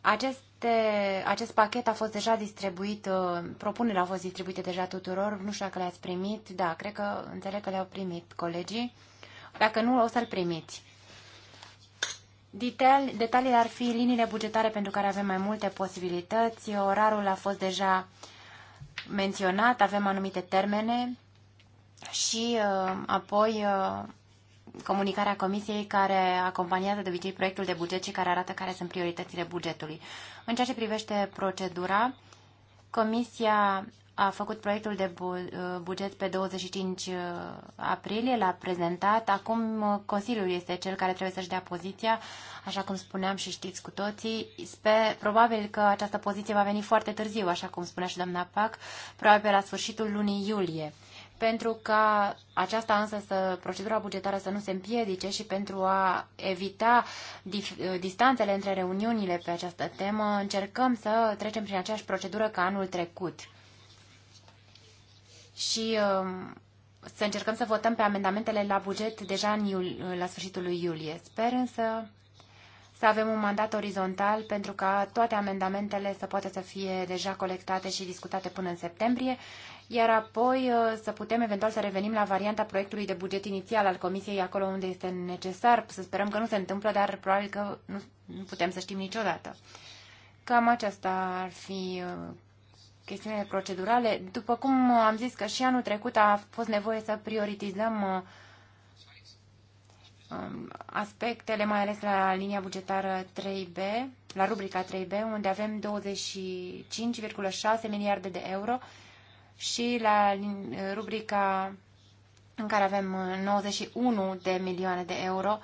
Acest acest pachet a fost deja distribuit, uh, propunerea a fost distribuită deja tuturor, nu știu dacă le-ați primit, da, cred că înțeleg că le-au primit colegii. Dacă nu, o să-l primiți. Detali, detaliile ar fi liniile bugetare pentru care avem mai multe posibilități. Orarul a fost deja menționat, avem anumite termene și uh, apoi uh, comunicarea Comisiei care acompaniază de obicei proiectul de buget și care arată care sunt prioritățile bugetului. În ceea ce privește procedura, Comisia a făcut proiectul de buget pe 25 uh, aprilie, l-a prezentat. Acum uh, Consiliul este cel care trebuie să-și dea poziția, așa cum spuneam și știți cu toții. Sper, probabil că această poziție va veni foarte târziu, așa cum spunea și doamna Pac, probabil la sfârșitul lunii iulie pentru ca aceasta însă să, procedura bugetară să nu se împiedice și pentru a evita dif, distanțele între reuniunile pe această temă, încercăm să trecem prin aceeași procedură ca anul trecut. Și um, să încercăm să votăm pe amendamentele la buget deja în iul, la sfârșitul lui iulie. Sper însă să avem un mandat orizontal pentru ca toate amendamentele să poată să fie deja colectate și discutate până în septembrie, iar apoi uh, să putem eventual să revenim la varianta proiectului de buget inițial al Comisiei acolo unde este necesar. Să sperăm că nu se întâmplă, dar probabil că nu putem să știm niciodată. Cam aceasta ar fi uh, chestiunile procedurale. După cum am zis că și anul trecut a fost nevoie să prioritizăm uh, um, aspectele, mai ales la linia bugetară 3B, la rubrica 3B, unde avem 25,6 miliarde de euro și la rubrica în care avem 91 uh, de milioane de euro,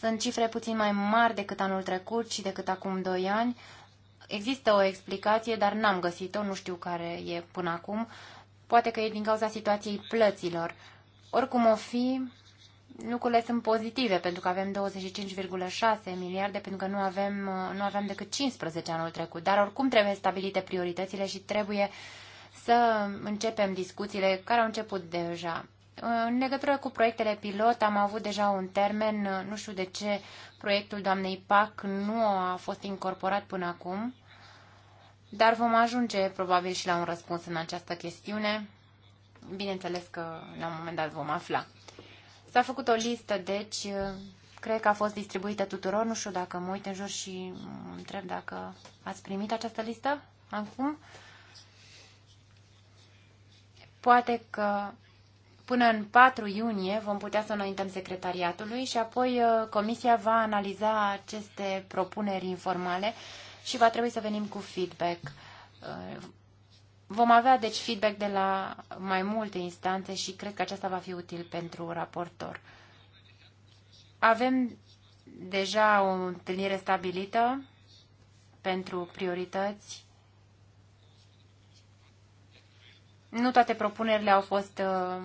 sunt cifre puțin mai mari decât anul trecut și decât acum 2 ani. Există o explicație, dar n-am găsit-o, nu știu care e până acum. Poate că e din cauza situației plăților. Oricum o fi, lucrurile sunt pozitive, pentru că avem 25,6 miliarde, pentru că nu avem, nu avem decât 15 anul trecut. Dar oricum trebuie stabilite prioritățile și trebuie să începem discuțiile care au început deja. În legătură cu proiectele pilot, am avut deja un termen, nu știu de ce proiectul doamnei PAC nu a fost incorporat până acum, dar vom ajunge probabil și la un răspuns în această chestiune. Bineînțeles că la un moment dat vom afla. S-a făcut o listă, deci uh, cred că a fost distribuită tuturor. Nu știu dacă mă uit în jur și întreb dacă ați primit această listă acum. Poate că până în 4 iunie vom putea să înaintăm secretariatului și apoi uh, comisia va analiza aceste propuneri informale și va trebui să venim cu feedback uh, Vom avea, deci, feedback de la mai multe instanțe și cred că aceasta va fi util pentru raportor. Avem deja o întâlnire stabilită pentru priorități. Nu toate propunerile au fost uh,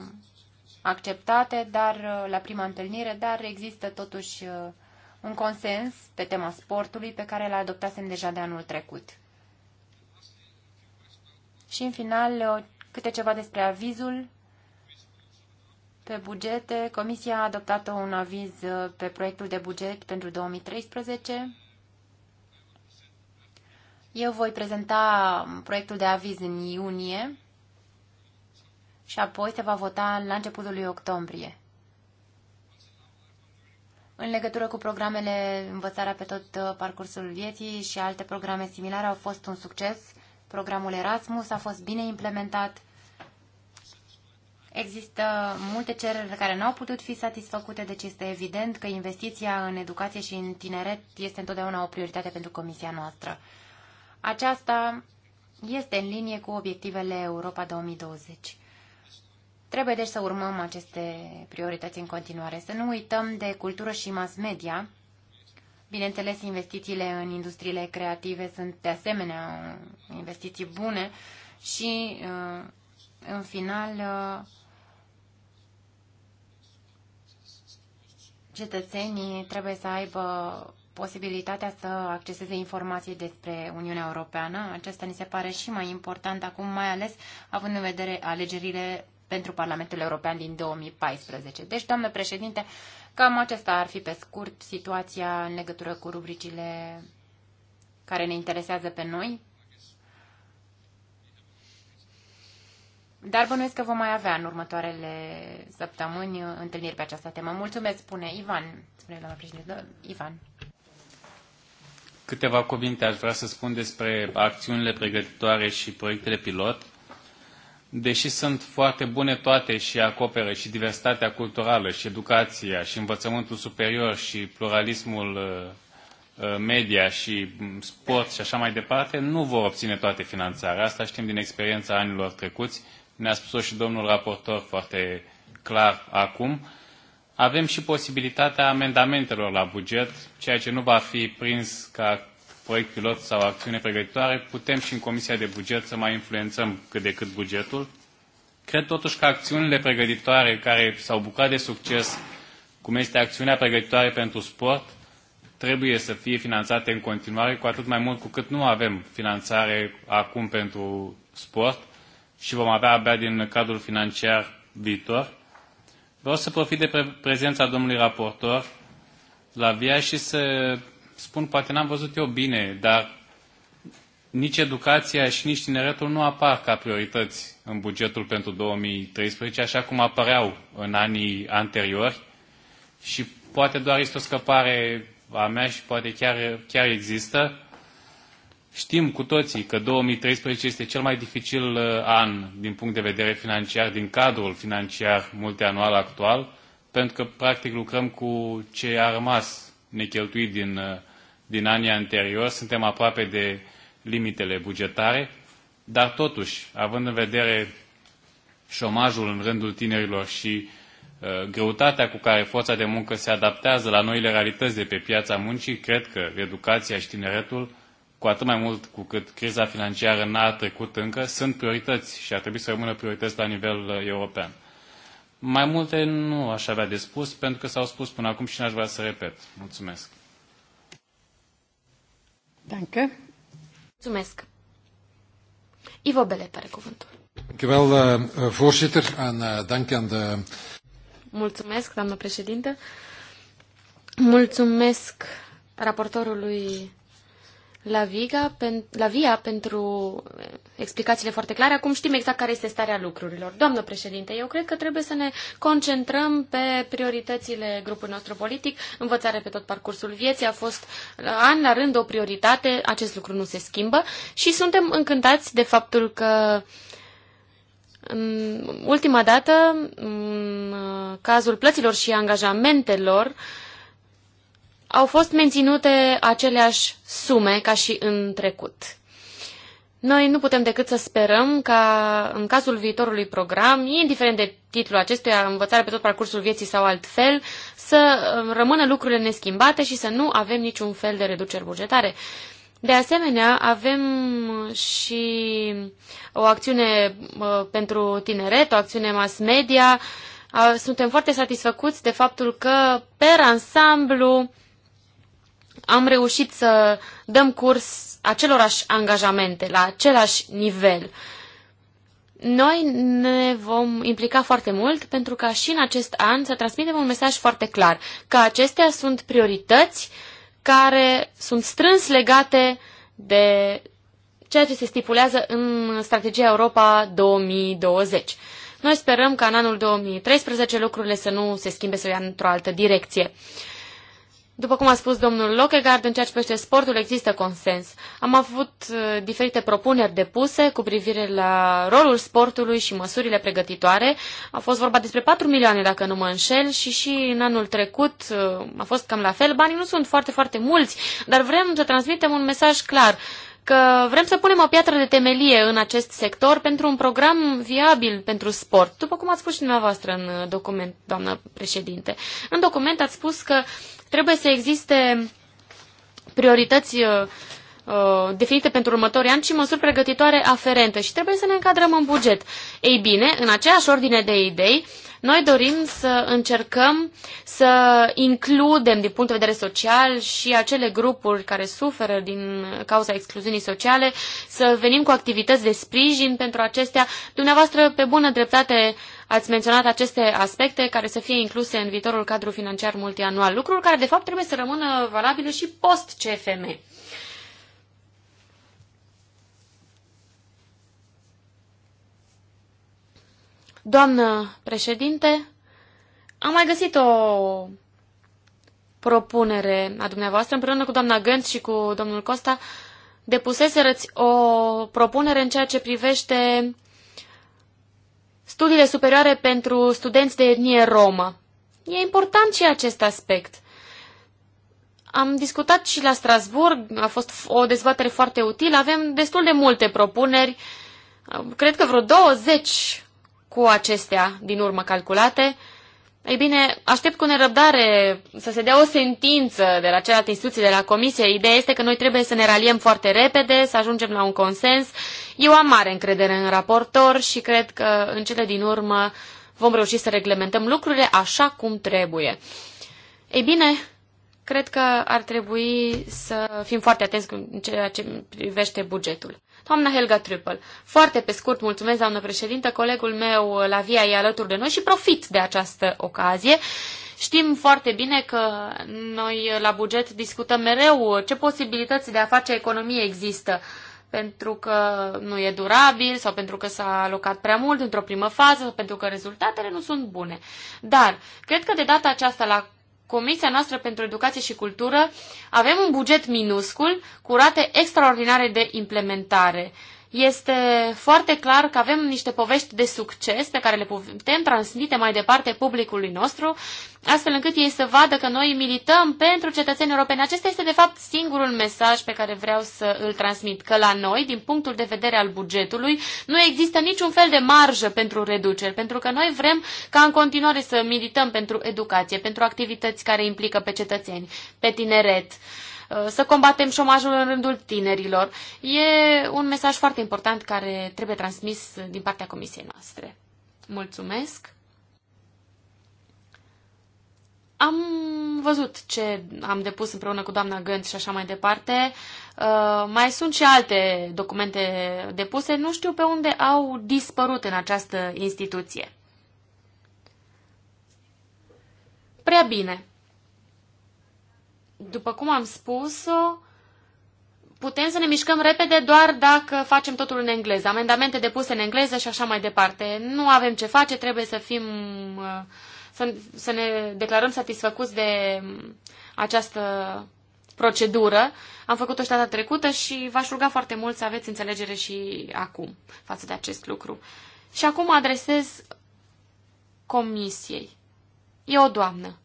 acceptate dar uh, la prima întâlnire, dar există totuși uh, un consens pe tema sportului pe care l-adoptasem a deja de anul trecut. Și în final, câte ceva despre avizul pe bugete. Comisia a adoptat un aviz uh, pe proiectul de buget pentru 2013. Eu voi prezenta proiectul de aviz în iunie și apoi se va vota la începutul lui octombrie. În legătură cu programele Învățarea pe tot uh, parcursul vieții și alte programe similare au fost un succes Programul Erasmus a fost bine implementat. Există multe cereri care nu au putut fi satisfăcute, deci este evident că investiția în educație și în tineret este întotdeauna o prioritate pentru comisia noastră. Aceasta este în linie cu obiectivele Europa 2020. Trebuie deci să urmăm aceste priorități în continuare, să nu uităm de cultură și mass media, Bineînțeles, investițiile în industriile creative sunt de asemenea investiții bune și, uh, în final, uh, cetățenii trebuie să aibă posibilitatea să acceseze informații despre Uniunea Europeană. Aceasta ni se pare și mai important acum, mai ales având în vedere alegerile pentru Parlamentul European din 2014. Deci, doamnă președinte, Cam acesta ar fi pe scurt situația în legătură cu rubricile care ne interesează pe noi. Dar bănuiesc că vom mai avea în următoarele săptămâni întâlniri pe această temă. Mulțumesc, spune Ivan. Spune la președinte, Ivan. Câteva cuvinte aș vrea să spun despre acțiunile pregătitoare și proiectele pilot deși sunt foarte bune toate și acoperă și diversitatea culturală și educația și învățământul superior și pluralismul uh, uh, media și mm, sport și așa mai departe, nu vor obține toate finanțarea. Asta știm din experiența anilor trecuți. Ne-a spus și domnul raportor foarte clar acum. Avem și posibilitatea amendamentelor la buget, ceea ce nu va fi prins ca proiect pilot sau acțiune pregătitoare, putem și în Comisia de Buget să mai influențăm cât de cât bugetul. Cred totuși că acțiunile pregătitoare care s-au bucurat de succes, cum este acțiunea pregătitoare pentru sport, trebuie să fie finanțate în continuare, cu atât mai mult cu cât nu avem finanțare acum pentru sport și vom avea abia din cadrul financiar viitor. Vreau să profit de pre prezența domnului raportor la VIA și să spun, poate n-am văzut eu bine, dar nici educația și nici tineretul nu apar ca priorități în bugetul pentru 2013, așa cum apăreau în anii anteriori și poate doar este o scăpare a mea și poate chiar, chiar există. Știm cu toții că 2013 este cel mai dificil uh, an din punct de vedere financiar, din cadrul financiar multianual actual, pentru că practic lucrăm cu ce a rămas necheltuit din, uh, din anii anterior. Suntem aproape de limitele bugetare, dar totuși, având în vedere șomajul în rândul tinerilor și uh, greutatea cu care forța de muncă se adaptează la noile realități de pe piața muncii, cred că educația și tineretul, cu atât mai mult cu cât criza financiară n-a trecut încă, sunt priorități și ar trebui să rămână priorități la nivel uh, european. Mai multe nu aș avea de spus, pentru că s-au spus până acum și n-aș vrea să repet. Mulțumesc. Danke. Mulțumesc. Ivo Bele, pare cuvântul. Eh, eh, eh, Mulțumesc, doamnă președinte. Mulțumesc raportorului la, Viga, pen, la VIA pentru explicațiile foarte clare. Acum știm exact care este starea lucrurilor. Doamnă președinte, eu cred că trebuie să ne concentrăm pe prioritățile grupului nostru politic. Învățare pe tot parcursul vieții a fost an la rând o prioritate. Acest lucru nu se schimbă și suntem încântați de faptul că ultima dată, uh, cazul plăților și angajamentelor, uh, au fost menținute aceleași sume ca și în trecut. Noi nu putem decât să sperăm ca în cazul viitorului program, indiferent de titlul acestuia, învățare pe tot parcursul vieții sau altfel, să um, rămână lucrurile neschimbate și să nu avem niciun fel de reduceri bugetare. De asemenea, avem și o acțiune uh, pentru tineret, o acțiune mass media. Suntem foarte satisfăcuți de faptul că, per ansamblu, am reușit să dăm curs acelorași angajamente, la același nivel. Noi ne vom implica foarte mult pentru ca și în acest an să transmitem un mesaj foarte clar, că acestea sunt priorități care sunt strâns legate de ceea ce se stipulează în strategia Europa 2020. Noi sperăm ca în anul 2013 lucrurile să nu se schimbe să ia într-o altă direcție. După cum a spus domnul Lockegaard, în ceea ce privește sportul există consens. Am avut uh, diferite propuneri depuse cu privire la rolul sportului și măsurile pregătitoare. A fost vorba despre 4 milioane, dacă nu mă înșel, și și în anul trecut uh, a fost cam la fel. Banii nu sunt foarte, foarte mulți, dar vrem să transmitem un mesaj clar că vrem să punem o piatră de temelie în acest sector pentru un program viabil pentru sport, după cum ați spus și dumneavoastră în document, doamnă președinte. În document ați spus că uh, Trebuie să existe priorități uh, uh, definite pentru următorii ani și măsuri pregătitoare aferente și trebuie să ne încadrăm în buget. Ei bine, în aceeași ordine de idei, noi dorim să încercăm să includem din punct de vedere social și acele grupuri care suferă din cauza excluziunii sociale, să venim cu activități de sprijin pentru acestea. Dumneavoastră, pe bună dreptate, Ați menționat aceste aspecte care să fie incluse în viitorul cadru financiar multianual, Lucrul care de fapt trebuie să rămână valabil și post-CFM. Doamnă președinte, am mai găsit o propunere a dumneavoastră, împreună cu doamna Gânț și cu domnul Costa, depuseserăți o propunere în ceea ce privește studiile superioare pentru studenți de etnie romă. E important și acest aspect. Am discutat și la Strasburg, a fost o dezbatere foarte utilă, avem destul de multe propuneri, cred că vreo 20 cu acestea din urmă calculate, ei bine, aștept cu nerăbdare să se dea o sentință de la celelalte instituții, de la comisie. Ideea este că noi trebuie să ne raliem foarte repede, să ajungem la un consens. Eu am mare încredere în raportor și cred că în cele din urmă vom reuși să reglementăm lucrurile așa cum trebuie. Ei bine, cred că ar trebui să fim foarte atenți în ceea ce privește bugetul. Doamna Helga Trüppel. Foarte pe scurt, mulțumesc, doamnă președintă, colegul meu la via e alături de noi și profit de această ocazie. Știm foarte bine că noi la buget discutăm mereu ce posibilități de a face economie există pentru că nu e durabil sau pentru că s-a alocat prea mult într-o primă fază sau pentru că rezultatele nu sunt bune. Dar cred că de data aceasta la Comisia noastră pentru Educație și Cultură avem un buget minuscul cu rate extraordinare de implementare este foarte clar că avem niște povești de succes pe care le putem transmite mai departe publicului nostru, astfel încât ei să vadă că noi milităm pentru cetățenii europeni. Acesta este, de fapt, singurul mesaj pe care vreau să îl transmit, că la noi, din punctul de vedere al bugetului, nu există niciun fel de marjă pentru reduceri, pentru că noi vrem ca în continuare să milităm pentru educație, pentru activități care implică pe cetățeni, pe tineret. Uh, să combatem șomajul în rândul tinerilor. E un mesaj foarte important care trebuie transmis din partea comisiei noastre. Mulțumesc! Am văzut ce am depus împreună cu doamna Gând și așa mai departe. Uh, mai sunt și alte documente depuse, nu știu pe unde au dispărut în această instituție. Prea bine după cum am spus-o, putem să ne mișcăm repede doar dacă facem totul în engleză. Amendamente depuse în engleză și așa mai departe. Nu avem ce face, trebuie să fim... Uh, să, să ne declarăm satisfăcuți de um, această procedură. Am făcut-o și data trecută și v-aș ruga foarte mult să aveți înțelegere și acum față de acest lucru. Și acum adresez comisiei. E o doamnă.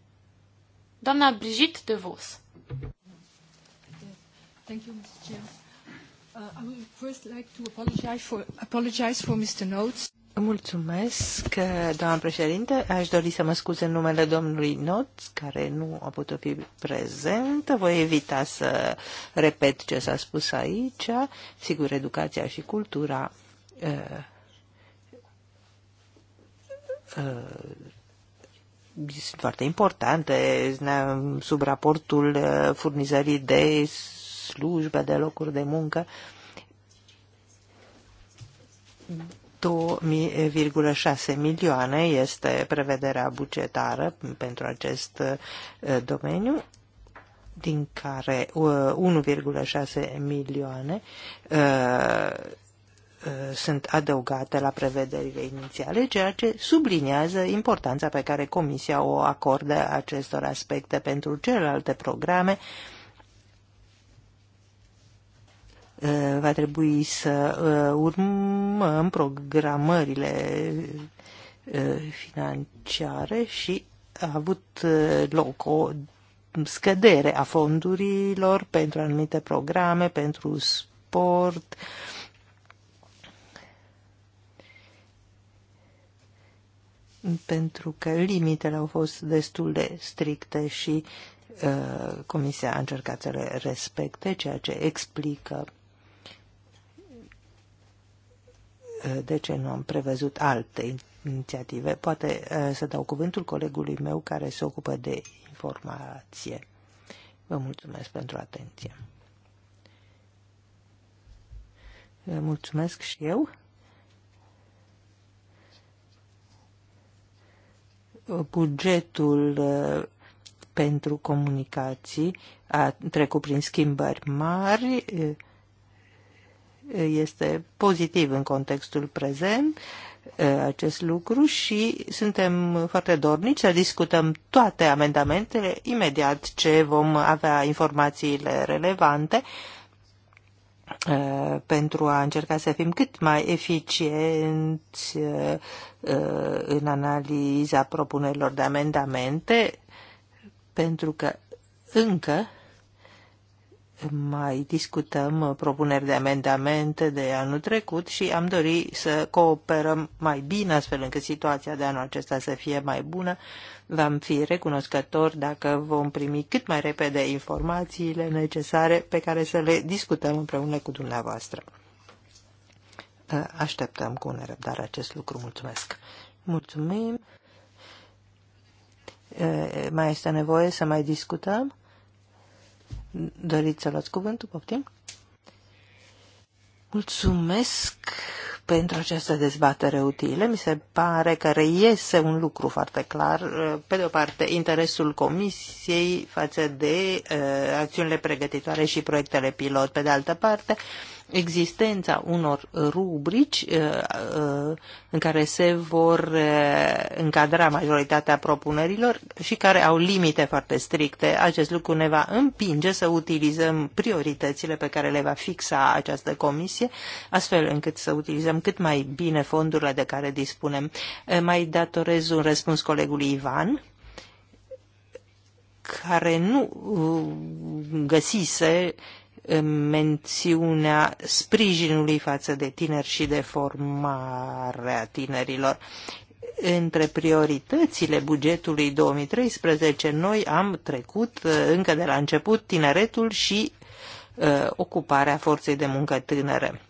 Doamna Brigitte de Vos. Thank you, Mr. Chair. Uh, I would first like to apologize for, apologize for Mr. Notes. Mulțumesc, doamnă președinte. Aș dori să mă scuze în numele domnului Noț, care nu a putut fi prezent. Voi evita să repet ce s-a spus aici. Sigur, educația și cultura uh, uh, sunt foarte importante sub raportul uh, furnizării de slujbe, de locuri de muncă. 2,6 milioane este prevederea bugetară pentru acest uh, domeniu, din care 1,6 uh, milioane Uh, sunt adăugate la prevederile inițiale, ceea ce subliniază importanța pe care Comisia o acordă acestor aspecte pentru celelalte programe. Uh, va trebui să uh, urmăm programările financiare și a avut loc o scădere a fondurilor pentru anumite programe, pentru sport, uh, pentru că limitele au fost destul de stricte și uh, Comisia a încercat să le respecte, ceea ce explică uh, de ce nu am prevăzut alte inițiative. Poate uh, să dau cuvântul colegului meu care se ocupă de informație. Vă mulțumesc pentru atenție. Mulțumesc și eu. bugetul uh, pentru comunicații a trecut prin schimbări mari, uh, este pozitiv în contextul prezent uh, acest lucru și suntem foarte dornici să discutăm toate amendamentele imediat ce vom avea informațiile relevante Uh, pentru a încerca să fim cât mai eficienți uh, uh, în analiza propunerilor de amendamente, pentru că încă mai discutăm propuneri de amendamente de anul trecut și am dori să cooperăm mai bine astfel încât situația de anul acesta să fie mai bună V-am fi recunoscători dacă vom primi cât mai repede informațiile necesare pe care să le discutăm împreună cu dumneavoastră. Așteptăm cu nerăbdare acest lucru. Mulțumesc! Mulțumim! Mai este nevoie să mai discutăm? Doriți să luați cuvântul, poftim? Mulțumesc pentru această dezbatere utilă. Mi se pare că reiese un lucru foarte clar. Uh, pe de o parte, interesul Comisiei față de uh, acțiunile pregătitoare și proiectele pilot. Pe de altă parte, uh, existența unor rubrici uh, uh, în care se vor uh, încadra majoritatea propunerilor și care au limite foarte stricte. Acest lucru ne va împinge să utilizăm prioritățile pe care le va fixa această comisie, astfel încât să utilizăm cât mai bine fondurile de care dispunem. Mai datorez un răspuns colegului Ivan care nu găsise mențiunea sprijinului față de tineri și de formarea tinerilor. Între prioritățile bugetului 2013, noi am trecut uh, încă de la început tineretul și uh, ocuparea forței de muncă tânără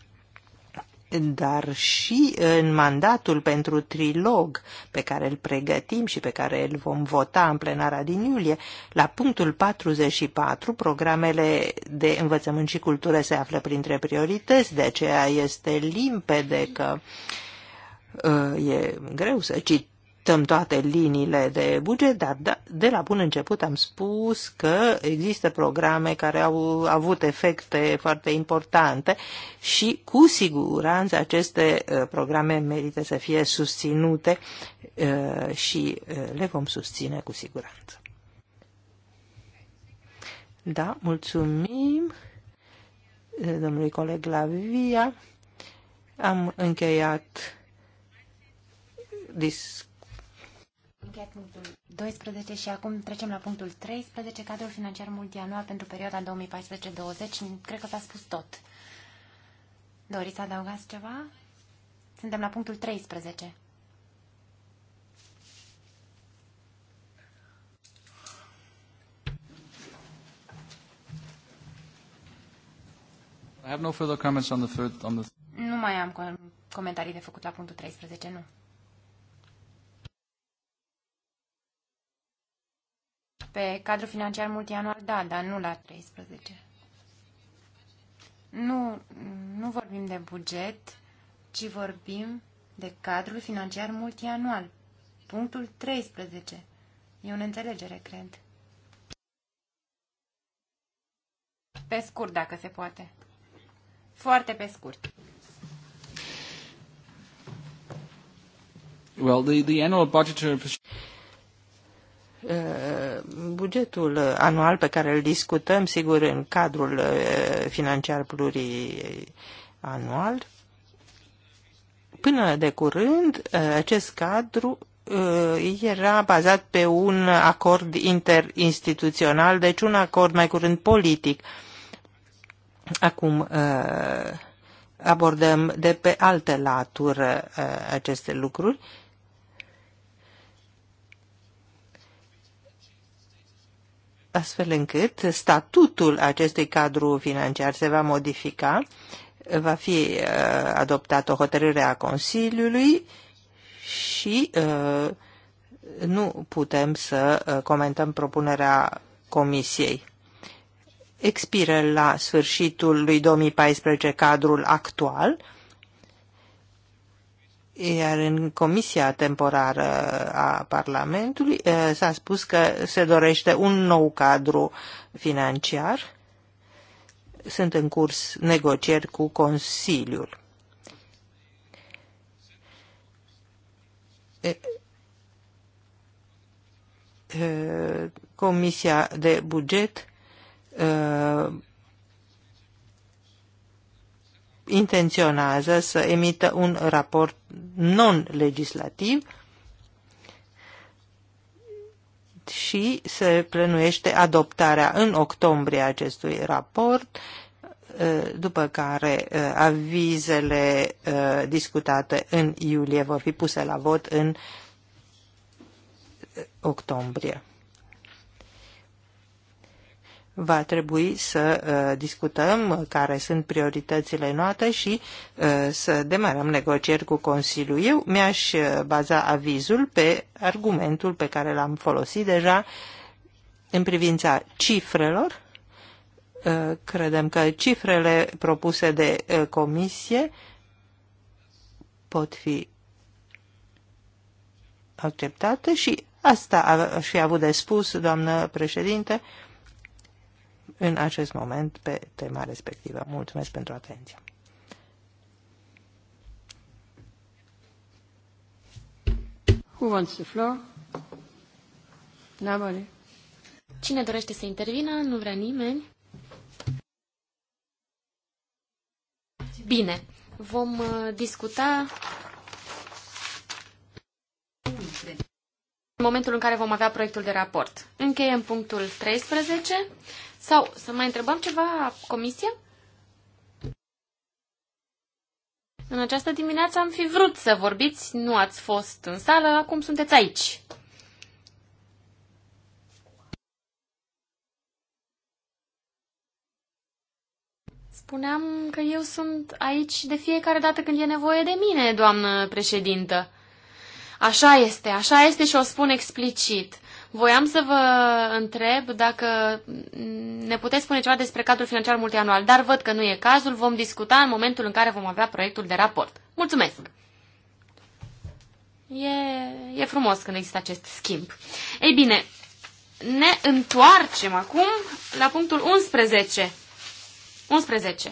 dar și în mandatul pentru trilog pe care îl pregătim și pe care îl vom vota în plenara din iulie, la punctul 44, programele de învățământ și cultură se află printre priorități, de aceea este limpede că uh, e greu să citim respectăm toate liniile de buget, dar da, de la bun început am spus că există programe care au avut efecte foarte importante și cu siguranță aceste uh, programe merită să fie susținute uh, și uh, le vom susține cu siguranță. Da, mulțumim domnului coleg Lavia. Am încheiat discuția încheiat punctul 12 și acum trecem la punctul 13, cadrul financiar multianual pentru perioada 2014-2020. Cred că s-a spus tot. Doriți să adăugați ceva? Suntem la punctul 13. I have no further comments on the third, on the... Nu mai am comentarii de făcut la punctul 13, nu. Pe cadrul financiar multianual, da, dar nu la 13. Nu, nu vorbim de buget, ci vorbim de cadrul financiar multianual. Punctul 13. E o înțelegere, cred. Pe scurt, dacă se poate. Foarte pe scurt. Well, the, the annual budgetary Eh, bugetul anual pe care îl discutăm, sigur, în cadrul eh, financiar plurianual, până de curând, eh, acest cadru era bazat pe un acord interinstituțional, deci un acord mai curând politic. Acum abordăm de pe alte latură aceste lucruri astfel încât statutul acestui cadru financiar se va modifica, va fi uh, adoptată o hotărâre a Consiliului și uh, nu putem să uh, comentăm propunerea Comisiei. Expiră la sfârșitul lui 2014 cadrul actual, iar în comisia temporară a Parlamentului eh, s-a spus că se dorește un nou cadru financiar. Sunt în curs negocieri cu Consiliul. Eh, eh, comisia de buget intenționează să emită un raport non-legislativ și se plănuiește adoptarea în octombrie acestui raport, eh, după care eh, avizele eh, discutate în iulie vor fi puse la vot în octombrie va trebui să uh, discutăm care sunt prioritățile noastre și uh, să demarăm negocieri cu Consiliul. Eu mi-aș uh, baza avizul pe argumentul pe care l-am folosit deja în privința cifrelor. credem că cifrele propuse de comisie pot fi acceptate și asta aș fi avut de spus, doamnă președinte, în acest moment pe tema respectivă. Mulțumesc pentru atenție. Who wants the floor? Nobody. Cine dorește să intervină? Nu vrea nimeni. Bine, vom uh, discuta în momentul în care vom avea proiectul de raport. Încheiem punctul 13 sau să mai întrebăm ceva, comisia? În această dimineață am fi vrut să vorbiți, nu ați fost în sală, acum sunteți aici. Spuneam că eu sunt aici de fiecare dată când e nevoie de mine, doamnă președintă. Așa este, așa este și o spun explicit. Voiam să vă întreb dacă ne puteți spune ceva despre cadrul financiar multianual, dar văd că nu e cazul. Vom discuta în momentul în care vom avea proiectul de raport. Mulțumesc! E, e frumos când există acest schimb. Ei bine, ne întoarcem acum la punctul 11. 11.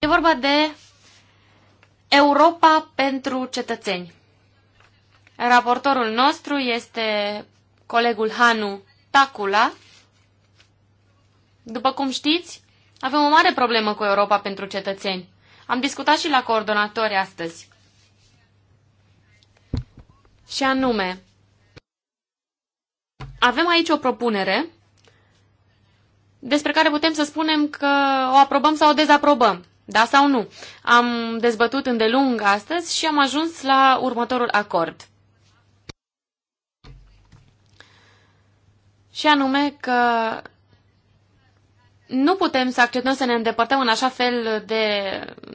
E vorba de Europa pentru cetățeni. Raportorul nostru este colegul Hanu Tacula. După cum știți, avem o mare problemă cu Europa pentru cetățeni. Am discutat și la coordonatori astăzi. Și anume, avem aici o propunere despre care putem să spunem că o aprobăm sau o dezaprobăm. Da sau nu? Am dezbătut îndelung astăzi și am ajuns la următorul acord. Și anume că nu putem să acceptăm să ne îndepărtăm în așa fel de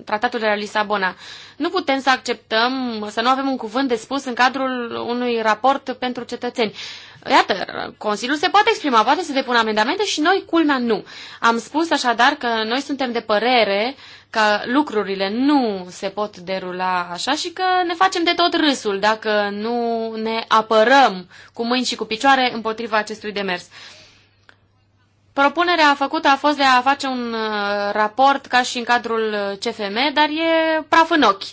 tratatul de la Lisabona. Nu putem să acceptăm să nu avem un cuvânt de spus în cadrul unui raport pentru cetățeni. Iată, Consiliul se poate exprima, poate să depună amendamente și noi, culmea, nu. Am spus așadar că noi suntem de părere că lucrurile nu se pot derula așa și că ne facem de tot râsul dacă nu ne apărăm cu mâini și cu picioare împotriva acestui demers. Propunerea făcută a fost de a face un uh, raport ca și în cadrul uh, CFM, dar e praf în ochi.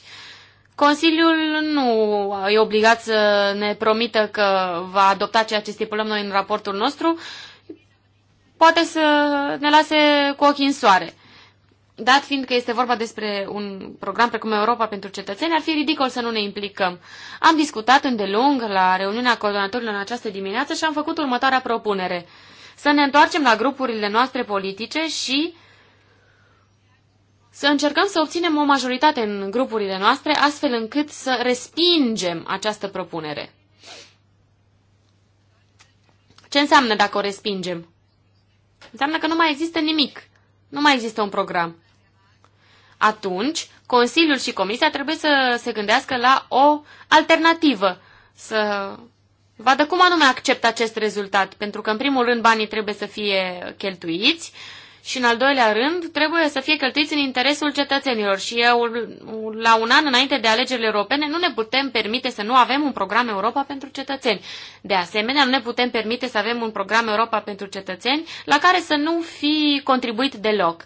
Consiliul nu e obligat să ne promită că va adopta ceea ce stipulăm noi în raportul nostru, poate să ne lase cu ochii în soare. Dat fiind că este vorba despre un program precum Europa pentru cetățeni, ar fi ridicol să nu ne implicăm. Am discutat îndelung la reuniunea coordonatorilor în această dimineață și am făcut următoarea propunere. Să ne întoarcem la grupurile noastre politice și să încercăm să obținem o majoritate în grupurile noastre, astfel încât să respingem această propunere. Ce înseamnă dacă o respingem? Înseamnă că nu mai există nimic. Nu mai există un program. Atunci, Consiliul și Comisia trebuie să se gândească la o alternativă, să vadă cum anume acceptă acest rezultat, pentru că, în primul rând, banii trebuie să fie cheltuiți, uh, și, în al doilea rând, trebuie să fie cheltuiți în interesul cetățenilor. Și eu, la un an înainte de alegerile europene, nu ne putem permite să nu avem un program Europa pentru cetățeni. De asemenea, nu ne putem permite să avem un program Europa pentru cetățeni la care să nu fi contribuit deloc.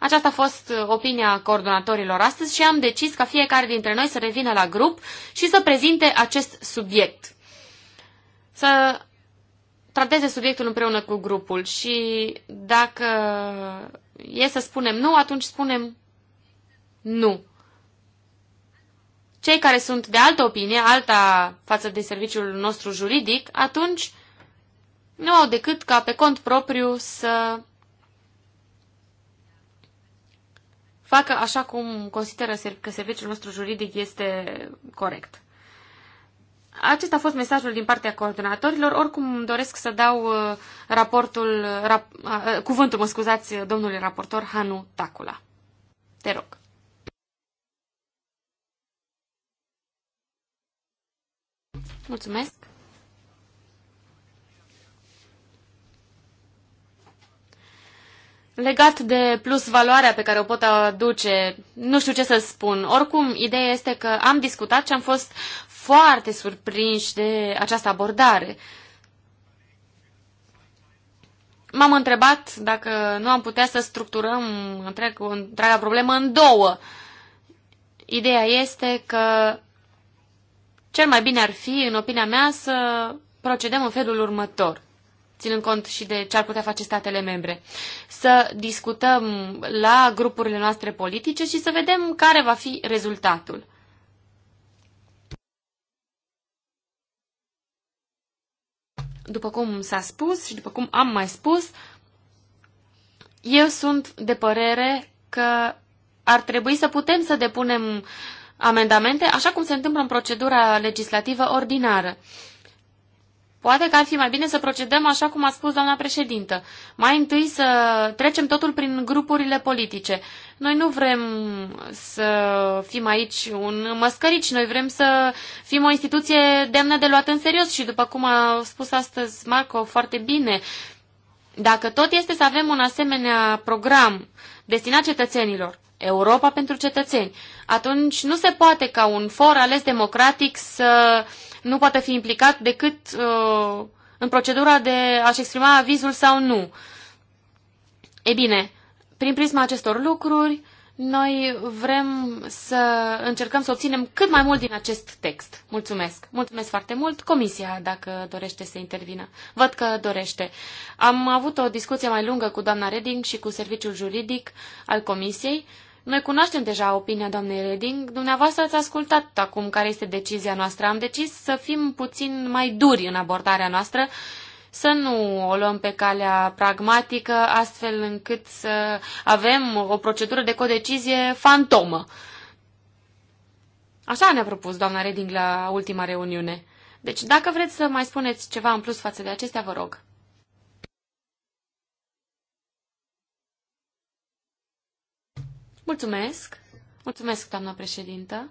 Aceasta a fost uh, opinia coordonatorilor astăzi și am decis ca fiecare dintre noi să revină la grup și să prezinte acest subiect. Să trateze subiectul împreună cu grupul și dacă e să spunem nu, atunci spunem nu. Cei care sunt de altă opinie, alta față de serviciul nostru juridic, atunci nu au decât ca pe cont propriu să facă așa cum consideră că serviciul nostru juridic este corect. Acesta a fost mesajul din partea coordonatorilor. Oricum doresc să dau uh, raportul, rap, uh, uh, cuvântul, mă scuzați, domnului raportor Hanu Tacula. Te rog. Mulțumesc. Legat de plus valoarea pe care o pot aduce, nu știu ce să spun. Oricum, ideea este că am discutat și am fost foarte surprinși de această abordare. M-am întrebat dacă nu am putea să structurăm întreg, întreaga problemă în două. Ideea este că cel mai bine ar fi, în opinia mea, să procedăm în felul următor, ținând cont și de ce ar putea face statele membre. Să discutăm la grupurile noastre politice și să vedem care va fi rezultatul. După cum s-a spus și după cum am mai spus, eu sunt de părere că ar trebui să putem să depunem amendamente, așa cum se întâmplă în procedura legislativă ordinară. Poate că ar fi mai bine să procedăm așa cum a spus doamna președintă. Mai întâi să trecem totul prin grupurile politice. Noi nu vrem să fim aici un măscărici, noi vrem să fim o instituție demnă de luat în serios și după cum a spus astăzi Marco foarte bine, dacă tot este să avem un asemenea program destinat cetățenilor, Europa pentru cetățeni, atunci nu se poate ca un for ales democratic să nu poate fi implicat decât uh, în procedura de a-și exprima avizul sau nu. E bine, prin prisma acestor lucruri, noi vrem să încercăm să obținem cât mai mult din acest text. Mulțumesc! Mulțumesc foarte mult! Comisia, dacă dorește să intervină. Văd că dorește. Am avut o discuție mai lungă cu doamna Reding și cu serviciul juridic al Comisiei noi cunoaștem deja opinia doamnei Reding. Dumneavoastră ați ascultat acum care este decizia noastră. Am decis să fim puțin mai duri în abordarea noastră, să nu o luăm pe calea pragmatică, astfel încât să avem o procedură de codecizie fantomă. Așa ne-a propus doamna Reding la ultima reuniune. Deci, dacă vreți să mai spuneți ceva în plus față de acestea, vă rog. Mulțumesc. Mulțumesc, doamna președintă.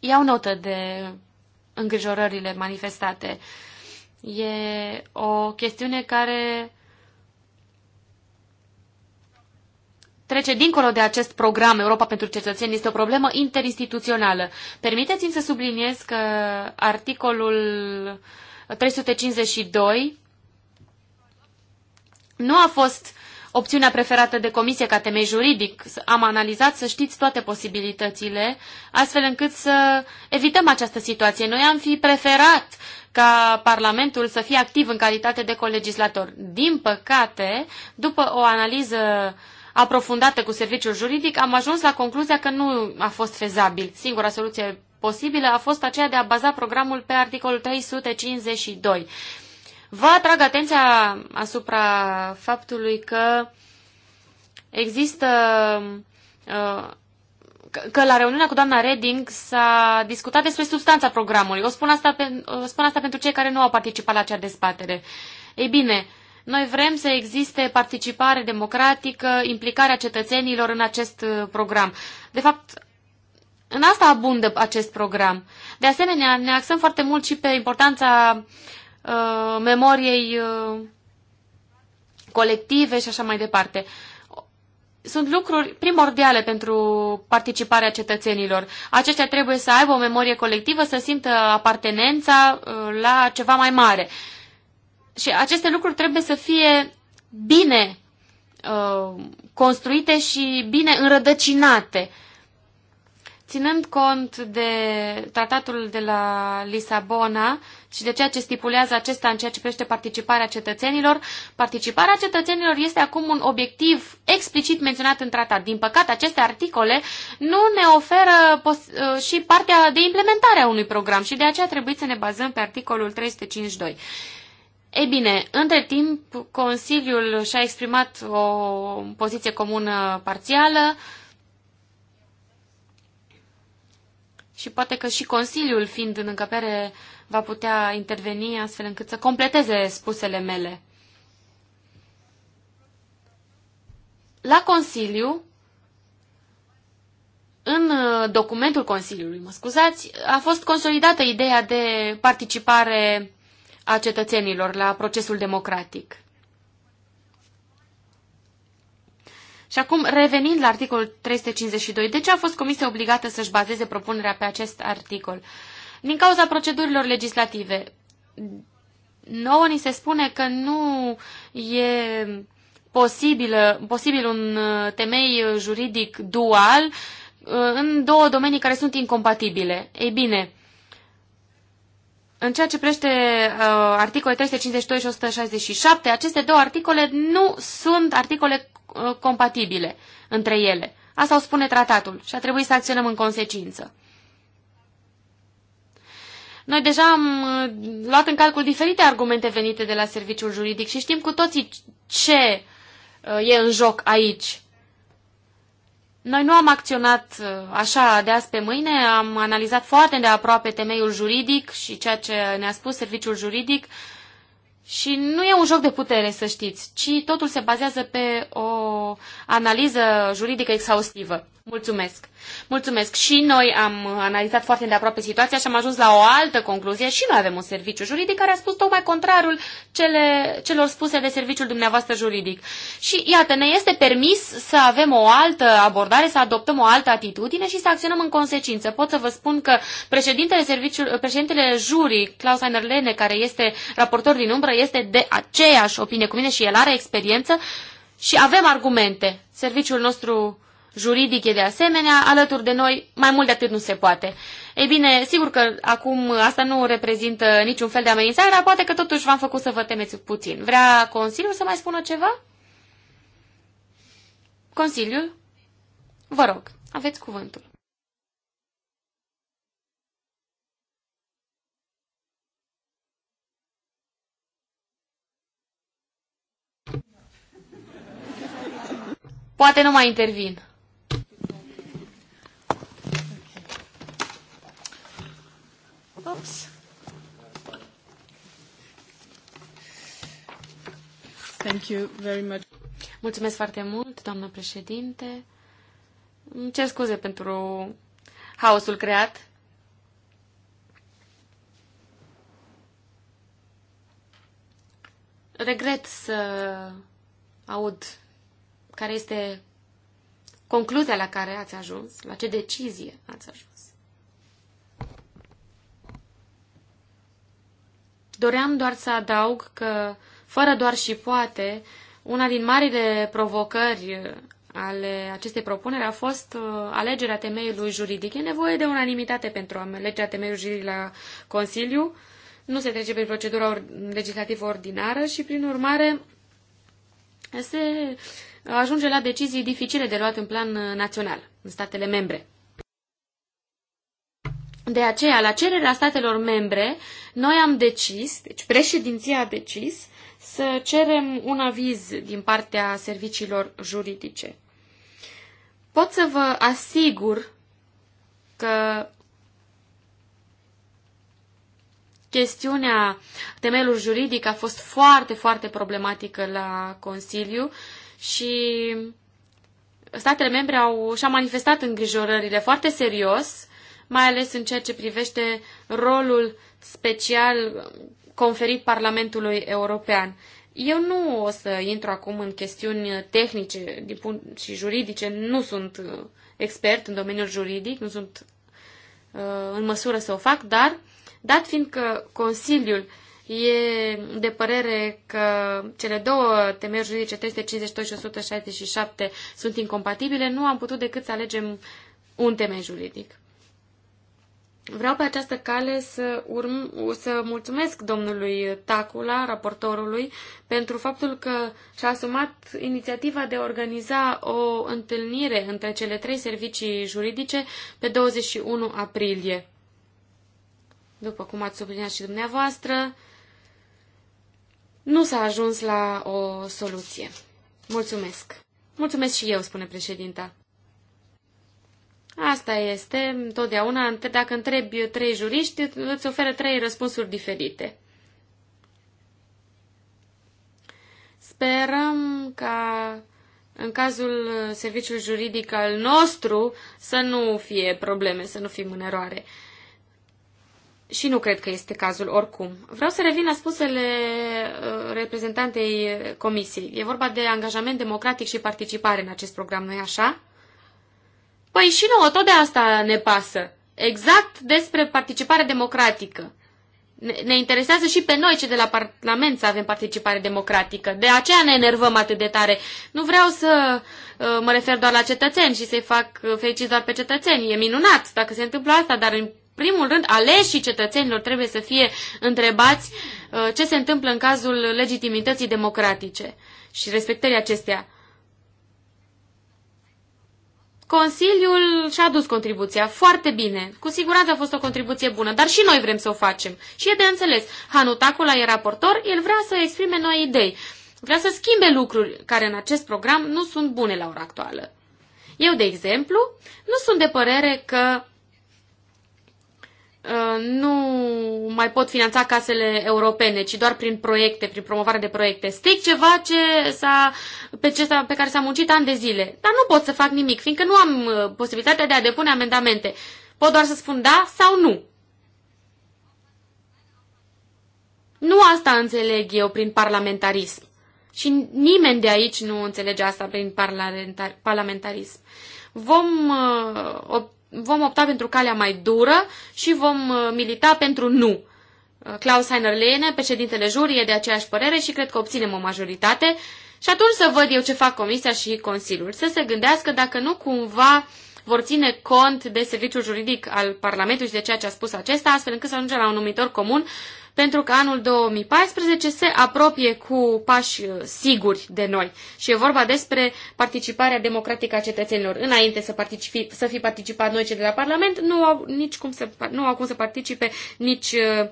Iau notă de îngrijorările manifestate. E o chestiune care trece dincolo de acest program Europa pentru cetățeni, este o problemă interinstituțională. Permiteți-mi să subliniez că articolul 352 nu a fost opțiunea preferată de comisie ca temei juridic. Am analizat să știți toate posibilitățile, astfel încât să evităm această situație. Noi am fi preferat ca Parlamentul să fie activ în calitate de colegislator. Din păcate, după o analiză aprofundată cu serviciul juridic, am ajuns la concluzia că nu a fost fezabil. Singura soluție posibilă a fost aceea de a baza programul pe articolul 352 Vă atrag atenția asupra faptului că există uh, că la reuniunea cu doamna Reding s-a discutat despre substanța programului. O spun, asta pe, o spun asta pentru cei care nu au participat la acea dezbatere. Ei bine, noi vrem să existe participare democratică, implicarea cetățenilor în acest uh, program. De fapt, în asta abundă acest program. De asemenea, ne axăm foarte mult și pe importanța Uh, memoriei uh, colective și așa mai departe. Sunt lucruri primordiale pentru participarea cetățenilor. Aceștia trebuie să aibă o memorie colectivă, să simtă apartenența uh, la ceva mai mare. Și aceste lucruri trebuie să fie bine construite și bine înrădăcinate. Uh, Ținând cont de tratatul de la Lisabona și de ceea ce stipulează acesta în ceea ce privește participarea cetățenilor, participarea cetățenilor este acum un obiectiv explicit menționat în tratat. Din păcate, aceste articole nu ne oferă uh, și partea de implementare a unui program și de aceea trebuie să ne bazăm pe articolul 352. Ei bine, între timp, Consiliul și-a exprimat o poziție comună parțială, și poate că și Consiliul, fiind în încăpere, va putea interveni astfel încât să completeze spusele mele. La Consiliu, în uh, documentul Consiliului, mă scuzați, a fost consolidată ideea de participare a cetățenilor la procesul democratic. Și acum, revenind la articolul 352, de ce a fost Comisia obligată să-și bazeze propunerea pe acest articol? Din cauza procedurilor legislative. Nouă ni se spune că nu e posibil, posibil un uh, temei juridic dual uh, în două domenii care sunt incompatibile. Ei bine, în ceea ce prește uh, articole 352 și 167, aceste două articole nu sunt articole Uh, compatibile între ele. Asta o spune tratatul și a trebuit să acționăm în consecință. Noi deja am uh, luat în calcul diferite argumente venite de la serviciul juridic și știm cu toții ce uh, e în joc aici. Noi nu am acționat așa de azi pe mâine, am analizat foarte de aproape temeiul juridic și ceea ce ne-a spus serviciul juridic. Și nu e un joc de putere, să știți, ci totul se bazează pe o analiză juridică exhaustivă. Mulțumesc. Mulțumesc. Și noi am analizat foarte de aproape situația și am ajuns la o altă concluzie și noi avem un serviciu juridic care a spus tocmai contrarul cele, celor spuse de serviciul dumneavoastră juridic. Și iată, ne este permis să avem o altă abordare, să adoptăm o altă atitudine și să acționăm în consecință. Pot să vă spun că președintele, serviciul, președintele jurii, Klaus Heiner Lene, care este raportor din umbră, este de aceeași opinie cu mine și el are experiență și avem argumente. Serviciul nostru juridic e de asemenea, alături de noi mai mult de atât nu se poate. Ei bine, sigur că acum asta nu reprezintă niciun fel de amenințare, dar poate că totuși v-am făcut să vă temeți puțin. Vrea Consiliul să mai spună ceva? Consiliul? Vă rog, aveți cuvântul. Poate nu mai intervin. frumos. Thank you very much. Mulțumesc foarte mult, doamnă președinte. Îmi cer scuze pentru haosul creat. Regret să aud care este concluzia la care ați ajuns, la ce decizie ați ajuns. Doream doar să adaug că, fără doar și poate, una din marile provocări uh, ale acestei propuneri a fost uh, alegerea temeiului juridic. E nevoie de unanimitate pentru a alegea temeiul juridic la Consiliu. Nu se trece prin procedura legislativă ordinară și, prin urmare, se uh, ajunge la decizii dificile de luat în plan național în statele membre. De aceea, la cererea statelor membre, noi am decis, deci președinția a decis, să cerem un aviz din partea serviciilor juridice. Pot să vă asigur că chestiunea, temelul juridic a fost foarte, foarte problematică la Consiliu și statele membre au, și-au manifestat îngrijorările foarte serios, mai ales în ceea ce privește rolul special conferit Parlamentului European. Eu nu o să intru acum în chestiuni tehnice și juridice, nu sunt uh, expert în domeniul juridic, nu sunt uh, în măsură să o fac, dar dat fiindcă Consiliul e de părere că cele două temeri juridice 352 și 167 sunt incompatibile, nu am putut decât să alegem un temei juridic. Vreau pe această cale să, urm, să mulțumesc domnului Tacula, raportorului, pentru faptul că și-a asumat inițiativa de a organiza o întâlnire între cele trei servicii juridice pe 21 aprilie. După cum ați subliniat și dumneavoastră, nu s-a ajuns la o soluție. Mulțumesc. Mulțumesc și eu, spune președinta. Asta este, întotdeauna, dacă întrebi trei juriști, îți oferă trei răspunsuri diferite. Sperăm ca în cazul serviciului juridic al nostru să nu fie probleme, să nu fim în eroare. Și nu cred că este cazul oricum. Vreau să revin la spusele uh, reprezentantei comisiei. E vorba de angajament democratic și participare în acest program, nu-i așa? Păi și nouă, tot de asta ne pasă. Exact despre participare democratică. Ne interesează și pe noi, ce de la Parlament, să avem participare democratică. De aceea ne enervăm atât de tare. Nu vreau să uh, mă refer doar la cetățeni și să-i fac uh, fericiți doar pe cetățeni. E minunat dacă se întâmplă asta, dar în primul rând, aleșii cetățenilor trebuie să fie întrebați uh, ce se întâmplă în cazul legitimității democratice și respectării acesteia. Consiliul și-a adus contribuția foarte bine. Cu siguranță a fost o contribuție bună, dar și noi vrem să o facem. Și e de înțeles. Hanutacula e raportor, el vrea să exprime noi idei. Vrea să schimbe lucruri care în acest program nu sunt bune la ora actuală. Eu, de exemplu, nu sunt de părere că Uh, nu mai pot finanța casele europene, ci doar prin proiecte, prin promovare de proiecte. Stic ceva ce s-a, pe, ce pe care s-a muncit ani de zile. Dar nu pot să fac nimic, fiindcă nu am uh, posibilitatea de a depune amendamente. Pot doar să spun da sau nu. Nu asta înțeleg eu prin parlamentarism. Și nimeni de aici nu înțelege asta prin parlamentarism. Vom uh, vom opta pentru calea mai dură și vom uh, milita pentru nu. Uh, Klaus Heiner Lehne, președintele jurie, e de aceeași părere și cred că obținem o majoritate. Și atunci să văd eu ce fac Comisia și Consiliul, să se gândească dacă nu cumva vor ține cont de serviciul juridic al Parlamentului și de ceea ce a spus acesta, astfel încât să ajungem la un numitor comun pentru că anul 2014 se apropie cu pași uh, siguri de noi. Și e vorba despre participarea democratică a cetățenilor. Înainte să, participi, să fi participat noi cei de la Parlament, nu au, nici cum să, nu au cum să participe nici uh,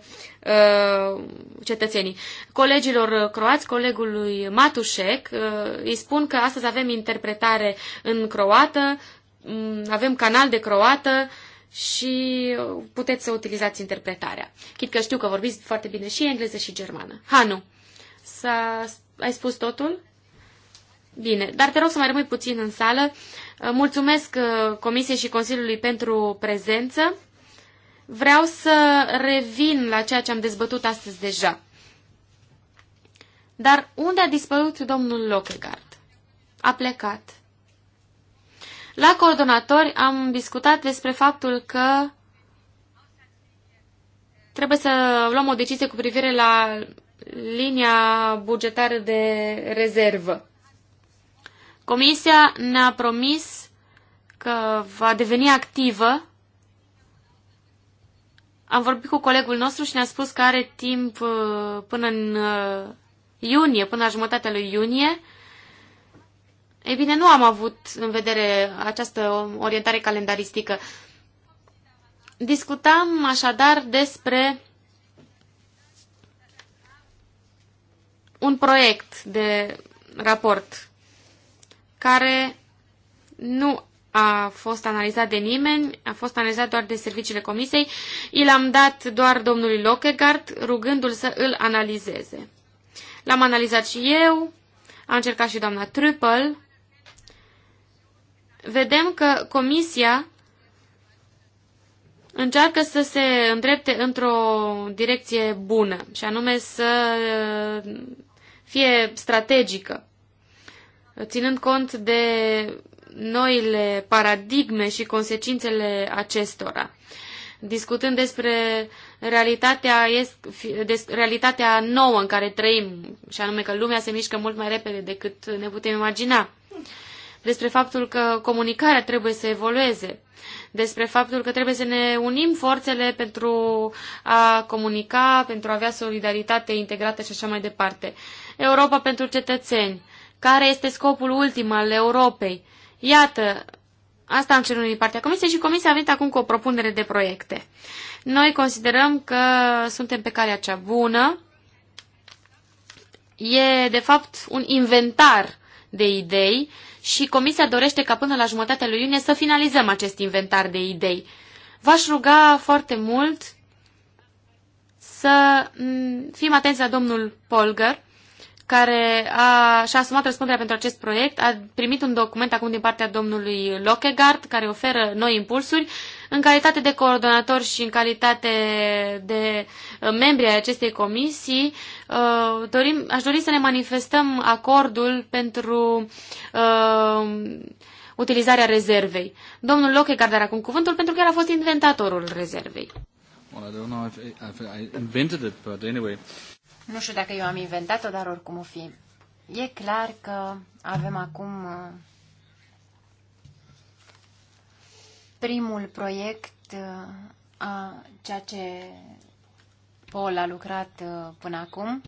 uh, cetățenii. Colegilor croați, colegului Matușec, îi spun că astăzi avem interpretare în croată, mm, avem canal de croată, și puteți să utilizați interpretarea. Chit că știu că vorbiți foarte bine și engleză și germană. Ha, nu. S-a, ai spus totul? Bine, dar te rog să mai rămâi puțin în sală. Mulțumesc uh, Comisiei și Consiliului pentru prezență. Vreau să revin la ceea ce am dezbătut astăzi deja. Dar unde a dispărut domnul Lockegaard? A plecat. La coordonatori am discutat despre faptul că trebuie să luăm o decizie cu privire la linia bugetară de rezervă. Comisia ne-a promis că va deveni activă. Am vorbit cu colegul nostru și ne-a spus că are timp uh, până în uh, iunie, până la jumătatea lui iunie, ei bine, nu am avut în vedere această orientare calendaristică. Discutam așadar despre un proiect de raport care nu a fost analizat de nimeni, a fost analizat doar de serviciile comisiei. I l-am dat doar domnului Lockegaard, rugându-l să îl analizeze. L-am analizat și eu, am încercat și doamna Trüppel, vedem că Comisia încearcă să se îndrepte într-o direcție bună, și anume să uh, fie strategică, ținând cont de noile paradigme și consecințele acestora. Discutând despre realitatea, despre realitatea nouă în care trăim, și anume că lumea se mișcă mult mai repede decât ne putem imagina despre faptul că comunicarea trebuie să evolueze, despre faptul că trebuie să ne unim forțele pentru a comunica, pentru a avea solidaritate integrată și așa mai departe. Europa pentru cetățeni. Care este scopul ultim al Europei? Iată, Asta am cerut din partea Comisiei și Comisia a venit acum cu o propunere de proiecte. Noi considerăm că suntem pe calea cea bună. E, de fapt, un inventar de idei și Comisia dorește ca până la jumătatea lui iunie să finalizăm acest inventar de idei. V-aș ruga foarte mult să fim atenți la domnul Polgar, care a, și-a asumat răspunderea pentru acest proiect, a primit un document acum din partea domnului Lockegaard, care oferă noi impulsuri. În calitate de coordonator și în calitate de uh, membri ai acestei comisii, uh, dorim, aș dori să ne manifestăm acordul pentru uh, utilizarea rezervei. Domnul Lochegard dar acum cuvântul pentru că el a fost inventatorul rezervei. Well, I don't know if I, I invented it, but anyway. Nu știu dacă eu am inventat-o, dar oricum o fi. E clar că avem acum primul proiect uh, a ceea ce Paul a lucrat uh, până acum.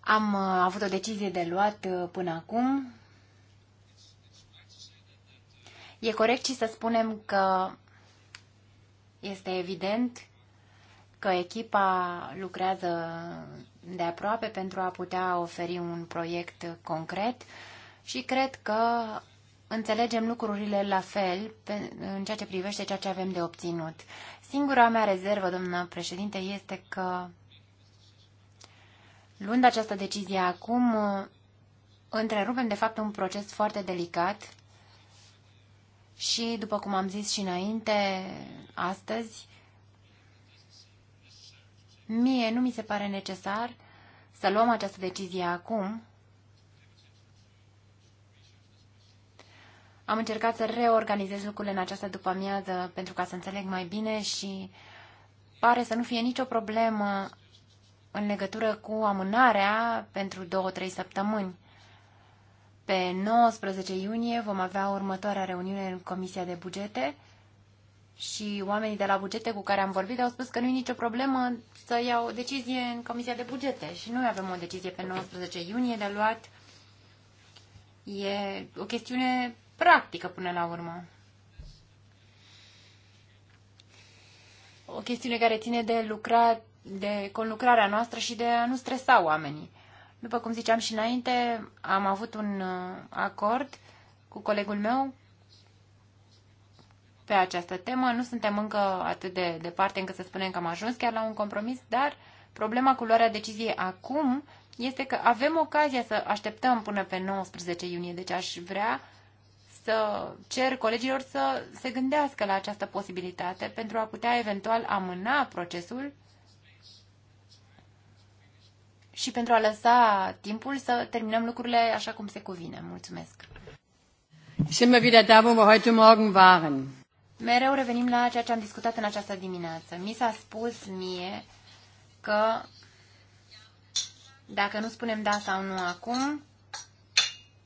Am uh, avut o decizie de luat până acum. E corect și să spunem că este evident că echipa lucrează de aproape pentru a putea oferi un proiect concret și cred că înțelegem lucrurile la fel pe, în ceea ce privește ceea ce avem de obținut. Singura mea rezervă, doamnă președinte, este că luând această decizie acum, întrerupem de fapt un proces foarte delicat și, după cum am zis și înainte, astăzi, mie nu mi se pare necesar să luăm această decizie acum, Am încercat să reorganizez lucrurile în această după-amiază pentru ca să înțeleg mai bine și pare să nu fie nicio problemă în legătură cu amânarea pentru 2-3 săptămâni. Pe 19 iunie vom avea următoarea reuniune în Comisia de Bugete și oamenii de la bugete cu care am vorbit au spus că nu e nicio problemă să iau o decizie în Comisia de Bugete și noi avem o decizie pe 19 iunie de luat. E o chestiune practică până la urmă. O chestiune care ține de lucra, de conlucrarea noastră și de a nu stresa oamenii. După cum ziceam și înainte, am avut un uh, acord cu colegul meu pe această temă. Nu suntem încă atât de departe încât să spunem că am ajuns chiar la un compromis, dar problema cu luarea deciziei acum este că avem ocazia să așteptăm până pe 19 iunie, deci aș vrea să cer colegilor să se gândească la această posibilitate pentru a putea eventual amâna procesul și pentru a lăsa timpul să terminăm lucrurile așa cum se cuvine. Mulțumesc! wieder da, wo wir heute Morgen waren. Mereu revenim la ceea ce am discutat în această dimineață. Mi s-a spus mie că dacă nu spunem da sau nu acum,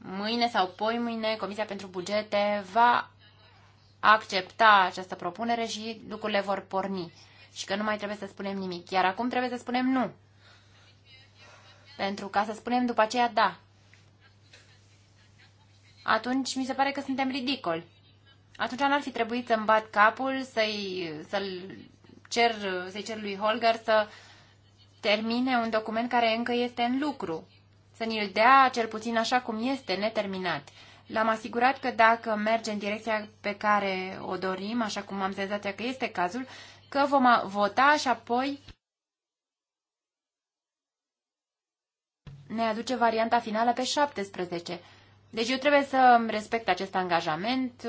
mâine sau poi mâine Comisia pentru Bugete va accepta această propunere și lucrurile vor porni. Și că nu mai trebuie să spunem nimic. Iar acum trebuie să spunem nu. Pentru ca să spunem după aceea da. Atunci mi se pare că suntem ridicoli. Atunci n-ar fi trebuit să-mi bat capul, să-i să, cer, să cer lui Holger să termine un document care încă este în lucru să ni-l dea cel puțin așa cum este, neterminat. L-am asigurat că dacă merge în direcția pe care o dorim, așa cum am senzația că este cazul, că vom vota și apoi ne aduce varianta finală pe 17. Deci eu trebuie să respect acest angajament,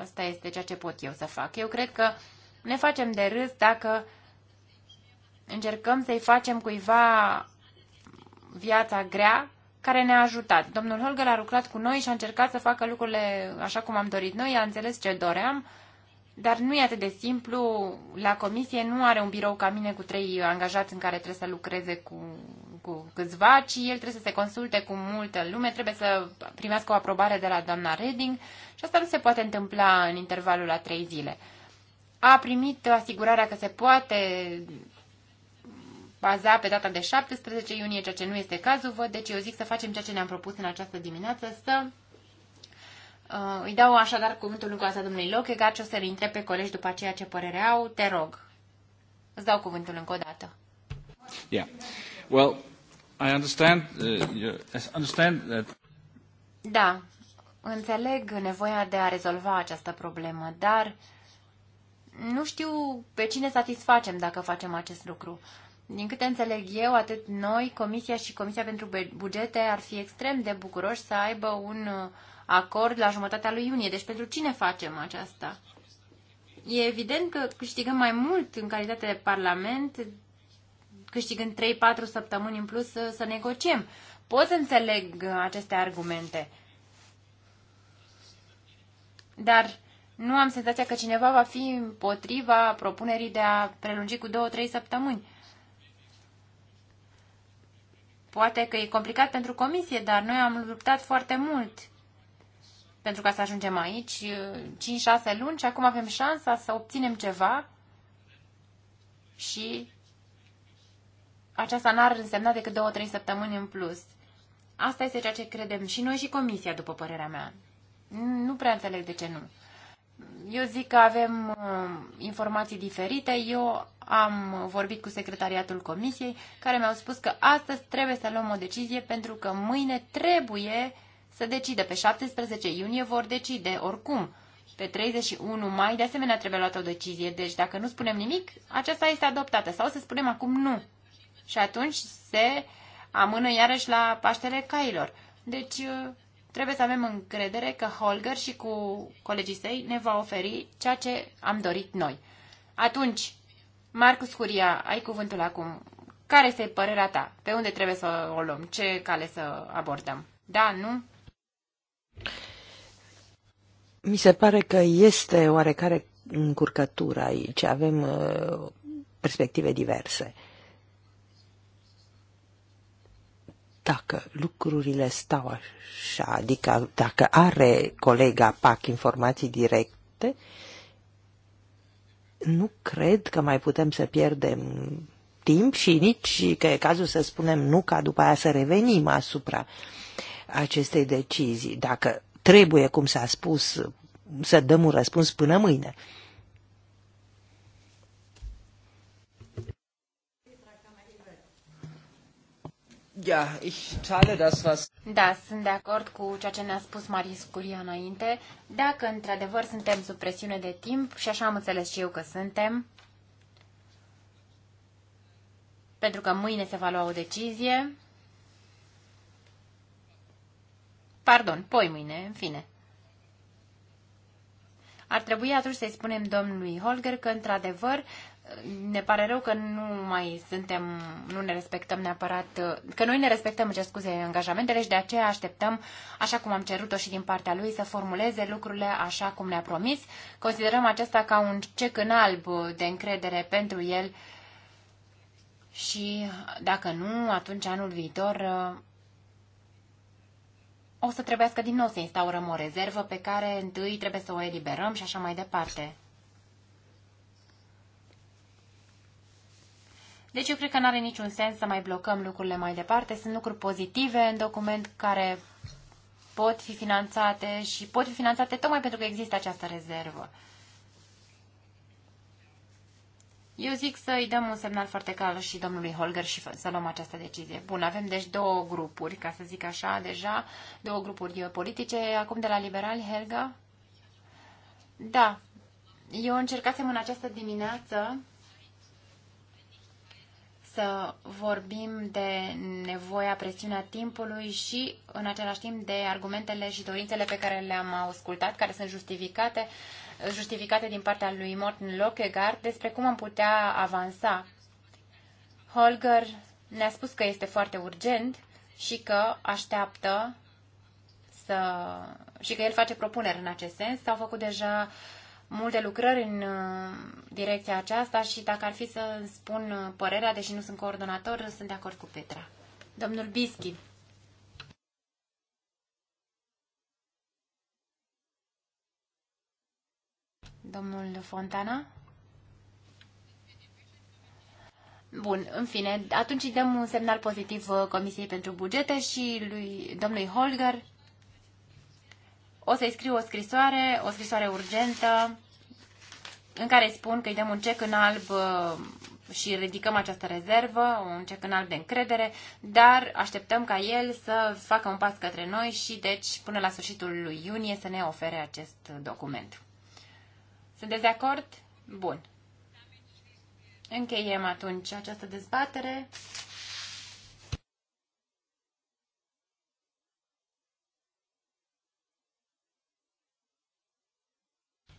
asta este ceea ce pot eu să fac. Eu cred că ne facem de râs dacă încercăm să-i facem cuiva viața grea care ne-a ajutat. Domnul Holger a lucrat cu noi și a încercat să facă lucrurile așa cum am dorit noi, a înțeles ce doream, dar nu e atât de simplu. La comisie nu are un birou ca mine cu trei angajați în care trebuie să lucreze cu, cu câțiva, ci el trebuie să se consulte cu multă lume, trebuie să primească o aprobare de la doamna Reding și asta nu se poate întâmpla în intervalul la trei zile. A primit asigurarea că se poate baza pe data de 17 iunie, ceea ce nu este cazul, văd, deci eu zic să facem ceea ce ne-am propus în această dimineață, să uh, îi dau așadar cuvântul în coasa dată domnului Lochegar și o să-l întreb pe colegi după aceea ce părere au, te rog. Îți dau cuvântul încă o dată. Yeah. Well, I understand, uh, I understand that... Da, înțeleg nevoia de a rezolva această problemă, dar nu știu pe cine satisfacem dacă facem acest lucru. Uh, din câte înțeleg eu, atât noi, Comisia și Comisia pentru Bugete ar fi extrem de bucuroși să aibă un uh, acord la jumătatea lui iunie. Deci pentru cine facem aceasta? E evident că câștigăm mai mult în calitate de Parlament, câștigând 3-4 săptămâni în plus să, să negociem. Pot să înțeleg aceste argumente. Dar nu am senzația că cineva va fi împotriva propunerii de a prelungi cu 2-3 săptămâni. Poate că e complicat pentru comisie, dar noi am luptat foarte mult pentru ca să ajungem aici, 5-6 luni și acum avem șansa să obținem ceva și aceasta n-ar însemna decât 2-3 săptămâni în plus. Asta este ceea ce credem și noi și comisia, după părerea mea. Nu prea înțeleg de ce nu. Eu zic că avem uh, informații diferite. Eu am vorbit cu secretariatul comisiei, care mi-au spus că astăzi trebuie să luăm o decizie pentru că mâine trebuie să decidă. Pe 17 iunie vor decide oricum. Pe 31 mai, de asemenea, trebuie luată o decizie. Deci, dacă nu spunem nimic, aceasta este adoptată. Sau să spunem acum nu. Și atunci se amână iarăși la Paștele Cailor. Deci, uh, trebuie să avem încredere că Holger și cu colegii săi ne va oferi ceea ce am dorit noi. Atunci, Marcus Curia, ai cuvântul acum. Care este părerea ta? Pe unde trebuie să o luăm? Ce cale să abordăm? Da, nu? Mi se pare că este oarecare încurcătură aici. Avem uh, perspective diverse. Dacă lucrurile stau așa, adică dacă are colega PAC informații directe, uh, nu cred că mai putem să pierdem timp și nici că e cazul să spunem nu ca după aia să revenim asupra acestei decizii. Dacă trebuie, cum s-a spus, să dăm un răspuns până mâine. Ja, ich teile das, was... Da, sunt de acord cu ceea ce ne-a spus Marius Curia înainte. Dacă într-adevăr suntem sub presiune de timp, și așa am înțeles și eu că suntem, pentru că mâine se va lua o decizie. Pardon, poi mâine, în fine. Ar trebui atunci să-i spunem domnului Holger că, într-adevăr, ne pare rău că nu mai suntem, nu ne respectăm neapărat, că noi ne respectăm, ce scuze, angajamentele și de aceea așteptăm, așa cum am cerut-o și din partea lui, să formuleze lucrurile așa cum ne-a promis. Considerăm acesta ca un cec în alb de încredere pentru el și dacă nu, atunci anul viitor o să trebuiască din nou să instaurăm o rezervă pe care întâi trebuie să o eliberăm și așa mai departe. Deci eu cred că nu are niciun sens să mai blocăm lucrurile mai departe. Sunt lucruri pozitive în document care pot fi finanțate și pot fi finanțate tocmai pentru că există această rezervă. Eu zic să îi dăm un semnal foarte clar și domnului Holger și să luăm această decizie. Bun, avem deci două grupuri, ca să zic așa, deja, două grupuri uh, politice. Acum de la liberali, Helga? Da. Eu încercasem în această dimineață să vorbim de nevoia, presiunea timpului și, în același timp, de argumentele și dorințele pe care le-am ascultat, care sunt justificate, justificate din partea lui Morten Lockegaard despre cum am putea avansa. Holger ne-a spus că este foarte urgent și că așteaptă să... și că el face propuneri în acest sens. S-au făcut deja multe lucrări în uh, direcția aceasta și dacă ar fi să spun uh, părerea, deși nu sunt coordonator, sunt de acord cu Petra. Domnul Bischi. Domnul Fontana? Bun, în fine, atunci îi dăm un semnal pozitiv uh, Comisiei pentru Bugete și lui domnului Holger o să-i scriu o scrisoare, o scrisoare urgentă, în care îi spun că îi dăm un cec în alb uh, și ridicăm această rezervă, un cec în alb de încredere, dar așteptăm ca el să facă un pas către noi și deci până la sfârșitul lui iunie să ne ofere acest document. Sunteți de acord? Bun. Încheiem atunci această dezbatere.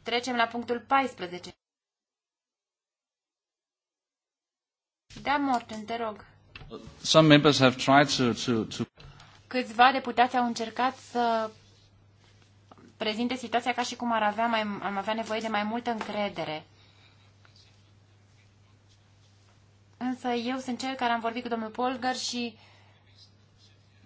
Trecem la punctul 14. Da, Morten, te rog. Some members have tried to, to, to... Câțiva deputați au încercat să prezinte situația ca și cum ar avea mai, am avea nevoie de mai multă încredere. Însă eu sunt cel care am vorbit cu domnul Polgar și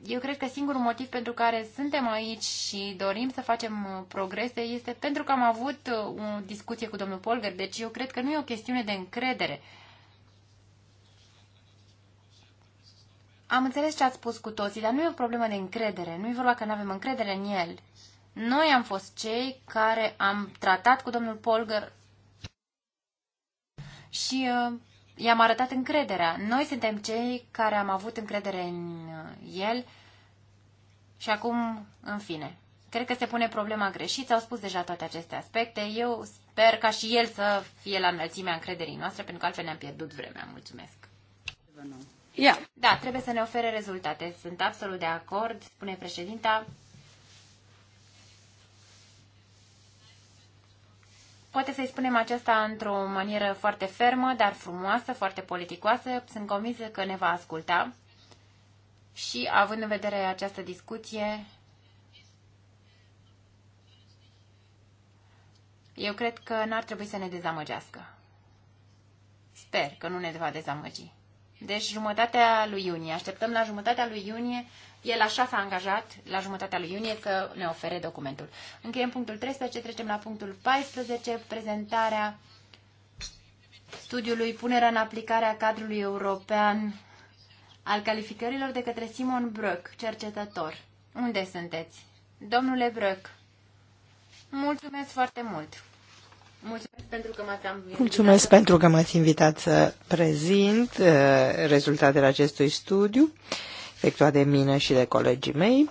eu cred că singurul motiv pentru care suntem aici și dorim să facem uh, progrese este pentru că am avut uh, o discuție cu domnul Polger, deci eu cred că nu e o chestiune de încredere. Am înțeles ce ați spus cu toții, dar nu e o problemă de încredere. Nu e vorba că nu avem încredere în el. Noi am fost cei care am tratat cu domnul Polger și uh, i-am arătat încrederea. Noi suntem cei care am avut încredere în uh, el și acum, în fine, cred că se pune problema greșit, s-au spus deja toate aceste aspecte. Eu sper ca și el să fie la înălțimea încrederii noastre, pentru că altfel ne-am pierdut vremea. Mulțumesc! Yeah. Da, trebuie să ne ofere rezultate. Sunt absolut de acord, spune președinta. Poate să-i spunem aceasta într-o manieră foarte fermă, dar frumoasă, foarte politicoasă. Sunt convinsă că ne va asculta. Și având în vedere această discuție, eu cred că n-ar trebui să ne dezamăgească. Sper că nu ne va dezamăgi. Deci jumătatea lui iunie. Așteptăm la jumătatea lui iunie el așa s-a angajat la jumătatea lui iunie că ne ofere documentul. Încheiem punctul 13, trecem la punctul 14, prezentarea studiului punerea în aplicare a cadrului european al calificărilor de către Simon Brăc, cercetător. Unde sunteți? Domnule Brăc, mulțumesc foarte mult! Mulțumesc pentru că m-ați invitat. Mulțumesc pentru că m-ați invitat să prezint uh, rezultatele acestui studiu. Uh, efectuat de mine și de colegii mei.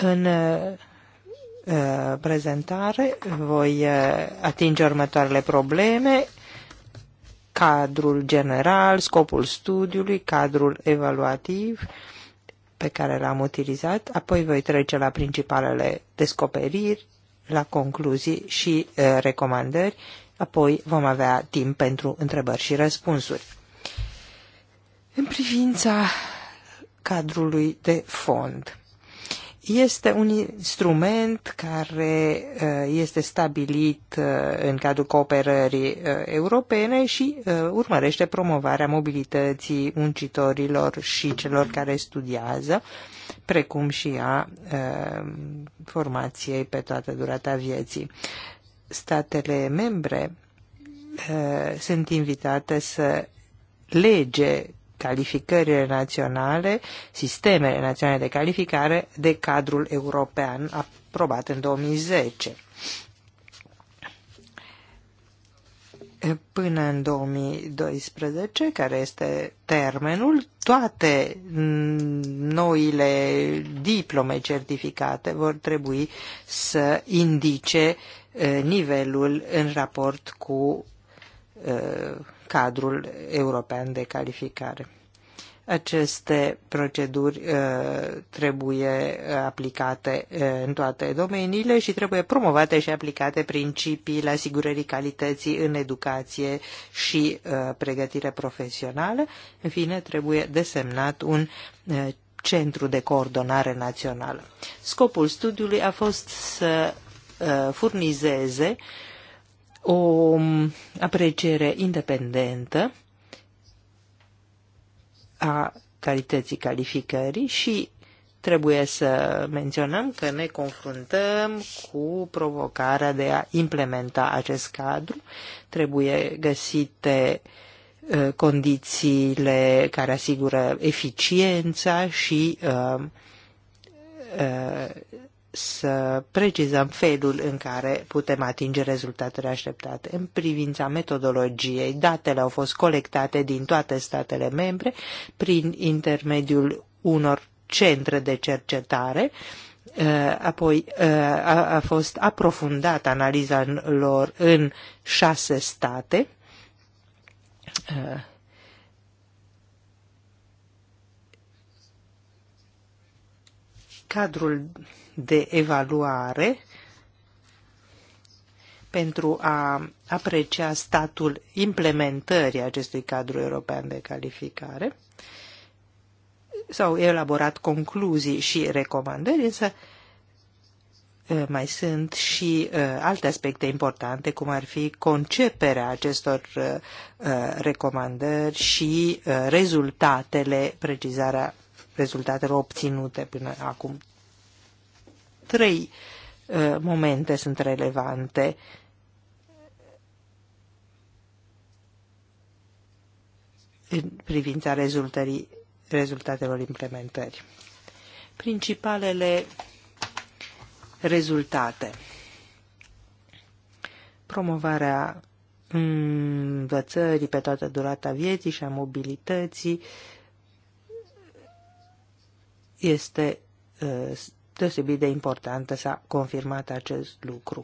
În uh, uh, prezentare voi uh, atinge următoarele probleme, cadrul general, scopul studiului, cadrul evaluativ pe care l-am utilizat, apoi voi trece la principalele descoperiri, la concluzii și recomandări, apoi vom avea timp pentru întrebări și răspunsuri. În privința cadrului de fond. Este un instrument care uh, este stabilit uh, în cadrul cooperării uh, europene și urmărește promovarea mobilității muncitorilor și celor care studiază, precum și a formației pe toată durata vieții. Statele membre sunt invitate să lege calificările naționale, sistemele naționale de calificare de cadrul european aprobat în 2010. Până în 2012, care este termenul, toate noile diplome certificate vor trebui să indice eh, nivelul în raport cu eh, cadrul european de calificare. Aceste proceduri uh, trebuie uh, aplicate uh, în toate domeniile și trebuie promovate și aplicate principiile asigurării calității în educație și uh, pregătire profesională. În fine, trebuie desemnat un uh, centru de coordonare națională. Scopul studiului a fost să uh, furnizeze uh, o um, apreciere independentă a calității calificării și trebuie să menționăm că ne confruntăm cu provocarea de a implementa acest cadru. Trebuie găsite uh, condițiile care asigură eficiența și uh, uh, să precizăm felul în care putem atinge rezultatele așteptate. În privința metodologiei, datele au fost colectate din toate statele membre prin intermediul unor centre de cercetare, uh, apoi uh, a fost aprofundată analiza lor în șase state, uh, cadrul de evaluare pentru a aprecia statul implementării acestui cadru european de calificare. S-au elaborat concluzii și recomandări, însă mai sunt și alte aspecte importante, cum ar fi conceperea acestor recomandări și rezultatele, precizarea rezultatelor obținute până acum trei uh, momente sunt relevante. în privința rezultării, rezultatelor implementării. Principalele rezultate. Promovarea învățării pe toată durata vieții și a mobilității este uh, deosebit de importantă, s-a confirmat acest lucru.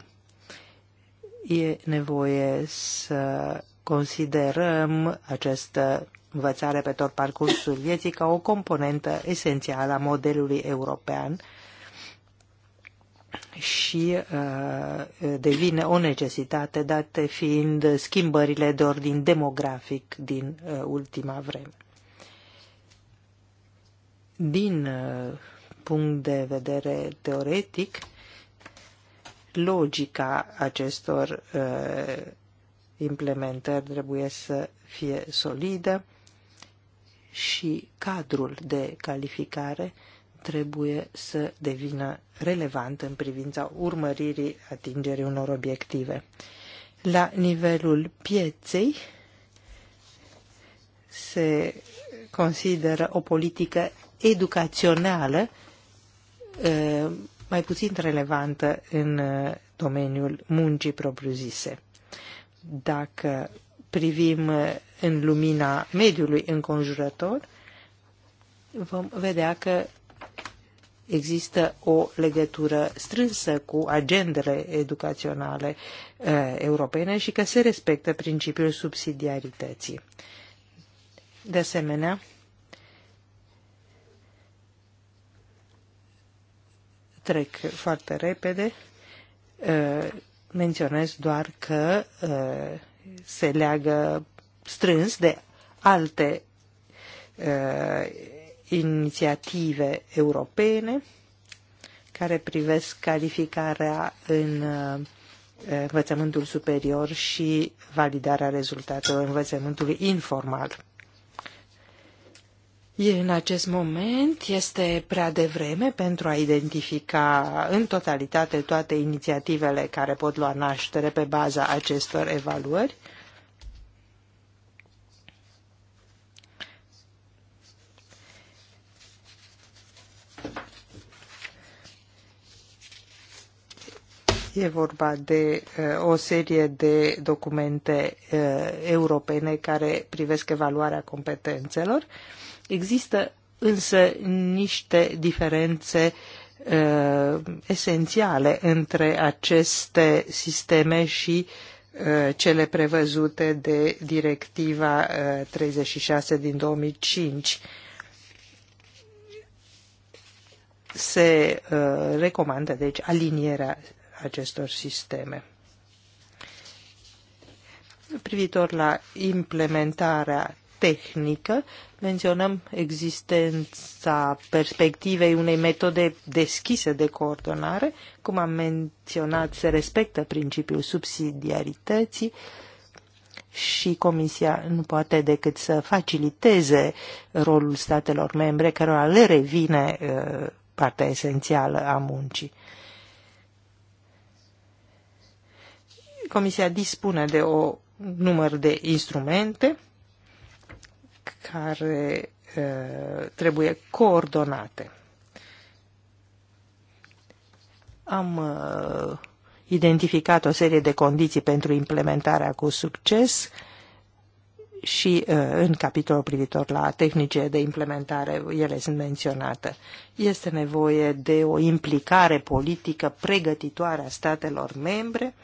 E nevoie să considerăm această învățare pe tot parcursul vieții ca o componentă esențială a modelului european și uh, devine o necesitate date fiind schimbările de ordin demografic din uh, ultima vreme. Din uh, punct de vedere teoretic, logica acestor uh, implementări trebuie să fie solidă și cadrul de calificare trebuie să devină relevant în privința urmăririi atingerii unor obiective. La nivelul pieței se consideră o politică educațională mai puțin relevantă în domeniul muncii propriu-zise. Dacă privim în lumina mediului înconjurător, vom vedea că există o legătură strânsă cu agendele educaționale uh, europene și că se respectă principiul subsidiarității. De asemenea, trec foarte repede. Uh, menționez doar că uh, se leagă strâns de alte uh, inițiative europene care privesc calificarea în învățământul superior și validarea rezultatelor învățământului informal. În acest moment este prea devreme pentru a identifica în totalitate toate inițiativele care pot lua naștere pe baza acestor evaluări. E vorba de uh, o serie de documente uh, europene care privesc evaluarea competențelor. Uh, Există însă niște diferențe uh, esențiale între aceste sisteme și uh, cele prevăzute de directiva 36 uh, din 2005. Se uh, recomandă, deci, alinierea acestor sisteme privitor la implementarea tehnică, menționăm existența perspectivei unei metode deschise de coordonare, cum am menționat, se respectă principiul subsidiarității și Comisia nu poate decât să faciliteze rolul statelor membre, cărora le revine uh, partea esențială a muncii. Comisia dispune de o număr de instrumente care trebuie coordonate. Am identificat o serie de condiții pentru implementarea cu succes și în capitolul privitor la tehnice de implementare ele sunt menționate. Este nevoie de o implicare politică pregătitoare a statelor membre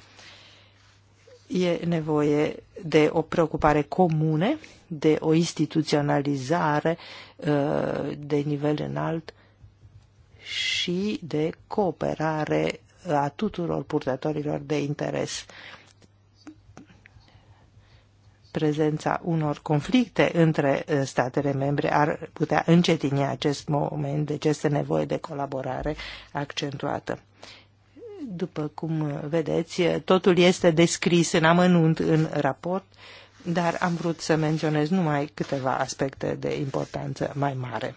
e nevoie de o preocupare comune, de o instituționalizare uh, de nivel înalt și de cooperare a tuturor purtătorilor de interes. Prezența unor conflicte între uh, statele membre ar putea încetini acest moment, deci este nevoie de colaborare accentuată. După cum vedeți, totul este descris în amănunt în raport, dar am vrut să menționez numai câteva aspecte de importanță mai mare.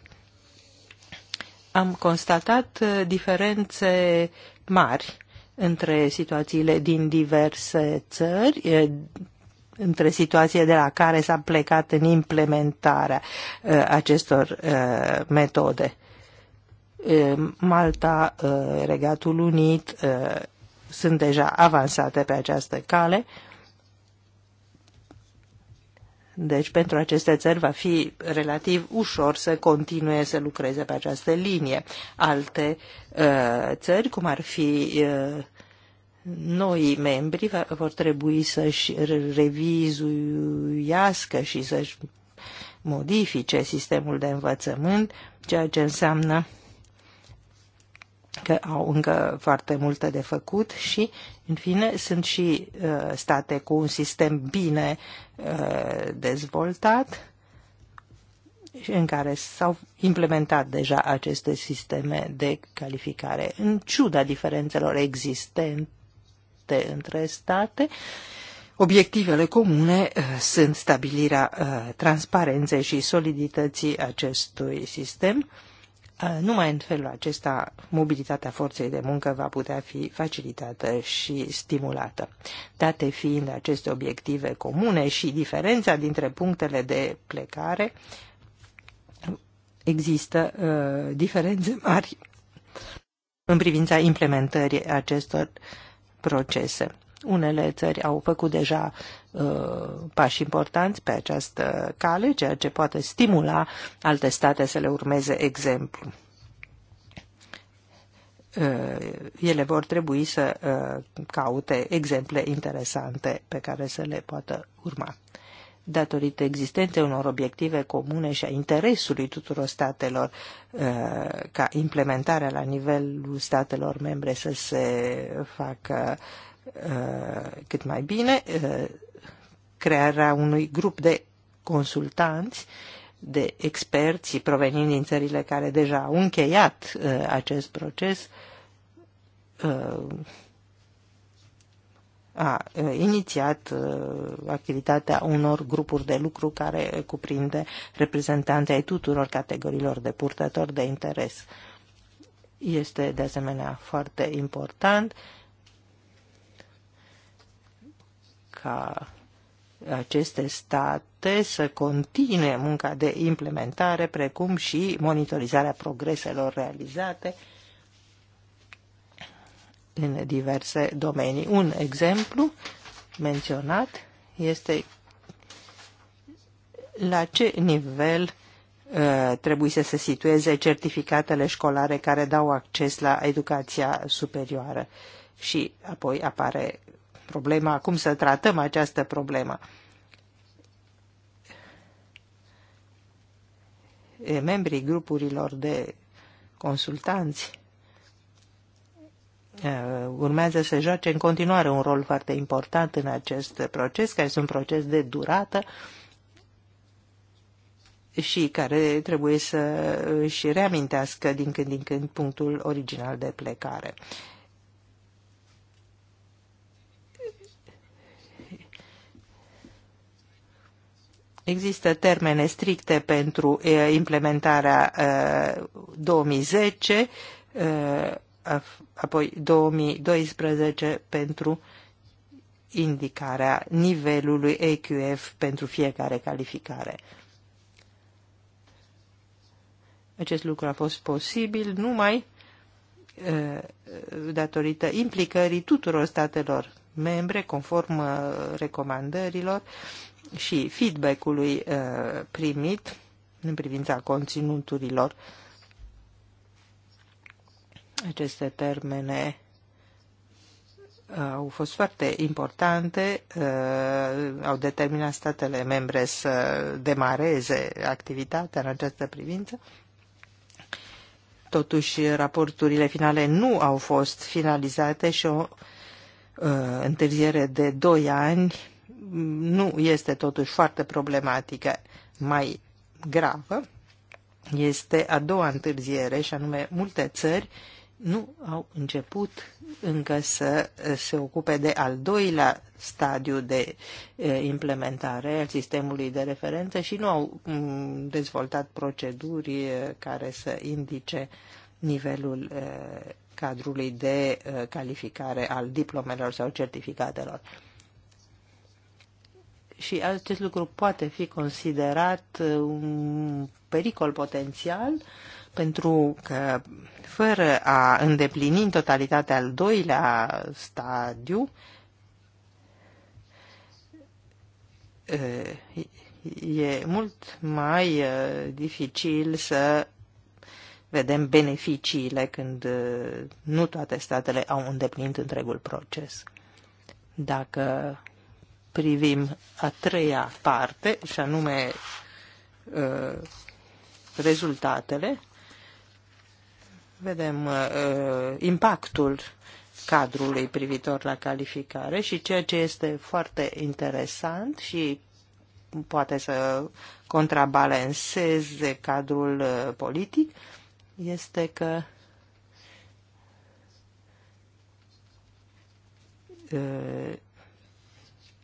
Am constatat uh, diferențe mari între situațiile din diverse țări, uh, între situația de la care s-a plecat în implementarea uh, acestor metode Malta, Regatul Unit sunt deja avansate pe această cale. Deci pentru aceste țări va fi relativ ușor să continue să lucreze pe această linie. Alte țări, cum ar fi noi membri, vor trebui să-și revizuiască și să-și modifice sistemul de învățământ, ceea ce înseamnă că au încă foarte multe de făcut și, în fine, sunt și uh, state cu un sistem bine uh, dezvoltat în care s-au implementat deja aceste sisteme de calificare. În ciuda diferențelor existente între state, obiectivele comune uh, sunt stabilirea uh, transparenței și solidității acestui sistem, Uh, numai în felul acesta mobilitatea forței de muncă va putea fi facilitată și stimulată. Date fiind aceste obiective comune și diferența dintre punctele de plecare, există uh, diferențe mari în privința implementării acestor procese. Unele țări au făcut deja Uh, pași importanți pe această cale, ceea ce poate stimula alte state să le urmeze exemplu. Uh, ele vor trebui să uh, caute exemple interesante pe care să le poată urma datorită existenței unor obiective comune și a interesului tuturor statelor ca implementarea la nivelul statelor membre să se facă cât mai bine, crearea unui grup de consultanți, de experți provenind din țările care deja au încheiat uh, acest proces uh, a uh, inițiat uh, activitatea unor grupuri de lucru care cuprinde reprezentanții ai tuturor categoriilor de purtători de interes. Este de asemenea foarte important ca aceste state să continue munca de implementare, precum și monitorizarea progreselor realizate în diverse domenii. Un exemplu menționat este la ce nivel uh, trebuie să se situeze certificatele școlare care dau acces la educația superioară. Și apoi apare problema, cum să tratăm această problemă. Membrii grupurilor de consultanți urmează să joace în continuare un rol foarte important în acest proces, care este un proces de durată și care trebuie să își reamintească din când din când punctul original de plecare. Există termene stricte pentru implementarea 2010, apoi 2012 pentru indicarea nivelului EQF pentru fiecare calificare. Acest lucru a fost posibil numai datorită implicării tuturor statelor membre, conform recomandărilor și feedback-ului uh, primit în privința conținuturilor. Aceste termene uh, au fost foarte importante, uh, au determinat statele membre să demareze activitatea în această privință. Totuși, raporturile finale nu au fost finalizate și o întârziere de 2 ani nu este totuși foarte problematică, mai gravă, este a doua întârziere și anume multe țări nu au început încă să se ocupe de al doilea stadiu de implementare al sistemului de referență și nu au dezvoltat proceduri care să indice nivelul cadrului de calificare al diplomelor sau certificatelor și acest lucru poate fi considerat uh, un pericol potențial pentru că fără a îndeplini în totalitate al doilea stadiu, uh, e mult mai uh, dificil să vedem beneficiile când nu toate statele au îndeplinit întregul proces. Dacă privim a treia parte, și anume uh, rezultatele, vedem uh, impactul cadrului privitor la calificare și ceea ce este foarte interesant și poate să contrabalanceze cadrul uh, politic este că uh,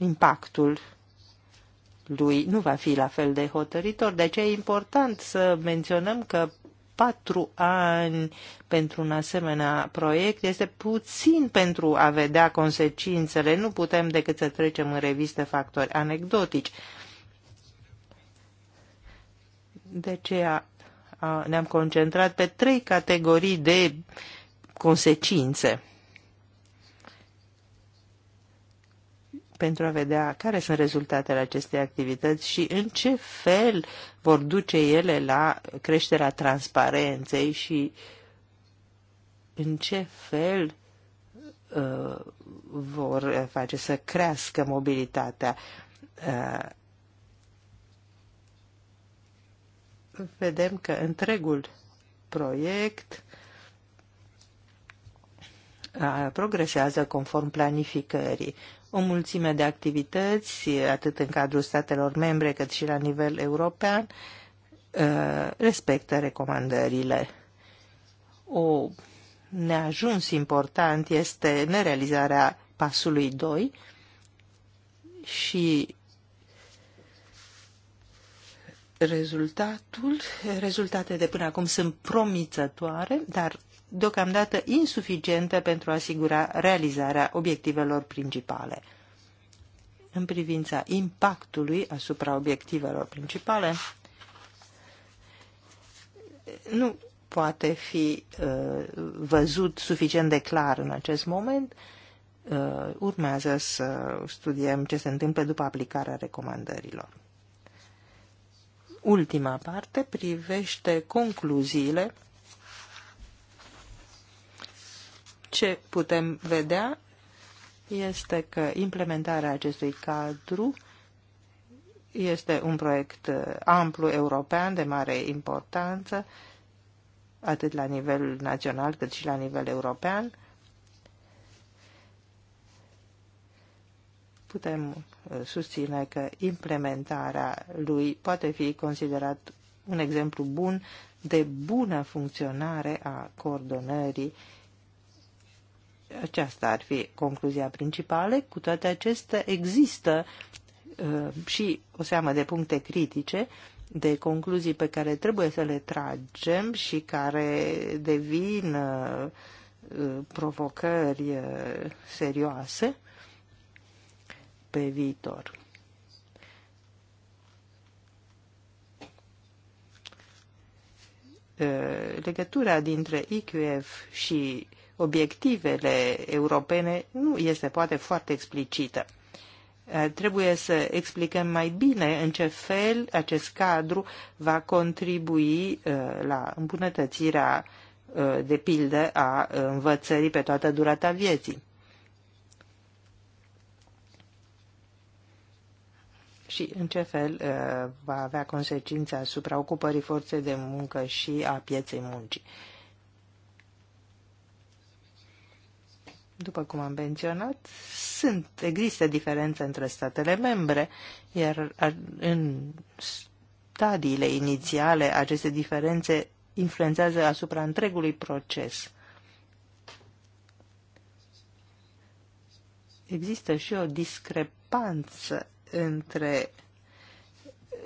impactul lui nu va fi la fel de hotăritor. De deci aceea e important să menționăm că patru ani pentru un asemenea proiect este puțin pentru a vedea consecințele. Nu putem decât să trecem în reviste factori anecdotici. De aceea ne-am concentrat pe trei categorii de consecințe. pentru a vedea care sunt rezultatele acestei activități și în ce fel vor duce ele la creșterea transparenței și în ce fel uh, vor face să crească mobilitatea. Uh, vedem că întregul proiect uh, progresează conform planificării o mulțime de activități, atât în cadrul statelor membre cât și la nivel european, uh, respectă recomandările. O neajuns important este nerealizarea pasului 2 și rezultatul, rezultate de până acum sunt promițătoare, dar deocamdată insuficientă pentru a asigura realizarea obiectivelor principale. În privința impactului asupra obiectivelor principale, nu poate fi uh, văzut suficient de clar în acest moment. Uh, urmează să studiem ce se întâmplă după aplicarea recomandărilor. Ultima parte privește concluziile ce putem vedea este că implementarea acestui cadru este un proiect uh, amplu european de mare importanță, atât la nivel național cât și la nivel european. Putem uh, susține că implementarea lui poate fi considerat un exemplu bun de bună funcționare a coordonării uh, aceasta ar fi concluzia principală. Cu toate acestea există uh, și o seamă de puncte critice, de concluzii pe care trebuie să le tragem și care devin uh, uh provocări uh, serioase pe viitor. Uh, legătura dintre IQF și obiectivele europene nu este poate foarte explicită. Eh, trebuie să explicăm mai bine în ce fel acest cadru va contribui eh, la îmbunătățirea, eh, de pildă, a învățării pe toată durata vieții. și în ce fel va avea consecințe asupra ocupării forței de muncă și a pieței muncii. După cum am menționat, sunt, există diferențe între statele membre, iar în stadiile inițiale aceste diferențe influențează asupra întregului proces. Există și o discrepanță între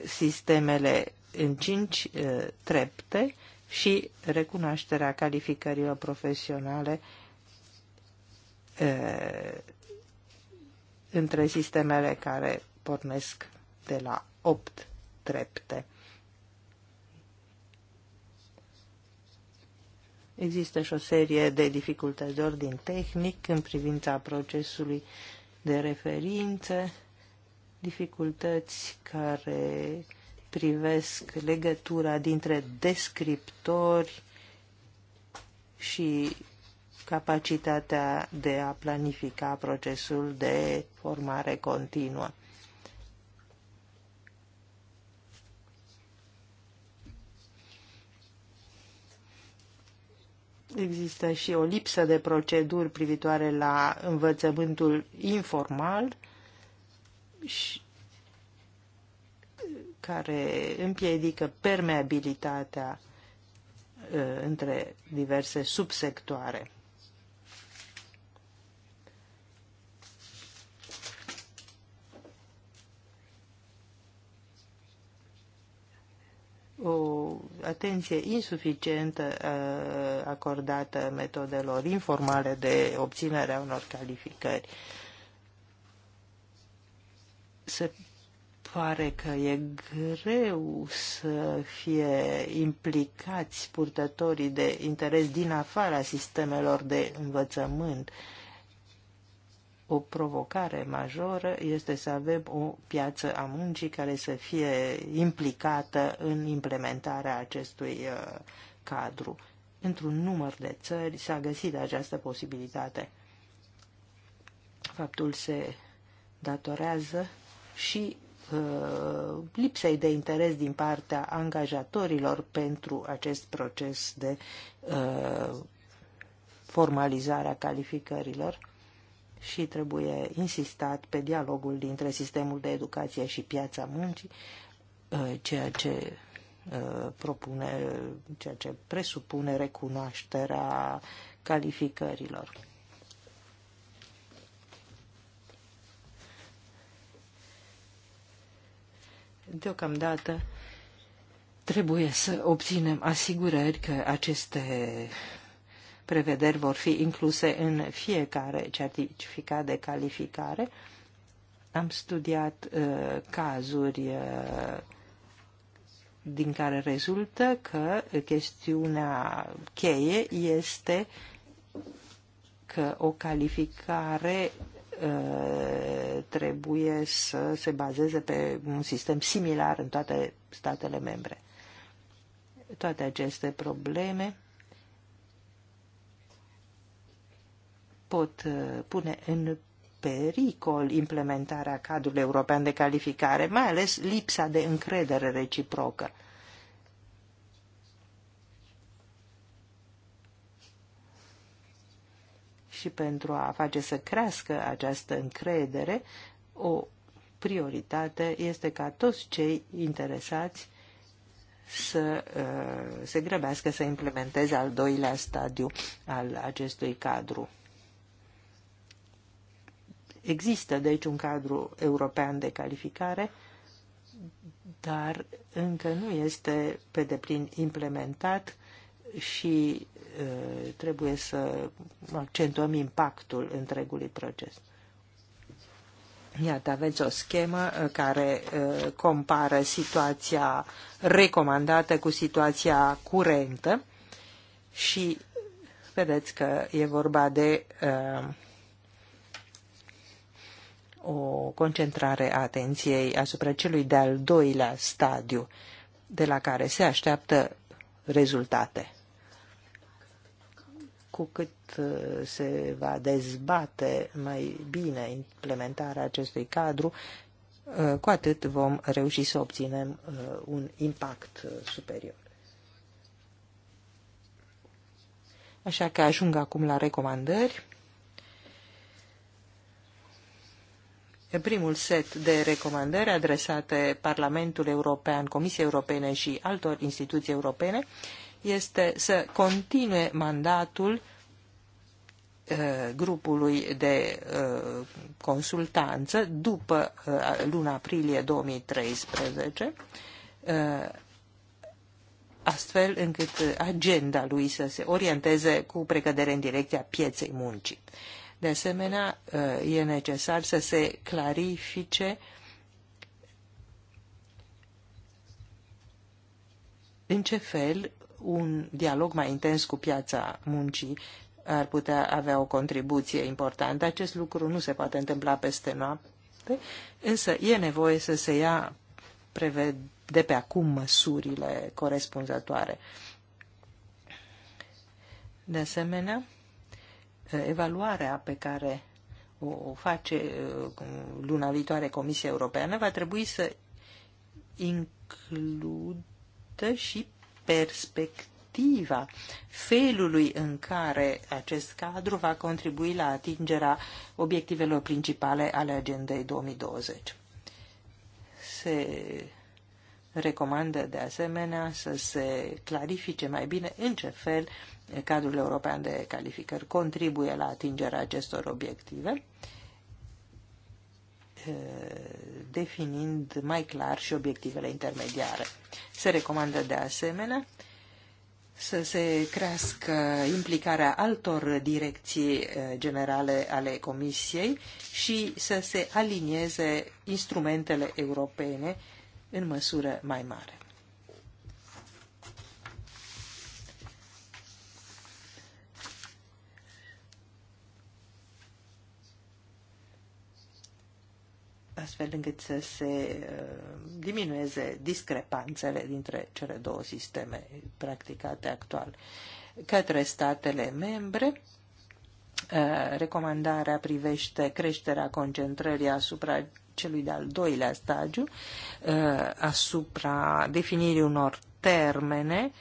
sistemele în cinci eh, trepte și recunoașterea calificărilor profesionale între sistemele care pornesc de la 8 trepte. Există și o serie de dificultăți de ordin tehnic în privința procesului de referință, dificultăți care privesc legătura dintre descriptori și capacitatea de a planifica procesul de formare continuă. Există și o lipsă de proceduri privitoare la învățământul informal și care împiedică permeabilitatea uh, între diverse subsectoare. o atenție insuficientă acordată metodelor informale de obținere a unor calificări. Se pare că e greu să fie implicați purtătorii de interes din afara sistemelor de învățământ. Uh, o provocare majoră este să avem o piață a muncii care să fie implicată în implementarea acestui uh, cadru. Într-un număr de țări s-a găsit această posibilitate. Faptul se datorează și uh, lipsei de interes din partea angajatorilor pentru acest proces de uh, formalizare a calificărilor și trebuie insistat pe dialogul dintre sistemul de educație și piața muncii, uh, ceea ce uh, propune, ceea ce presupune recunoașterea calificărilor. Deocamdată trebuie să obținem asigurări că aceste prevederi vor fi incluse în fiecare certificat de calificare. Am studiat uh, cazuri uh, din care rezultă că chestiunea cheie este că o calificare uh, trebuie să se bazeze pe un sistem similar în toate statele membre. Toate aceste probleme pot uh, pune în pericol implementarea cadrului european de calificare, mai ales lipsa de încredere reciprocă. Și pentru a face să crească această încredere, o prioritate este ca toți cei interesați să uh, se grăbească să implementeze al doilea stadiu al acestui cadru. Există, deci, un cadru european de calificare, dar încă nu este pe deplin implementat și uh, trebuie să accentuăm impactul întregului proces. Iată, aveți o schemă uh, care uh, compară situația recomandată cu situația curentă și vedeți că e vorba de uh, o concentrare a atenției asupra celui de-al doilea stadiu de la care se așteaptă rezultate. Cu cât uh, se va dezbate mai bine implementarea acestui cadru, uh, cu atât vom reuși să obținem uh, un impact superior. Așa că ajung acum la recomandări. primul set de recomandări adresate Parlamentului European, Comisiei Europene și altor instituții europene este să continue mandatul uh, grupului de uh, consultanță după uh, luna aprilie 2013, astfel încât agenda lui să se orienteze cu precădere în direcția pieței muncii. De asemenea, uh, e necesar să se clarifice în ce fel un dialog mai intens cu piața muncii ar putea avea o contribuție importantă. Acest lucru nu se poate întâmpla peste noapte, însă e nevoie să se ia de pe acum măsurile corespunzătoare. De asemenea, evaluarea pe care o face uh, luna viitoare Comisia Europeană va trebui să includă și perspectiva felului în care acest cadru va contribui la atingerea obiectivelor principale ale agendei 2020. Se recomandă de asemenea să se clarifice mai bine în ce fel cadrul european de calificări contribuie la atingerea acestor obiective, eh, definind mai clar și obiectivele intermediare. Se recomandă de asemenea să se crească implicarea altor direcții eh, generale ale Comisiei și să se alinieze instrumentele europene în măsură mai mare. astfel încât să se uh, diminueze discrepanțele dintre cele două sisteme practicate actual către statele membre. Uh, recomandarea privește creșterea concentrării asupra celui de-al doilea stagiu uh, asupra definirii unor termene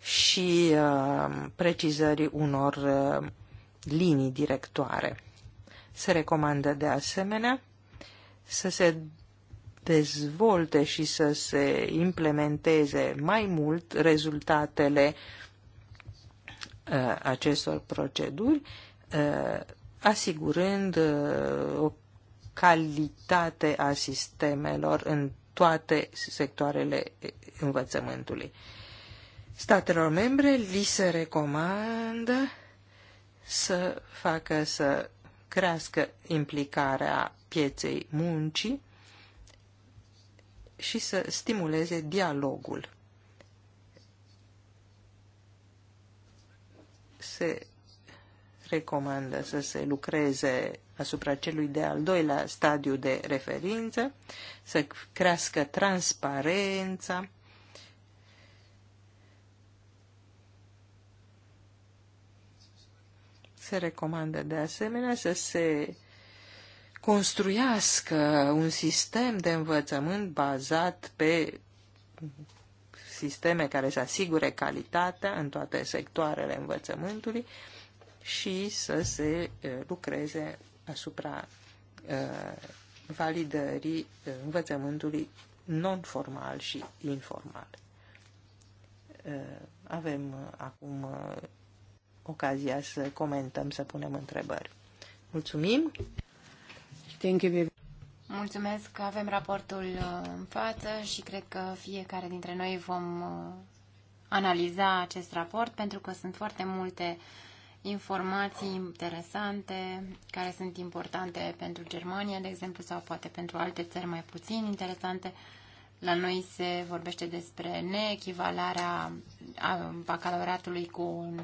și uh, precizării unor uh, linii directoare. Se recomandă de asemenea să se dezvolte și să se implementeze mai mult rezultatele acestor proceduri, asigurând o calitate a sistemelor în toate sectoarele învățământului. Statelor membre li se recomandă să facă să crească implicarea pieței muncii și să stimuleze dialogul. Se recomandă să se lucreze asupra celui de-al doilea stadiu de referință, să crească transparența, Se recomandă de asemenea să se construiască un sistem de învățământ bazat pe sisteme care să asigure calitatea în toate sectoarele învățământului și să se eh, lucreze asupra uh, validării învățământului non-formal și informal. Uh, avem uh, acum uh, ocazia să comentăm, să punem întrebări. Mulțumim! Mulțumesc că avem raportul uh, în față și cred că fiecare dintre noi vom uh, analiza acest raport pentru că sunt foarte multe uh, informații interesante care sunt importante pentru Germania, de exemplu, sau poate pentru alte țări mai puțin interesante. La noi se vorbește despre neechivalarea bacalaureatului cu un,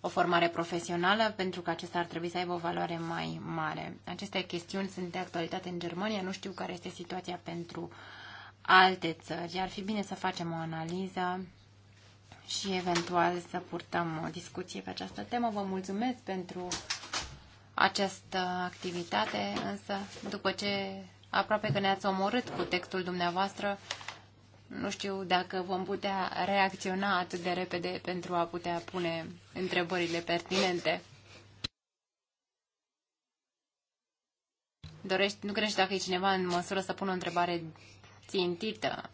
o formare profesională, pentru că acesta ar trebui să aibă o valoare mai mare. Aceste chestiuni sunt de actualitate în Germania, nu știu care este situația pentru alte țări. Ar fi bine să facem o analiză și eventual să purtăm o discuție pe această temă. Vă mulțumesc pentru această activitate, însă după ce aproape că ne-ați omorât cu textul dumneavoastră, nu știu dacă vom putea reacționa atât de repede pentru a putea pune întrebările pertinente. Dorești, nu crești dacă e cineva în măsură să pună o întrebare țintită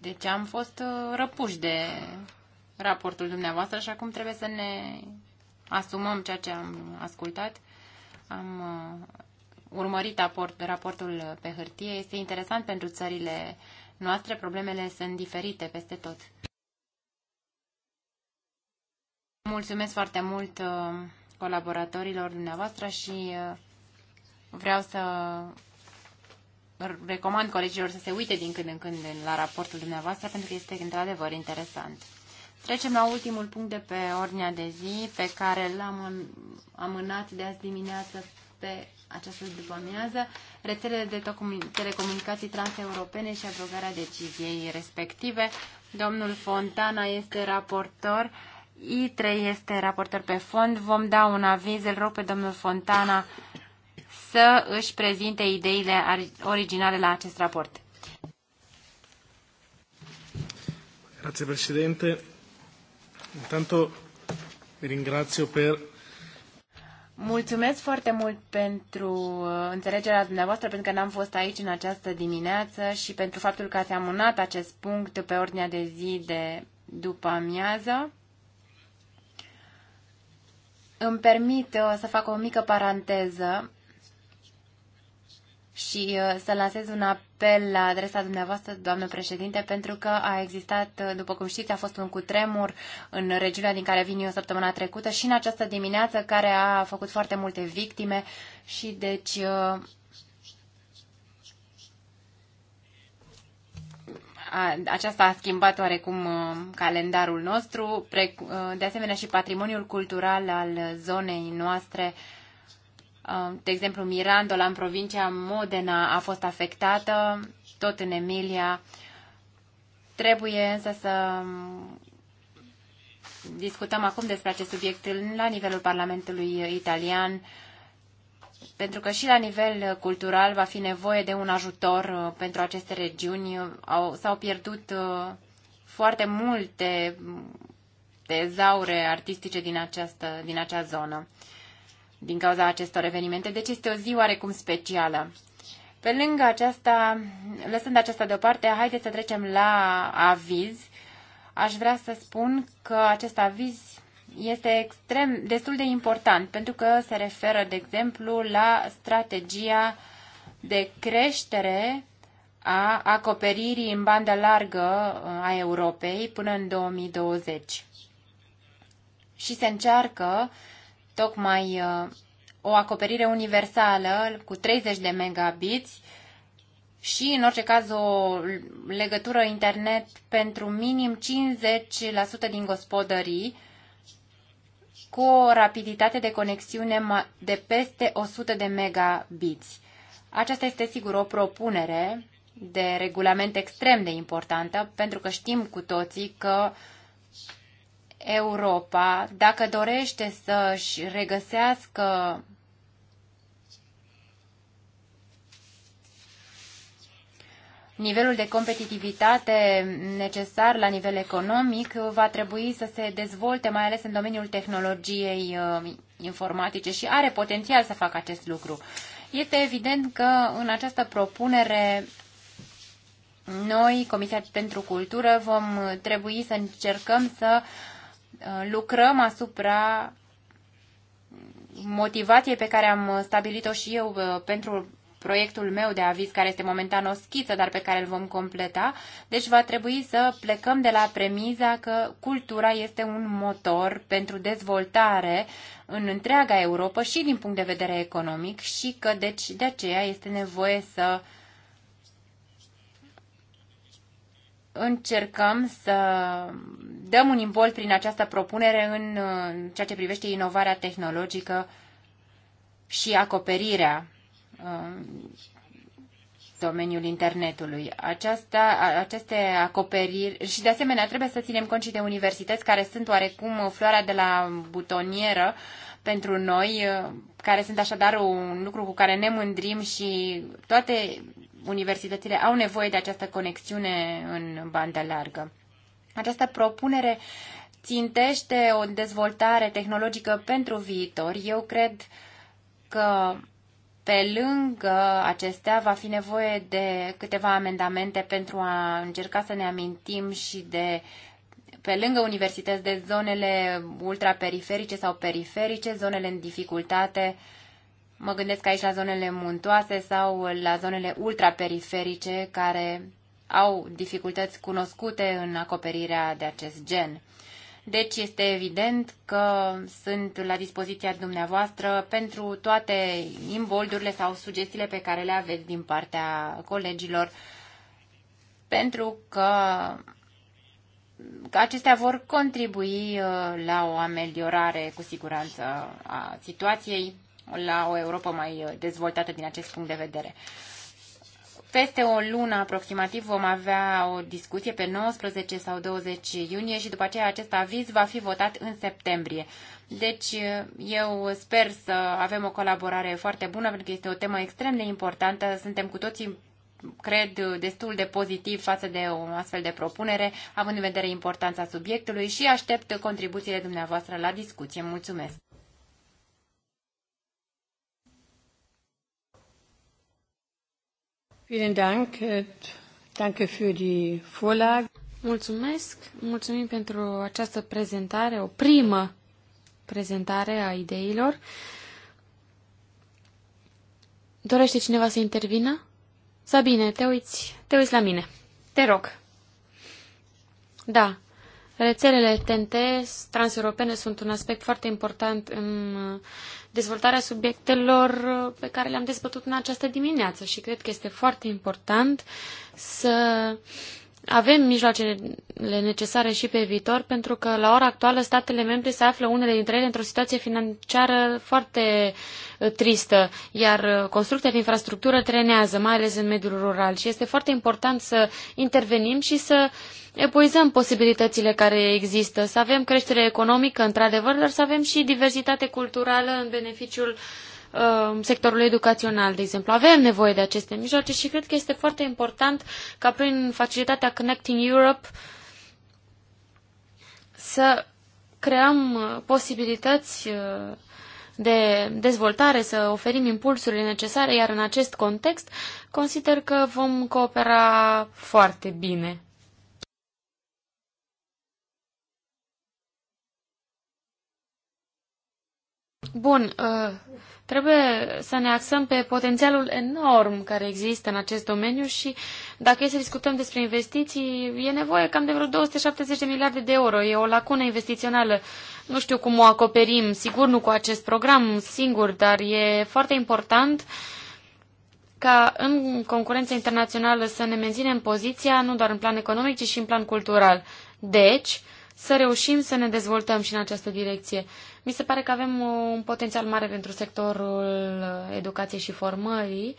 Deci am fost uh, răpuși de raportul dumneavoastră și acum trebuie să ne asumăm ceea ce am ascultat. Am uh, urmărit raport, raportul pe hârtie. Este interesant pentru țările noastre. Problemele sunt diferite peste tot. Mulțumesc foarte mult uh, colaboratorilor dumneavoastră și vreau să recomand colegilor să se uite din când în când la raportul dumneavoastră, pentru că este într-adevăr interesant. Trecem la ultimul punct de pe ordinea de zi, pe care l-am amânat de azi dimineață pe această după-amiază, rețelele de telecomunicații transeuropene și abrogarea deciziei respective. Domnul Fontana este raportor, I3 este raportor pe fond. Vom da un aviz, îl rog pe domnul Fontana să își prezinte ideile originale la acest raport. Grazie Presidente. Intanto vi ringrazio per Mulțumesc foarte mult pentru uh, înțelegerea dumneavoastră, pentru că n-am fost aici în această dimineață și pentru faptul că ați amânat acest punct pe ordinea de zi de după amiază. Îmi permit uh, să fac o mică paranteză și uh, să lansez un apel la adresa dumneavoastră, doamnă președinte, pentru că a existat, uh, după cum știți, a fost un cutremur în regiunea din care vin eu săptămâna trecută și în această dimineață care a făcut foarte multe victime și deci uh, aceasta a schimbat oarecum calendarul nostru, de asemenea și patrimoniul cultural al zonei noastre Um, de exemplu, Mirandola în provincia Modena a fost afectată, tot în Emilia. Trebuie însă să um, discutăm acum despre acest subiect la nivelul Parlamentului italian, pentru că și la nivel cultural va fi nevoie de un ajutor uh, pentru aceste regiuni. S-au pierdut uh, foarte multe um, tezaure artistice din această, din acea zonă din cauza acestor evenimente, deci este o zi oarecum specială. Pe lângă aceasta, lăsând aceasta deoparte, haideți să trecem la aviz. Aș vrea să spun că acest aviz este extrem, destul de important, pentru că se referă, de exemplu, la strategia de creștere a acoperirii în bandă largă uh, a Europei până în 2020. Și se încearcă tocmai uh, o acoperire universală cu 30 de megabits și, în orice caz, o legătură internet pentru minim 50% din gospodării cu o rapiditate de conexiune de peste 100 de megabits. Aceasta este, sigur, o propunere de regulament extrem de importantă, pentru că știm cu toții că uh, Europa, dacă dorește să-și regăsească nivelul de competitivitate necesar la nivel economic, va trebui să se dezvolte, mai ales în domeniul tehnologiei uh, informatice și are potențial să facă acest lucru. Este evident că în această propunere noi, Comisia pentru Cultură, vom trebui să încercăm să Uh, lucrăm asupra motivației pe care am stabilit-o și eu uh, pentru proiectul meu de aviz, care este momentan o schiță, dar pe care îl vom completa. Deci va trebui să plecăm de la premiza că cultura este un motor pentru dezvoltare în întreaga Europa și din punct de vedere economic și că deci de aceea este nevoie să uh, încercăm să dăm un imbolt prin această propunere în uh, ceea ce privește inovarea tehnologică și acoperirea uh, domeniul internetului. Aceasta, aceste acoperiri și de asemenea trebuie să ținem cont și de universități care sunt oarecum floarea de la butonieră pentru noi, uh, care sunt așadar un lucru cu care ne mândrim și toate universitățile au nevoie de această conexiune în bandă largă. Această propunere țintește o dezvoltare tehnologică pentru viitor. Eu cred că pe lângă acestea va fi nevoie de câteva amendamente pentru a încerca să ne amintim și de pe lângă universități de zonele ultraperiferice sau periferice, zonele în dificultate uh, Mă gândesc aici la zonele muntoase sau la zonele ultraperiferice care au dificultăți cunoscute în acoperirea de acest gen. Deci este evident că sunt la dispoziția dumneavoastră pentru toate imboldurile sau sugestiile pe care le aveți din partea colegilor, pentru că, că acestea vor contribui uh, la o ameliorare cu siguranță a situației la o Europa mai uh, dezvoltată din acest punct de vedere. Peste o lună aproximativ vom avea o discuție pe 19 sau 20 iunie și după aceea acest aviz va fi votat în septembrie. Deci uh, eu sper să avem o colaborare foarte bună pentru că este o temă extrem de importantă. Suntem cu toții cred, destul de pozitiv față de o astfel de propunere, având în vedere importanța subiectului și aștept contribuțiile dumneavoastră la discuție. Mulțumesc! Äh, Mulțumesc, mulțumim pentru această prezentare, o primă prezentare a ideilor. Dorește cineva să intervină? Sabine, te uiți, te uiți la mine. Te rog. Da, Rețelele TNT transeuropene sunt un aspect foarte important în uh, dezvoltarea subiectelor uh, pe care le-am dezbătut în această dimineață și cred că este foarte important să avem mijloace necesare și pe viitor, pentru că la ora actuală statele membre se află unele dintre ele într-o situație financiară foarte uh, tristă, iar uh, construcția de infrastructură trenează, mai ales în mediul rural și este foarte important să intervenim și să epuizăm posibilitățile care există, să avem creștere economică, într-adevăr, dar să avem și diversitate culturală în beneficiul uh, sectorului educațional, de exemplu. Avem nevoie de aceste mijloace și cred că este foarte important ca prin facilitatea Connecting Europe să creăm uh, posibilități uh, de dezvoltare, să oferim impulsurile necesare, iar în acest context consider că vom coopera foarte bine. Bun, uh, Trebuie să ne axăm pe potențialul enorm care există în acest domeniu și dacă e să discutăm despre investiții, e nevoie cam de vreo 270 de miliarde de euro. E o lacună investițională. Nu știu cum o acoperim, sigur nu cu acest program singur, dar e foarte important ca în concurența internațională să ne menținem poziția nu doar în plan economic, ci și în plan cultural. Deci, să reușim să ne dezvoltăm și în această direcție. Mi se pare că avem un potențial mare pentru sectorul educației și formării,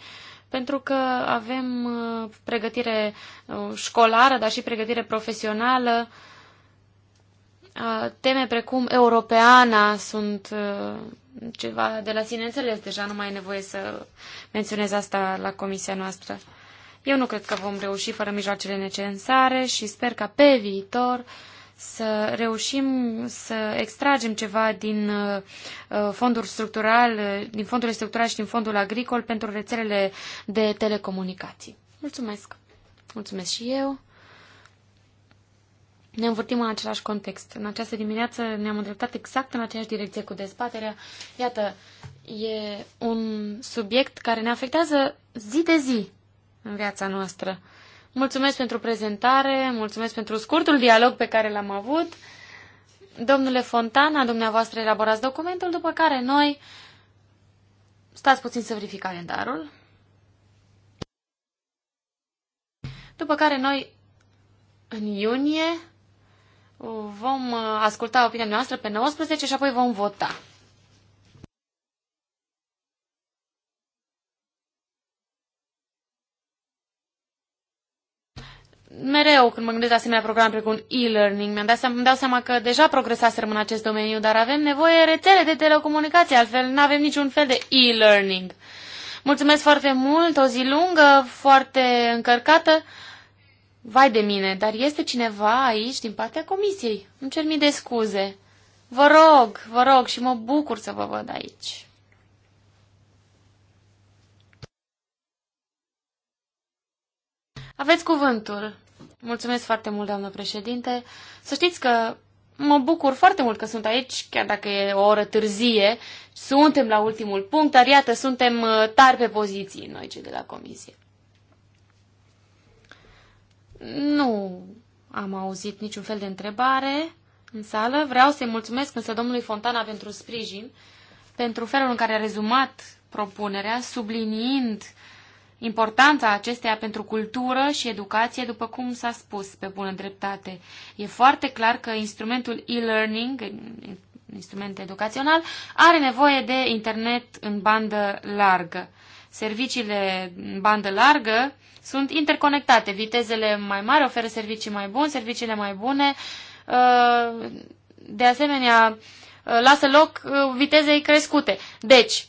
pentru că avem uh, pregătire uh, școlară, dar și pregătire profesională. Uh, teme precum europeana sunt ceva de la sine înțeles, deja nu mai e nevoie să menționez asta la comisia noastră. Eu nu cred că vom reuși fără mijloacele necesare și sper ca pe viitor uh, să reușim să extragem ceva din uh, uh, fondul structural, din fondurile structurale și din fondul agricol pentru rețelele de telecomunicații. Mulțumesc! Mulțumesc și eu! Ne învârtim în același context. În această dimineață ne-am îndreptat exact în aceeași direcție cu dezbaterea. Iată, e un subiect care ne afectează zi de zi în viața noastră. Mulțumesc pentru prezentare, mulțumesc pentru scurtul dialog pe care l-am avut. Domnule Fontana, dumneavoastră elaborați documentul, după care noi... Stați puțin să verific calendarul. După care noi, în iunie, vom uh, asculta opinia noastră pe 19 și apoi vom vota. mereu când mă gândesc la asemenea programe precum e-learning, mi-am dat seama, îmi dau seama că deja progresasem în acest domeniu, dar avem nevoie rețele de telecomunicații, altfel nu avem niciun fel de e-learning. Mulțumesc foarte mult, o zi lungă, foarte încărcată. Vai de mine, dar este cineva aici din partea comisiei. Îmi cer mii de scuze. Vă rog, vă rog și mă bucur să vă văd aici. Aveți cuvântul. Mulțumesc foarte mult, doamnă președinte. Să știți că mă bucur foarte mult că sunt aici, chiar dacă e o oră târzie. Suntem la ultimul punct, dar iată, suntem uh, tari pe poziții noi cei de la comisie. Nu am auzit niciun fel de întrebare în sală. Vreau să-i mulțumesc însă domnului Fontana pentru sprijin, pentru felul în care a rezumat propunerea, subliniind uh, importanța acesteia pentru cultură și educație, după cum s-a spus pe bună dreptate. E foarte clar că instrumentul e-learning, instrument educațional, are nevoie de internet în bandă largă. Serviciile în bandă largă sunt interconectate. Vitezele mai mari oferă servicii mai bune, serviciile mai bune. Uh, de asemenea, uh, lasă loc uh, vitezei crescute. Deci,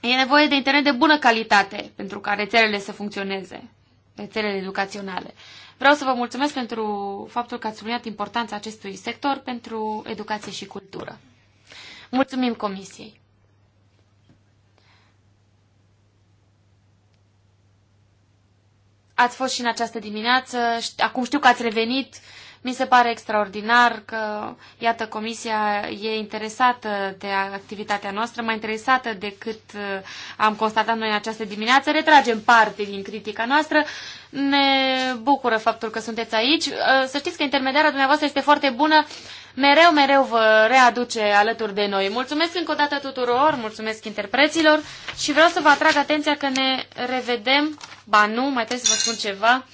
E nevoie de internet de bună calitate pentru ca rețelele să funcționeze, rețelele educaționale. Vreau să vă mulțumesc pentru faptul că ați subliniat importanța acestui sector pentru educație și cultură. Mulțumim Comisiei! Ați fost și în această dimineață, acum știu că ați revenit mi se pare extraordinar că, iată, Comisia e interesată de activitatea noastră, mai interesată decât uh, am constatat noi în această dimineață. Retragem parte din critica noastră. Ne bucură faptul că sunteți aici. Uh, să știți că intermediarea dumneavoastră este foarte bună. Mereu, mereu vă readuce alături de noi. Mulțumesc încă o dată tuturor, mulțumesc interpreților și vreau să vă atrag atenția că ne revedem. Ba nu, mai trebuie să vă spun ceva.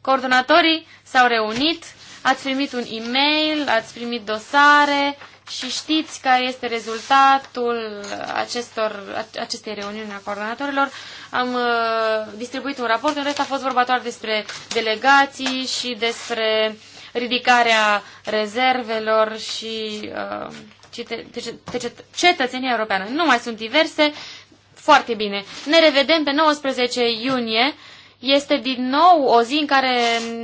Coordonatorii s-au reunit Ați primit un e-mail, ați primit dosare și știți care este rezultatul acestor, acestei reuniuni a coordonatorilor. Am uh, distribuit un raport, în rest a fost vorba doar despre delegații și despre ridicarea rezervelor și uh, cetă cetă cetățenia europeană. Nu mai sunt diverse, foarte bine. Ne revedem pe 19 iunie este din nou o zi în care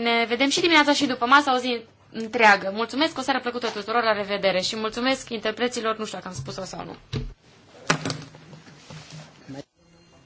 ne vedem și dimineața și după masă o zi întreagă. Mulțumesc, o seară plăcută tuturor, la revedere și mulțumesc interpreților, nu știu dacă am spus-o sau nu.